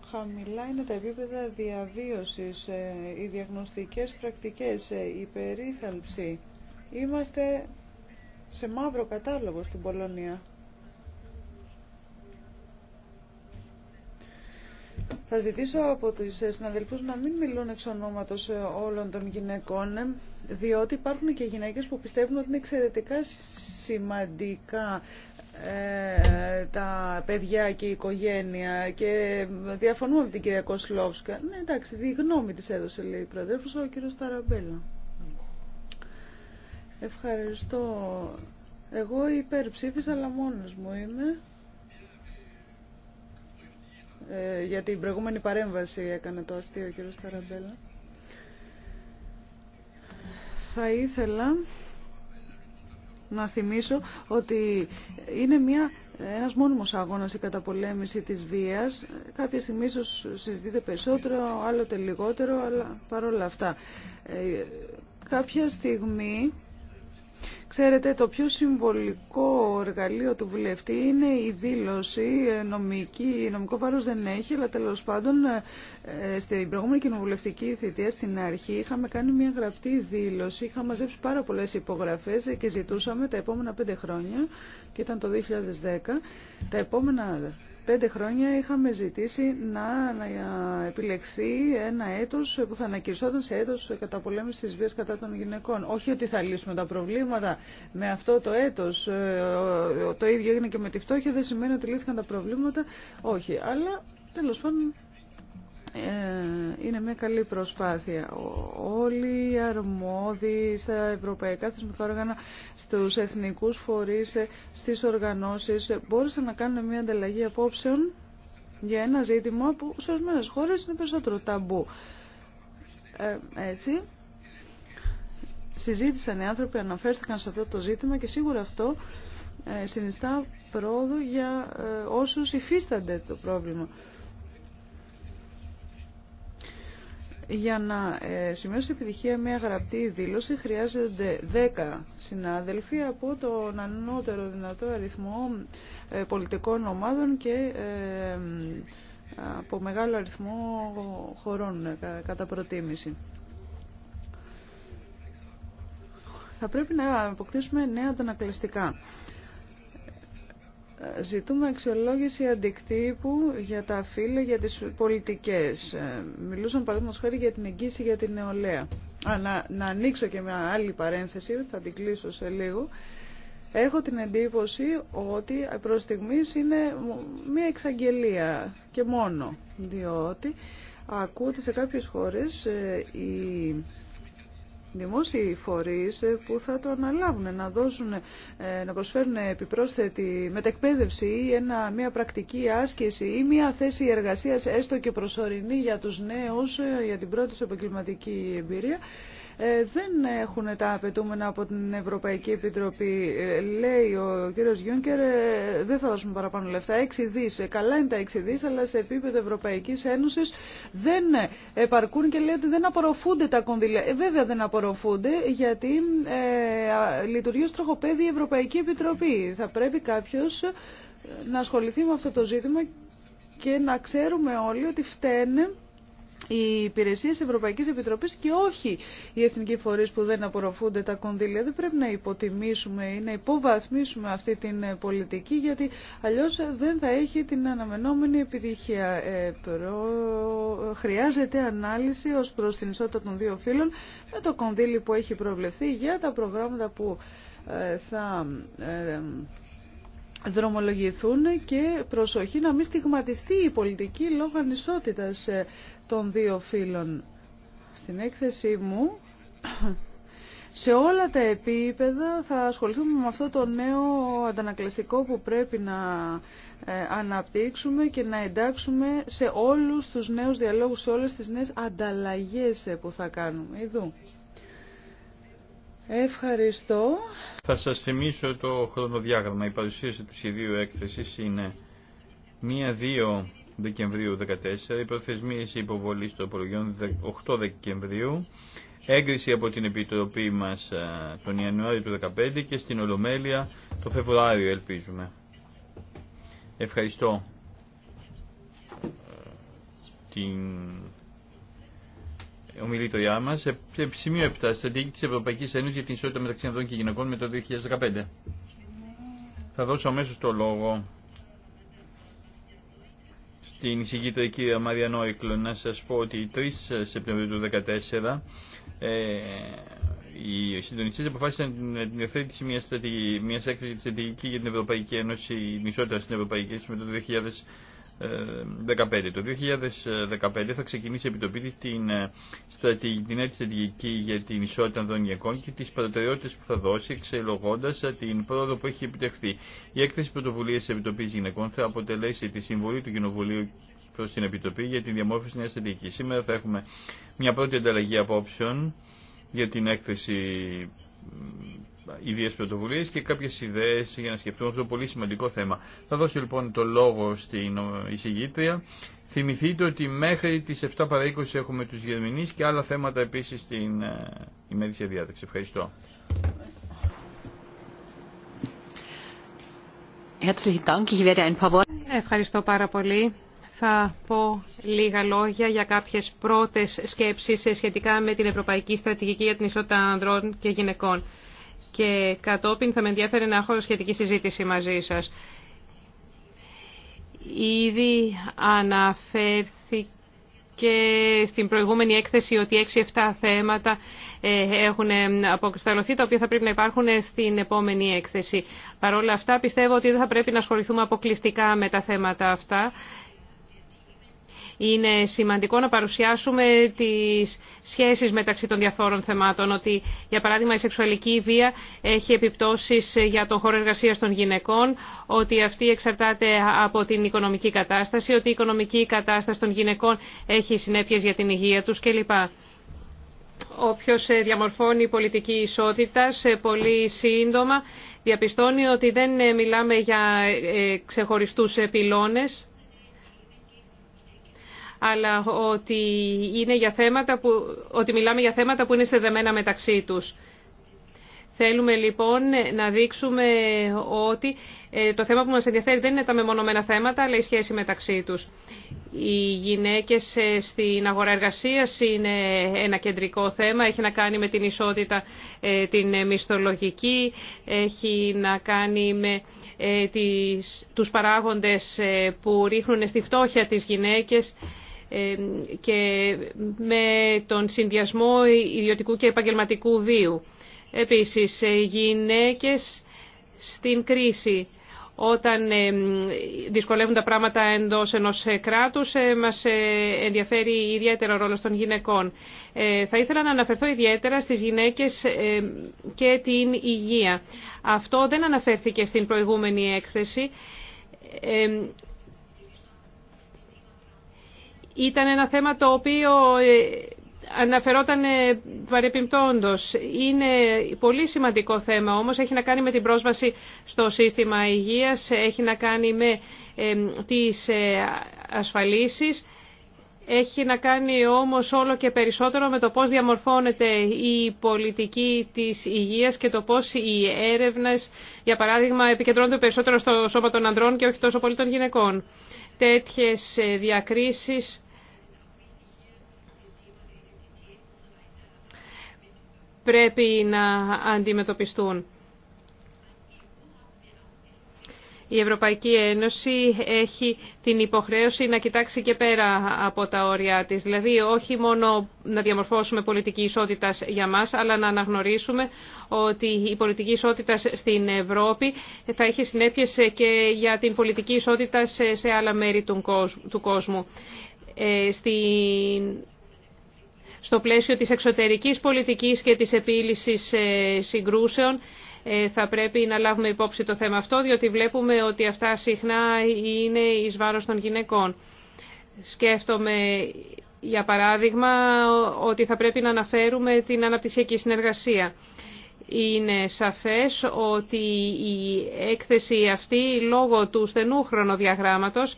χαμηλά είναι τα επίπεδα διαβίωσης, ε, οι διαγνωστικές πρακτικές, ε, η περίθαλψη. Είμαστε σε μαύρο κατάλογο στην Πολωνία. Θα ζητήσω από τους συναδελφούς να μην μιλούν εξ ονόματος ε, όλων των γυναικών, ε, διότι υπάρχουν και γυναίκες που πιστεύουν ότι είναι εξαιρετικά σημαντικά ε, τα παιδιά και η οικογένεια και διαφωνούμε με την κυρία Κοσλόφσκα. Ναι, εντάξει, τη της έδωσε, λέει η Προεδρεύουσα, ο κύριος Ταραμπέλα. Ευχαριστώ. Εγώ υπερψήφισα, αλλά μόνος μου είμαι ε, για την προηγούμενη παρέμβαση έκανε το αστείο κύριο Σταραμπέλα. Θα ήθελα να θυμίσω ότι είναι μια, ένας μόνιμος αγώνας η καταπολέμηση της βίας. Κάποια στιγμή ίσως συζητείται περισσότερο, άλλοτε λιγότερο, αλλά παρόλα αυτά. Ε, κάποια στιγμή Ξέρετε, το πιο συμβολικό εργαλείο του βουλευτή είναι η δήλωση ε, νομική. Νομικό βάρος δεν έχει, αλλά τέλος πάντων ε, ε, στην προηγούμενη κοινοβουλευτική θητεία στην αρχή είχαμε κάνει μια γραπτή δήλωση, είχα μαζέψει πάρα πολλές υπογραφές και ζητούσαμε τα επόμενα πέντε χρόνια, και ήταν το 2010, τα επόμενα πέντε χρόνια είχαμε ζητήσει να, να επιλεχθεί ένα έτος που θα ανακυρισόταν σε έτος καταπολέμησης της βίας κατά των γυναικών. Όχι ότι θα λύσουμε τα προβλήματα με αυτό το έτος. Ε, το ίδιο έγινε και με τη φτώχεια, δεν σημαίνει ότι λύθηκαν τα προβλήματα. Όχι, αλλά τέλος πάντων ε, είναι μια καλή προσπάθεια. Όλοι οι αρμόδιοι στα ευρωπαϊκά θεσμικά όργανα, στους εθνικούς φορείς, ε, στις οργανώσεις ε, μπόρεσαν να κάνουν μια ανταλλαγή απόψεων για ένα ζήτημα που σε ορισμένε χώρες είναι περισσότερο ταμπού. έτσι, συζήτησαν οι άνθρωποι, αναφέρθηκαν σε αυτό το ζήτημα και σίγουρα αυτό συνιστά πρόοδο για όσους υφίστανται το πρόβλημα. Για να ε, σημειώσει επιτυχία μια γραπτή δήλωση χρειάζονται 10 συνάδελφοι από τον ανώτερο δυνατό αριθμό ε, πολιτικών ομάδων και ε, από μεγάλο αριθμό χωρών κατά προτίμηση. Θα πρέπει να αποκτήσουμε νέα αντανακλαστικά. Ζητούμε αξιολόγηση αντικτύπου για τα φύλλα, για τις πολιτικές. Ε, μιλούσαν παραδείγματος χάρη για την εγγύηση για την νεολαία. Α, να, να ανοίξω και μια άλλη παρένθεση, θα την κλείσω σε λίγο. Έχω την εντύπωση ότι προς στιγμής είναι μια εξαγγελία και μόνο, διότι ακούω ότι σε κάποιες χώρες η ε, δημόσιοι φορείς ε, που θα το αναλάβουν, να δώσουν, ε, να προσφέρουν επιπρόσθετη μετεκπαίδευση ή ένα, μια πρακτική άσκηση ή μια θέση εργασίας έστω και προσωρινή για τους νέους, ε, για την πρώτη τους επαγγελματική εμπειρία ε, δεν έχουν τα απαιτούμενα από την Ευρωπαϊκή Επιτροπή. Ε, λέει ο κύριος Γιούνκερ, ε, δεν θα δώσουμε παραπάνω λεφτά, Έξι Καλά είναι τα έξι δις, αλλά σε επίπεδο Ευρωπαϊκής Ένωσης δεν επαρκούν και λέει ότι δεν απορροφούνται τα κονδύλια. βέβαια δεν απορροφούνται, γιατί ε, λειτουργεί ως τροχοπέδι η Ευρωπαϊκή Επιτροπή. Θα πρέπει κάποιος να ασχοληθεί με αυτό το ζήτημα και να ξέρουμε όλοι ότι φταίνε οι υπηρεσίε Ευρωπαϊκή Επιτροπή και όχι οι εθνικοί φορεί που δεν απορροφούνται τα κονδύλια. Δεν πρέπει να υποτιμήσουμε ή να υποβαθμίσουμε αυτή την πολιτική, γιατί αλλιώ δεν θα έχει την αναμενόμενη επιτυχία. Ε, χρειάζεται ανάλυση ω προ την ισότητα των δύο φύλων με το κονδύλι που έχει προβλεφθεί για τα προγράμματα που ε, θα ε, δρομολογηθούν και προσοχή να μην στιγματιστεί η πολιτική λόγω ανισότητας ε, των δύο φύλων. Στην έκθεσή μου σε όλα τα επίπεδα θα ασχοληθούμε με αυτό το νέο αντανακλαστικό που πρέπει να ε, αναπτύξουμε και να εντάξουμε σε όλους τους νέους διαλόγους, σε όλες τις νέες ανταλλαγές ε, που θα κάνουμε. Εδώ. Ευχαριστώ. Θα σας θυμίσω το χρονοδιάγραμμα. Η παρουσίαση του σχεδίου έκθεσης είναι 1-2 Δεκεμβρίου 2014, οι προθεσμίες υποβολής των υπολογιών 8 Δεκεμβρίου, έγκριση από την Επιτροπή μας ε, τον Ιανουάριο του 2015 και στην Ολομέλεια το Φεβρουάριο ελπίζουμε. Ευχαριστώ ε, την ομιλήτριά μα, σημείο 7, στρατηγική τη Ευρωπαϊκή Ένωση για την ισότητα μεταξύ ανδρών και γυναικών με το 2015. Θα δώσω αμέσω το λόγο στην εισηγήτρια κυρία Μαρία Νόικλο να σα πω ότι 3 Σεπτεμβρίου του 2014 ε, οι συντονιστέ αποφάσισαν την υιοθέτηση μια έκθεση στρατηγική για την Ευρωπαϊκή Ένωση, η μισότητα στην Ευρωπαϊκή Ένωση με το 2015. Το 2015 θα ξεκινήσει η Επιτροπή ε, την, νέα τη στρατηγική για την ισότητα των γυναικών και τι προτεραιότητε που θα δώσει ξελογώντας ε, την πρόοδο που έχει επιτευχθεί. Η έκθεση πρωτοβουλία τη Επιτροπής Γυναικών θα αποτελέσει τη συμβολή του Κοινοβουλίου προ την Επιτροπή για τη διαμόρφωση νέα στρατηγική. Σήμερα θα έχουμε μια πρώτη ανταλλαγή απόψεων για την έκθεση ιδίες πρωτοβουλίε και κάποιες ιδέες για να σκεφτούμε αυτό το πολύ σημαντικό θέμα. Θα δώσω λοιπόν το λόγο στην εισηγήτρια. Θυμηθείτε ότι μέχρι τις 7 παρα 20 έχουμε τους Γερμηνείς και άλλα θέματα επίσης στην ε, ημερήσια διάταξη. Ευχαριστώ. Ναι, ευχαριστώ πάρα πολύ. Θα πω λίγα λόγια για κάποιες πρώτες σκέψεις ε, σχετικά με την Ευρωπαϊκή Στρατηγική για την Ισότητα Ανδρών και Γυναικών και κατόπιν θα με ενδιαφέρει να έχω σχετική συζήτηση μαζί σας. Ήδη αναφέρθηκε στην προηγούμενη έκθεση ότι 6-7 θέματα ε, έχουν ε, αποκρισταλωθεί, τα οποία θα πρέπει να υπάρχουν στην επόμενη έκθεση. Παρ' όλα αυτά πιστεύω ότι δεν θα πρέπει να ασχοληθούμε αποκλειστικά με τα θέματα αυτά. Είναι σημαντικό να παρουσιάσουμε τις σχέσεις μεταξύ των διαφόρων θεμάτων, ότι για παράδειγμα η σεξουαλική βία έχει επιπτώσεις για τον χώρο εργασία των γυναικών, ότι αυτή εξαρτάται από την οικονομική κατάσταση, ότι η οικονομική κατάσταση των γυναικών έχει συνέπειε για την υγεία τους κλπ. οποίο ε, διαμορφώνει πολιτική ισότητα πολύ σύντομα διαπιστώνει ότι δεν ε, μιλάμε για ε, ξεχωριστούς πυλώνες αλλά ότι, είναι για θέματα που, ότι μιλάμε για θέματα που είναι στεδεμένα μεταξύ τους. Θέλουμε λοιπόν να δείξουμε ότι ε, το θέμα που μας ενδιαφέρει δεν είναι τα μεμονωμένα θέματα, αλλά η σχέση μεταξύ τους. Οι γυναίκες ε, στην αγορά εργασίας είναι ένα κεντρικό θέμα, έχει να κάνει με την ισότητα ε, την μισθολογική, έχει να κάνει με τους παράγοντες που ρίχνουν στη φτώχεια τις γυναίκες και με τον συνδυασμό ιδιωτικού και επαγγελματικού βίου. Επίσης, ε, γυναίκες στην κρίση. Όταν δυσκολεύουν τα πράγματα εντός ενός ε, κράτους, ε, μας ενδιαφέρει ιδιαίτερο ο ρόλος των γυναικών. Θα ήθελα να αναφερθώ ιδιαίτερα στις γυναίκες και την υγεία. Αυτό δεν αναφέρθηκε στην προηγούμενη έκθεση ήταν ένα θέμα το οποίο ε, αναφερόταν παρεπιπτόντος. Είναι πολύ σημαντικό θέμα όμως, έχει να κάνει με την πρόσβαση στο σύστημα υγείας, έχει να κάνει με τις ε, ασφαλίσεις, έχει να κάνει όμως όλο και περισσότερο με το πώς διαμορφώνεται η πολιτική της υγείας και το πώς οι έρευνες, για παράδειγμα, επικεντρώνονται περισσότερο στο σώμα των ανδρών και όχι τόσο πολύ των γυναικών. Τέτοιες ε, διακρίσεις πρέπει να αντιμετωπιστούν. Η Ευρωπαϊκή Ένωση έχει την υποχρέωση να κοιτάξει και πέρα από τα όρια της. Δηλαδή όχι μόνο να διαμορφώσουμε πολιτική ισότητα για μας, αλλά να αναγνωρίσουμε ότι η πολιτική ισότητα στην Ευρώπη θα έχει συνέπειες και για την πολιτική ισότητα σε άλλα μέρη του κόσμου. Ε, στην στο πλαίσιο της εξωτερικής πολιτικής και της επίλυσης ε, συγκρούσεων ε, θα πρέπει να λάβουμε υπόψη το θέμα αυτό, διότι βλέπουμε ότι αυτά συχνά είναι εις βάρος των γυναικών. Σκέφτομαι, για παράδειγμα, ότι θα πρέπει να αναφέρουμε την αναπτυξιακή συνεργασία. Είναι σαφές ότι η έκθεση αυτή, λόγω του στενού χρονοδιαγράμματος,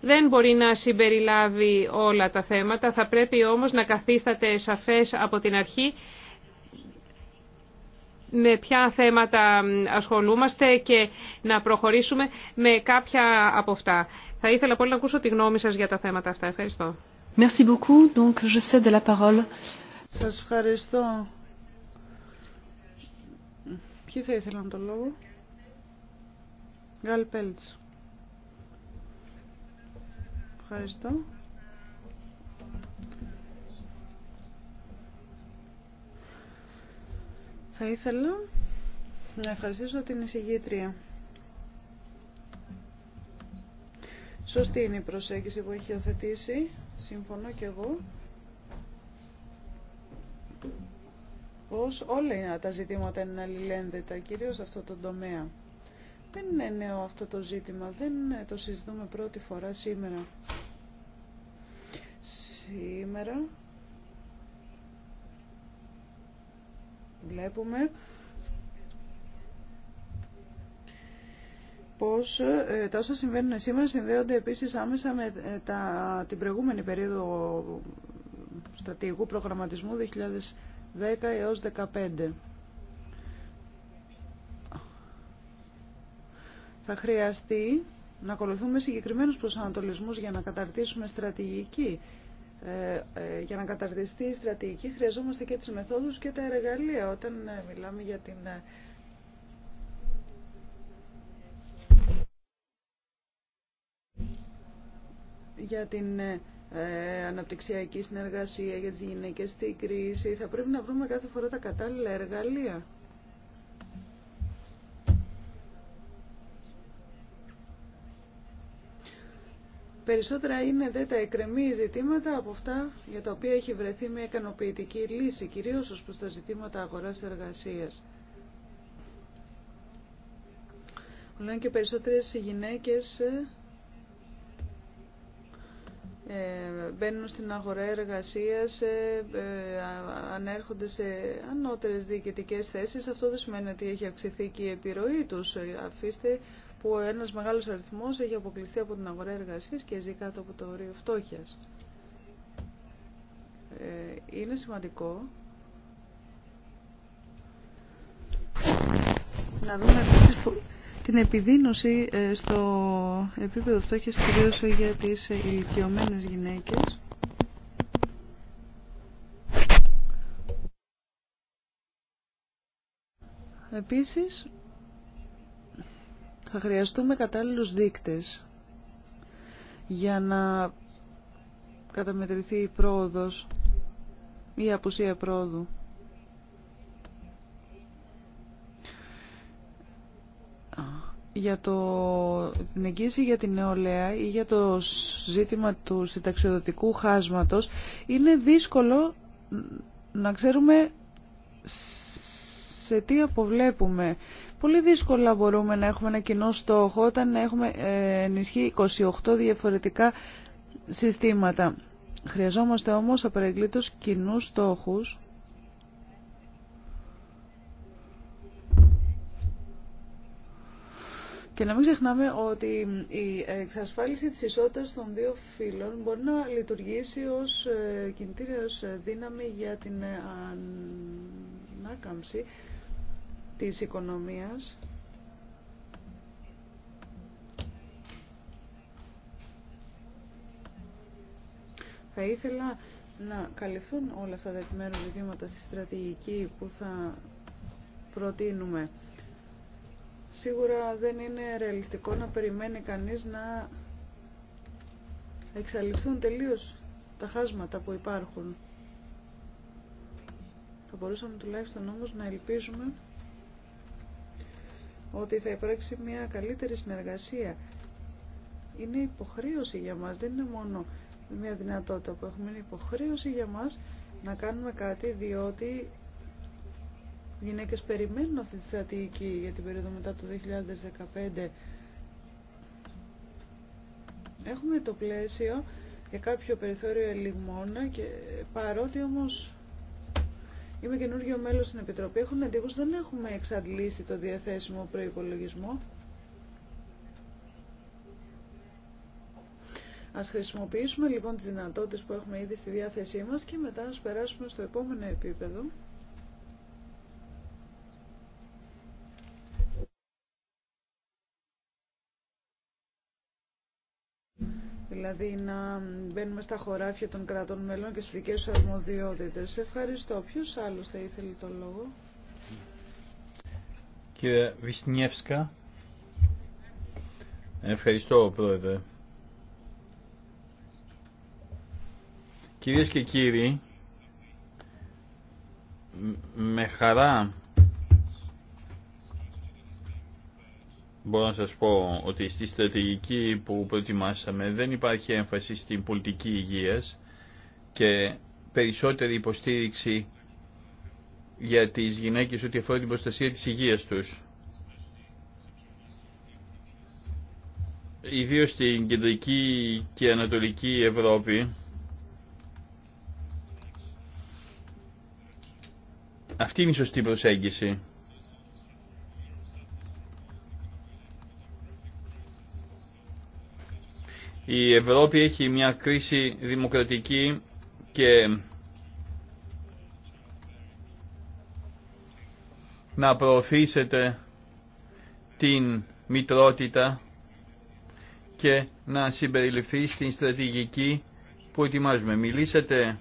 δεν μπορεί να συμπεριλάβει όλα τα θέματα. Θα πρέπει όμως να καθίσταται σαφές από την αρχή με ποια θέματα ασχολούμαστε και να προχωρήσουμε με κάποια από αυτά. Θα ήθελα πολύ να ακούσω τη γνώμη σας για τα θέματα αυτά. Ευχαριστώ. Merci beaucoup. Donc, je cède la parole. Σας ευχαριστώ. Ποιοι θα ήθελαν τον λόγο. Γκάλ Ευχαριστώ. Θα ήθελα να ευχαριστήσω την εισηγήτρια. Σωστή είναι η προσέγγιση που έχει οθετήσει. Συμφωνώ και εγώ. Πως όλα τα ζητήματα είναι αλληλένδετα, κυρίως σε αυτό το τομέα. Δεν είναι νέο αυτό το ζήτημα, δεν το συζητούμε πρώτη φορά σήμερα σήμερα. Βλέπουμε πως ε, τα όσα συμβαίνουν σήμερα συνδέονται επίσης άμεσα με ε, τα, την προηγούμενη περίοδο στρατηγικού προγραμματισμού 2010 έως 2015. Θα χρειαστεί να ακολουθούμε συγκεκριμένους προσανατολισμούς για να καταρτήσουμε στρατηγική ε, ε, για να καταρτιστεί η στρατηγική χρειαζόμαστε και τις μεθόδους και τα εργαλεία όταν ε, μιλάμε για την για την αναπτυξιακή συνεργασία, για τις γυναίκες στην κρίση. Θα πρέπει να βρούμε κάθε φορά τα κατάλληλα εργαλεία. Περισσότερα είναι δε τα εκκρεμή ζητήματα από αυτά για τα οποία έχει βρεθεί μια ικανοποιητική λύση, κυρίως ως προς τα ζητήματα αγοράς εργασίας. Λένε και περισσότερες γυναίκες ε, μπαίνουν στην αγορά εργασίας, ε, ε, ανέρχονται σε ανώτερες διοικητικές θέσεις. Αυτό δεν σημαίνει ότι έχει αυξηθεί και η επιρροή τους. Αφήστε που ένας μεγάλος αριθμός έχει αποκλειστεί από την αγορά εργασίας και ζει κάτω από το όριο φτώχειας. Ε, είναι σημαντικό να δούμε την επιδείνωση ε, στο επίπεδο φτώχειας κυρίως για τις ηλικιωμένες γυναίκες. Επίσης, θα χρειαστούμε κατάλληλους δείκτες για να καταμετρηθεί η πρόοδος ή η απουσία πρόοδου. Για το, την εγγύηση για την νεολαία ή για το ζήτημα του συνταξιοδοτικού χάσματος είναι δύσκολο να ξέρουμε σε τι αποβλέπουμε Πολύ δύσκολα μπορούμε να έχουμε ένα κοινό στόχο όταν έχουμε ε, ενισχύει 28 διαφορετικά συστήματα. Χρειαζόμαστε όμως απεραγκλήτως κοινούς στόχους Και να μην ξεχνάμε ότι η εξασφάλιση της ισότητας των δύο φύλων μπορεί να λειτουργήσει ως ε, κινητήριος δύναμη για την ε, ανάκαμψη της οικονομίας. Θα ήθελα να καλυφθούν όλα αυτά τα επιμέρους ζητήματα στη στρατηγική που θα προτείνουμε. Σίγουρα δεν είναι ρεαλιστικό να περιμένει κανείς να εξαλειφθούν τελείως τα χάσματα που υπάρχουν. Θα μπορούσαμε τουλάχιστον όμως να ελπίζουμε ότι θα υπάρξει μια καλύτερη συνεργασία. Είναι υποχρέωση για μας, δεν είναι μόνο μια δυνατότητα που έχουμε, είναι υποχρέωση για μας να κάνουμε κάτι διότι οι γυναίκες περιμένουν αυτή τη στρατηγική για την περίοδο μετά το 2015. Έχουμε το πλαίσιο για κάποιο περιθώριο ελιγμών και παρότι όμως Είμαι καινούργιο μέλος στην Επιτροπή. Έχουν εντύπωση δεν έχουμε εξαντλήσει το διαθέσιμο προϋπολογισμό. Ας χρησιμοποιήσουμε λοιπόν τις δυνατότητες που έχουμε ήδη στη διάθεσή μας και μετά ας περάσουμε στο επόμενο επίπεδο. δηλαδή να μπαίνουμε στα χωράφια των κρατών μελών και στις δικές τους αρμοδιότητες. Ευχαριστώ. Ποιος άλλος θα ήθελε τον λόγο. Κύριε Βυσνιεύσκα. Ευχαριστώ, Πρόεδρε. Κυρίες και κύριοι, με χαρά μπορώ να σας πω ότι στη στρατηγική που προετοιμάσαμε δεν υπάρχει έμφαση στην πολιτική υγείας και περισσότερη υποστήριξη για τις γυναίκες ό,τι αφορά την προστασία της υγείας τους. Ιδίως στην κεντρική και ανατολική Ευρώπη αυτή είναι η σωστή προσέγγιση. Η Ευρώπη έχει μια κρίση δημοκρατική και να προωθήσετε την μητρότητα και να συμπεριληφθεί στην στρατηγική που ετοιμάζουμε. Μιλήσατε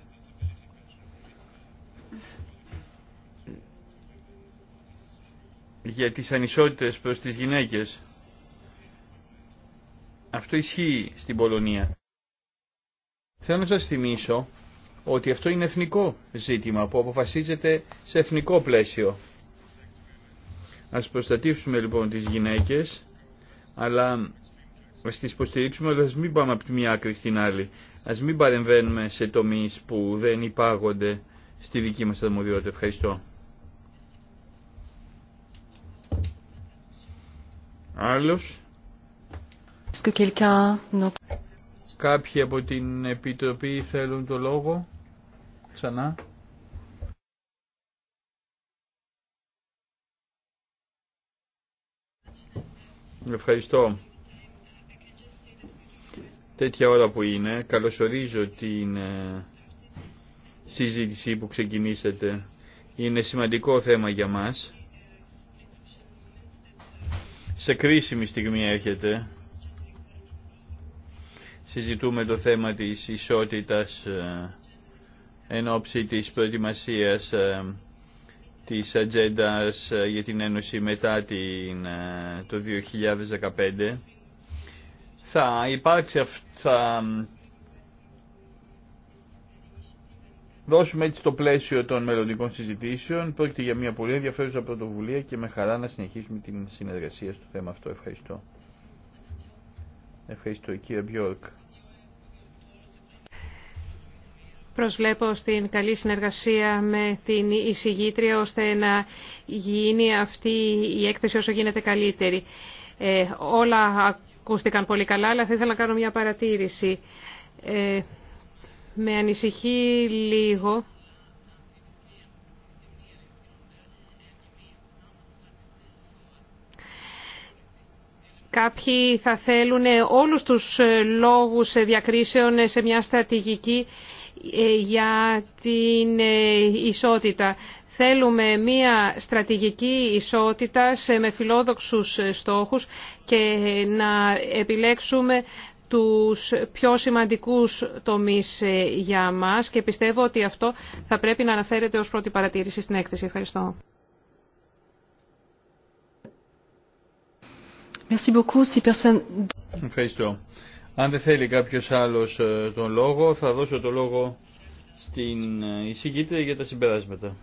για τις ανισότητες προς τις γυναίκες. Αυτό ισχύει στην Πολωνία. Θέλω να σας θυμίσω ότι αυτό είναι εθνικό ζήτημα που αποφασίζεται σε εθνικό πλαίσιο. Ας προστατεύσουμε λοιπόν τις γυναίκες, αλλά ας τις υποστηρίξουμε, αλλά ας μην πάμε από τη μία άκρη στην άλλη. Ας μην παρεμβαίνουμε σε τομείς που δεν υπάγονται στη δική μας αρμοδιότητα. Ευχαριστώ. Άλλος. Κάποιοι από την Επιτροπή θέλουν το λόγο. Ξανά. Ευχαριστώ. Τέτοια ώρα που είναι, καλωσορίζω την ε, συζήτηση που ξεκινήσατε. Είναι σημαντικό θέμα για μας. Σε κρίσιμη στιγμή έρχεται συζητούμε το θέμα της ισότητας ε, εν ώψη της προετοιμασίας ε, της ατζέντα ε, για την Ένωση μετά την, το 2015 θα υπάρξει θα δώσουμε έτσι το πλαίσιο των μελλοντικών συζητήσεων πρόκειται για μια πολύ ενδιαφέρουσα πρωτοβουλία και με χαρά να συνεχίσουμε την συνεργασία στο θέμα αυτό. Ευχαριστώ. Ευχαριστώ κύριε Μπιόρκ. Προσβλέπω στην καλή συνεργασία με την εισηγήτρια ώστε να γίνει αυτή η έκθεση όσο γίνεται καλύτερη. Ε, όλα ακούστηκαν πολύ καλά, αλλά θα ήθελα να κάνω μια παρατήρηση. Ε, με ανησυχεί λίγο Κάποιοι θα θέλουν όλους τους λόγους διακρίσεων σε μια στρατηγική ε, για την ε, ισότητα. Θέλουμε μία στρατηγική ισότητα με φιλόδοξους ε, στόχους και να επιλέξουμε τους πιο σημαντικούς τομείς για μας και πιστεύω ότι αυτό θα πρέπει να αναφέρεται ως πρώτη παρατήρηση στην έκθεση. Ευχαριστώ. Ευχαριστώ. Αν δεν θέλει κάποιος άλλος ε, τον λόγο, θα δώσω το λόγο στην ε, εισηγήτρια για τα συμπεράσματα.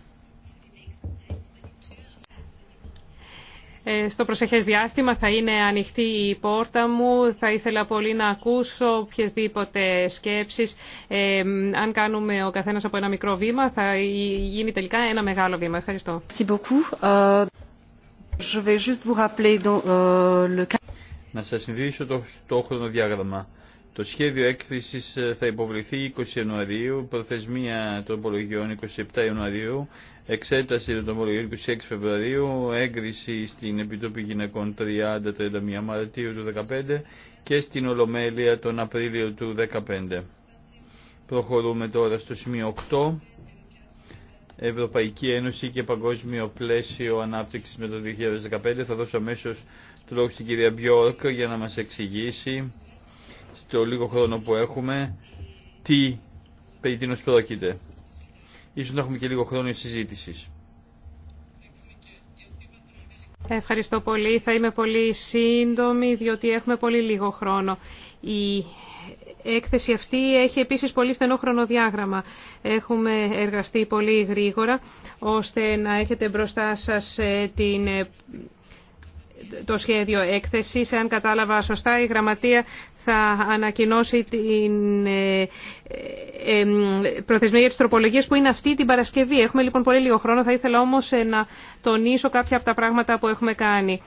Ε, στο προσεχές διάστημα θα είναι ανοιχτή η πόρτα μου. Θα ήθελα πολύ να ακούσω οποιασδήποτε σκέψεις. αν κάνουμε ο καθένας από ένα μικρό βήμα, θα γίνει τελικά ένα μεγάλο βήμα. Ευχαριστώ. Να σας συμβήσω το, το χρονοδιάγραμμα. Το σχέδιο έκθεσης ε, θα υποβληθεί 20 Ιανουαρίου, προθεσμία υπολογιών 27 Ιανουαρίου, εξέταση των τροπολογιών 26 Φεβρουαρίου, έγκριση στην Επιτροπή Γυναικών 30-31 Μαρτίου του 2015 και στην Ολομέλεια τον Απρίλιο του 2015. Προχωρούμε τώρα στο σημείο 8. Ευρωπαϊκή Ένωση και Παγκόσμιο Πλαίσιο Ανάπτυξης με το 2015. Θα δώσω αμέσω του λόγου στην κυρία Μπιόρκ για να μας εξηγήσει στο λίγο χρόνο που έχουμε τι περί τίνος πρόκειται. Ίσως να έχουμε και λίγο χρόνο συζήτησης. Ευχαριστώ πολύ. Θα είμαι πολύ σύντομη διότι έχουμε πολύ λίγο χρόνο. Η έκθεση αυτή έχει επίσης πολύ στενό χρονοδιάγραμμα. Έχουμε εργαστεί πολύ γρήγορα ώστε να έχετε μπροστά σας ε, την το σχέδιο έκθεσης. Αν κατάλαβα σωστά, η Γραμματεία θα ανακοινώσει την ε, ε, ε, προθεσμία για τις τροπολογίες που είναι αυτή την Παρασκευή. Έχουμε λοιπόν πολύ λίγο χρόνο. Θα ήθελα όμως να τονίσω κάποια από τα πράγματα που έχουμε κάνει.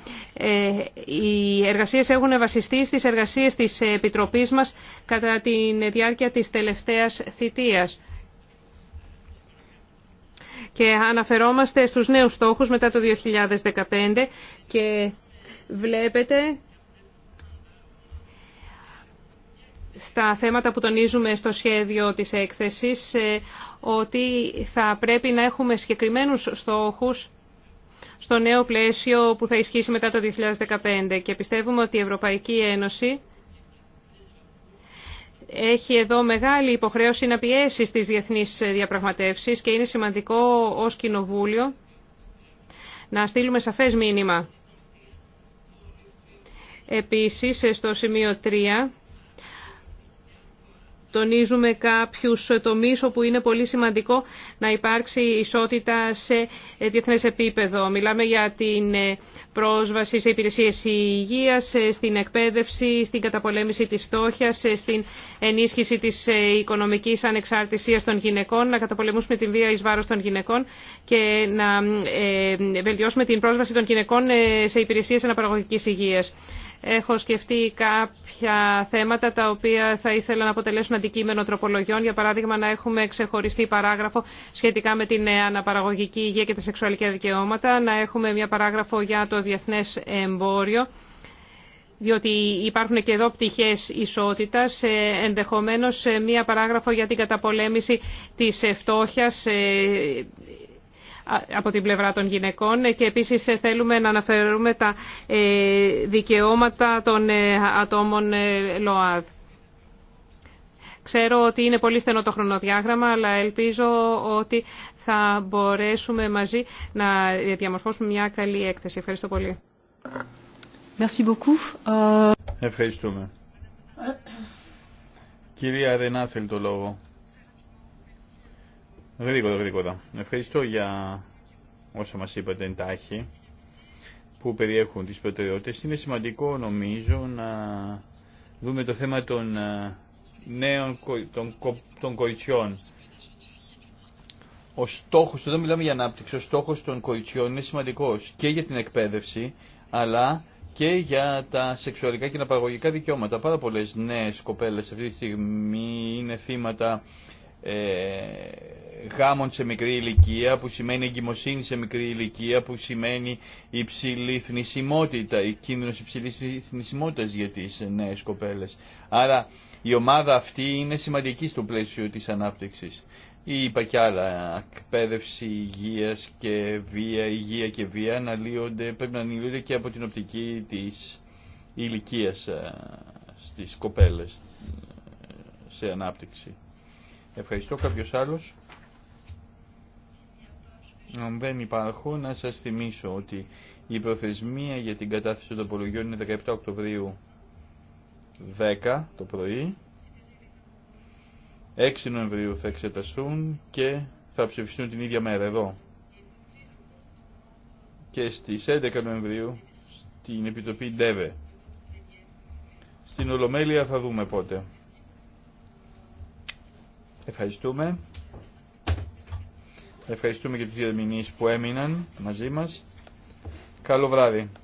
Οι εργασίες έχουν βασιστεί στις εργασίες της Επιτροπής μας κατά τη διάρκεια της τελευταίας θητείας και αναφερόμαστε στους νέους στόχους μετά το 2015 και βλέπετε στα θέματα που τονίζουμε στο σχέδιο της έκθεσης ε, ότι θα πρέπει να έχουμε συγκεκριμένους στόχους στο νέο πλαίσιο που θα ισχύσει μετά το 2015 και πιστεύουμε ότι η Ευρωπαϊκή Ένωση έχει εδώ μεγάλη υποχρέωση να πιέσει στις διεθνείς διαπραγματεύσεις και είναι σημαντικό ως Κοινοβούλιο να στείλουμε σαφές μήνυμα. Επίσης, στο σημείο 3, τονίζουμε κάποιους τομείς όπου είναι πολύ σημαντικό να υπάρξει ισότητα σε διεθνές επίπεδο. Μιλάμε για την πρόσβαση σε υπηρεσίες υγείας, στην εκπαίδευση, στην καταπολέμηση της στόχιας, στην ενίσχυση της οικονομικής ανεξαρτησίας των γυναικών, να καταπολεμούσουμε την βία εις βάρος των γυναικών και να ε, βελτιώσουμε την πρόσβαση των γυναικών ε, σε υπηρεσίες αναπαραγωγικής υγείας. Έχω σκεφτεί κάποια θέματα τα οποία θα ήθελα να αποτελέσουν αντικείμενο τροπολογιών. Για παράδειγμα, να έχουμε ξεχωριστή παράγραφο σχετικά με την αναπαραγωγική υγεία και τα σεξουαλικά δικαιώματα. Να έχουμε μια παράγραφο για το διεθνέ εμπόριο διότι υπάρχουν και εδώ πτυχές ισότητας, ε, ενδεχομένως ε, μία παράγραφο για την καταπολέμηση της φτώχειας ε, από την πλευρά των γυναικών και επίσης ε, θέλουμε να αναφέρουμε τα ε, δικαιώματα των ε, ατόμων ΛΟΑΔ. Ξέρω ότι είναι πολύ στενό το χρονοδιάγραμμα, αλλά ελπίζω ότι θα μπορέσουμε μαζί να διαμορφώσουμε μια καλή έκθεση. Ευχαριστώ πολύ. Ευχαριστούμε. Κυρία Ρενά, θέλει το λόγο. Γρήγορα, γρήγορα. Ευχαριστώ για όσα μας είπατε εντάχει που περιέχουν τις προτεραιότητες. Είναι σημαντικό νομίζω να δούμε το θέμα των ε, νέων των, των κοριτσιών. Ο στόχος, δεν μιλάμε για ανάπτυξη, ο στόχος των κοριτσιών είναι σημαντικός και για την εκπαίδευση αλλά και για τα σεξουαλικά και παραγωγικά δικαιώματα. Πάρα πολλές νέες κοπέλες αυτή τη στιγμή είναι θύματα ε, γάμων σε μικρή ηλικία, που σημαίνει εγκυμοσύνη σε μικρή ηλικία, που σημαίνει υψηλή θνησιμότητα, η κίνδυνος υψηλής θνησιμότητας για τις νέες κοπέλες. Άρα η ομάδα αυτή είναι σημαντική στο πλαίσιο της ανάπτυξης. Ή είπα κι άλλα, εκπαίδευση υγείας και βία, υγεία και βία να πρέπει να ανηλύονται και από την οπτική της ηλικίας ε, στις κοπέλες ε, σε ανάπτυξη. Ευχαριστώ. κάποιο άλλο Αν δεν υπάρχουν, να σας θυμίσω ότι η προθεσμία για την κατάθεση των απολογιών είναι 17 Οκτωβρίου 10 το πρωί. 6 Νοεμβρίου θα εξεταστούν και θα ψηφιστούν την ίδια μέρα εδώ. Και στις 11 Νοεμβρίου στην Επιτροπή ΝΤΕΒΕ. Στην Ολομέλεια θα δούμε πότε. Ευχαριστούμε. Ευχαριστούμε και τους διερμηνείς που έμειναν μαζί μας. Καλό βράδυ.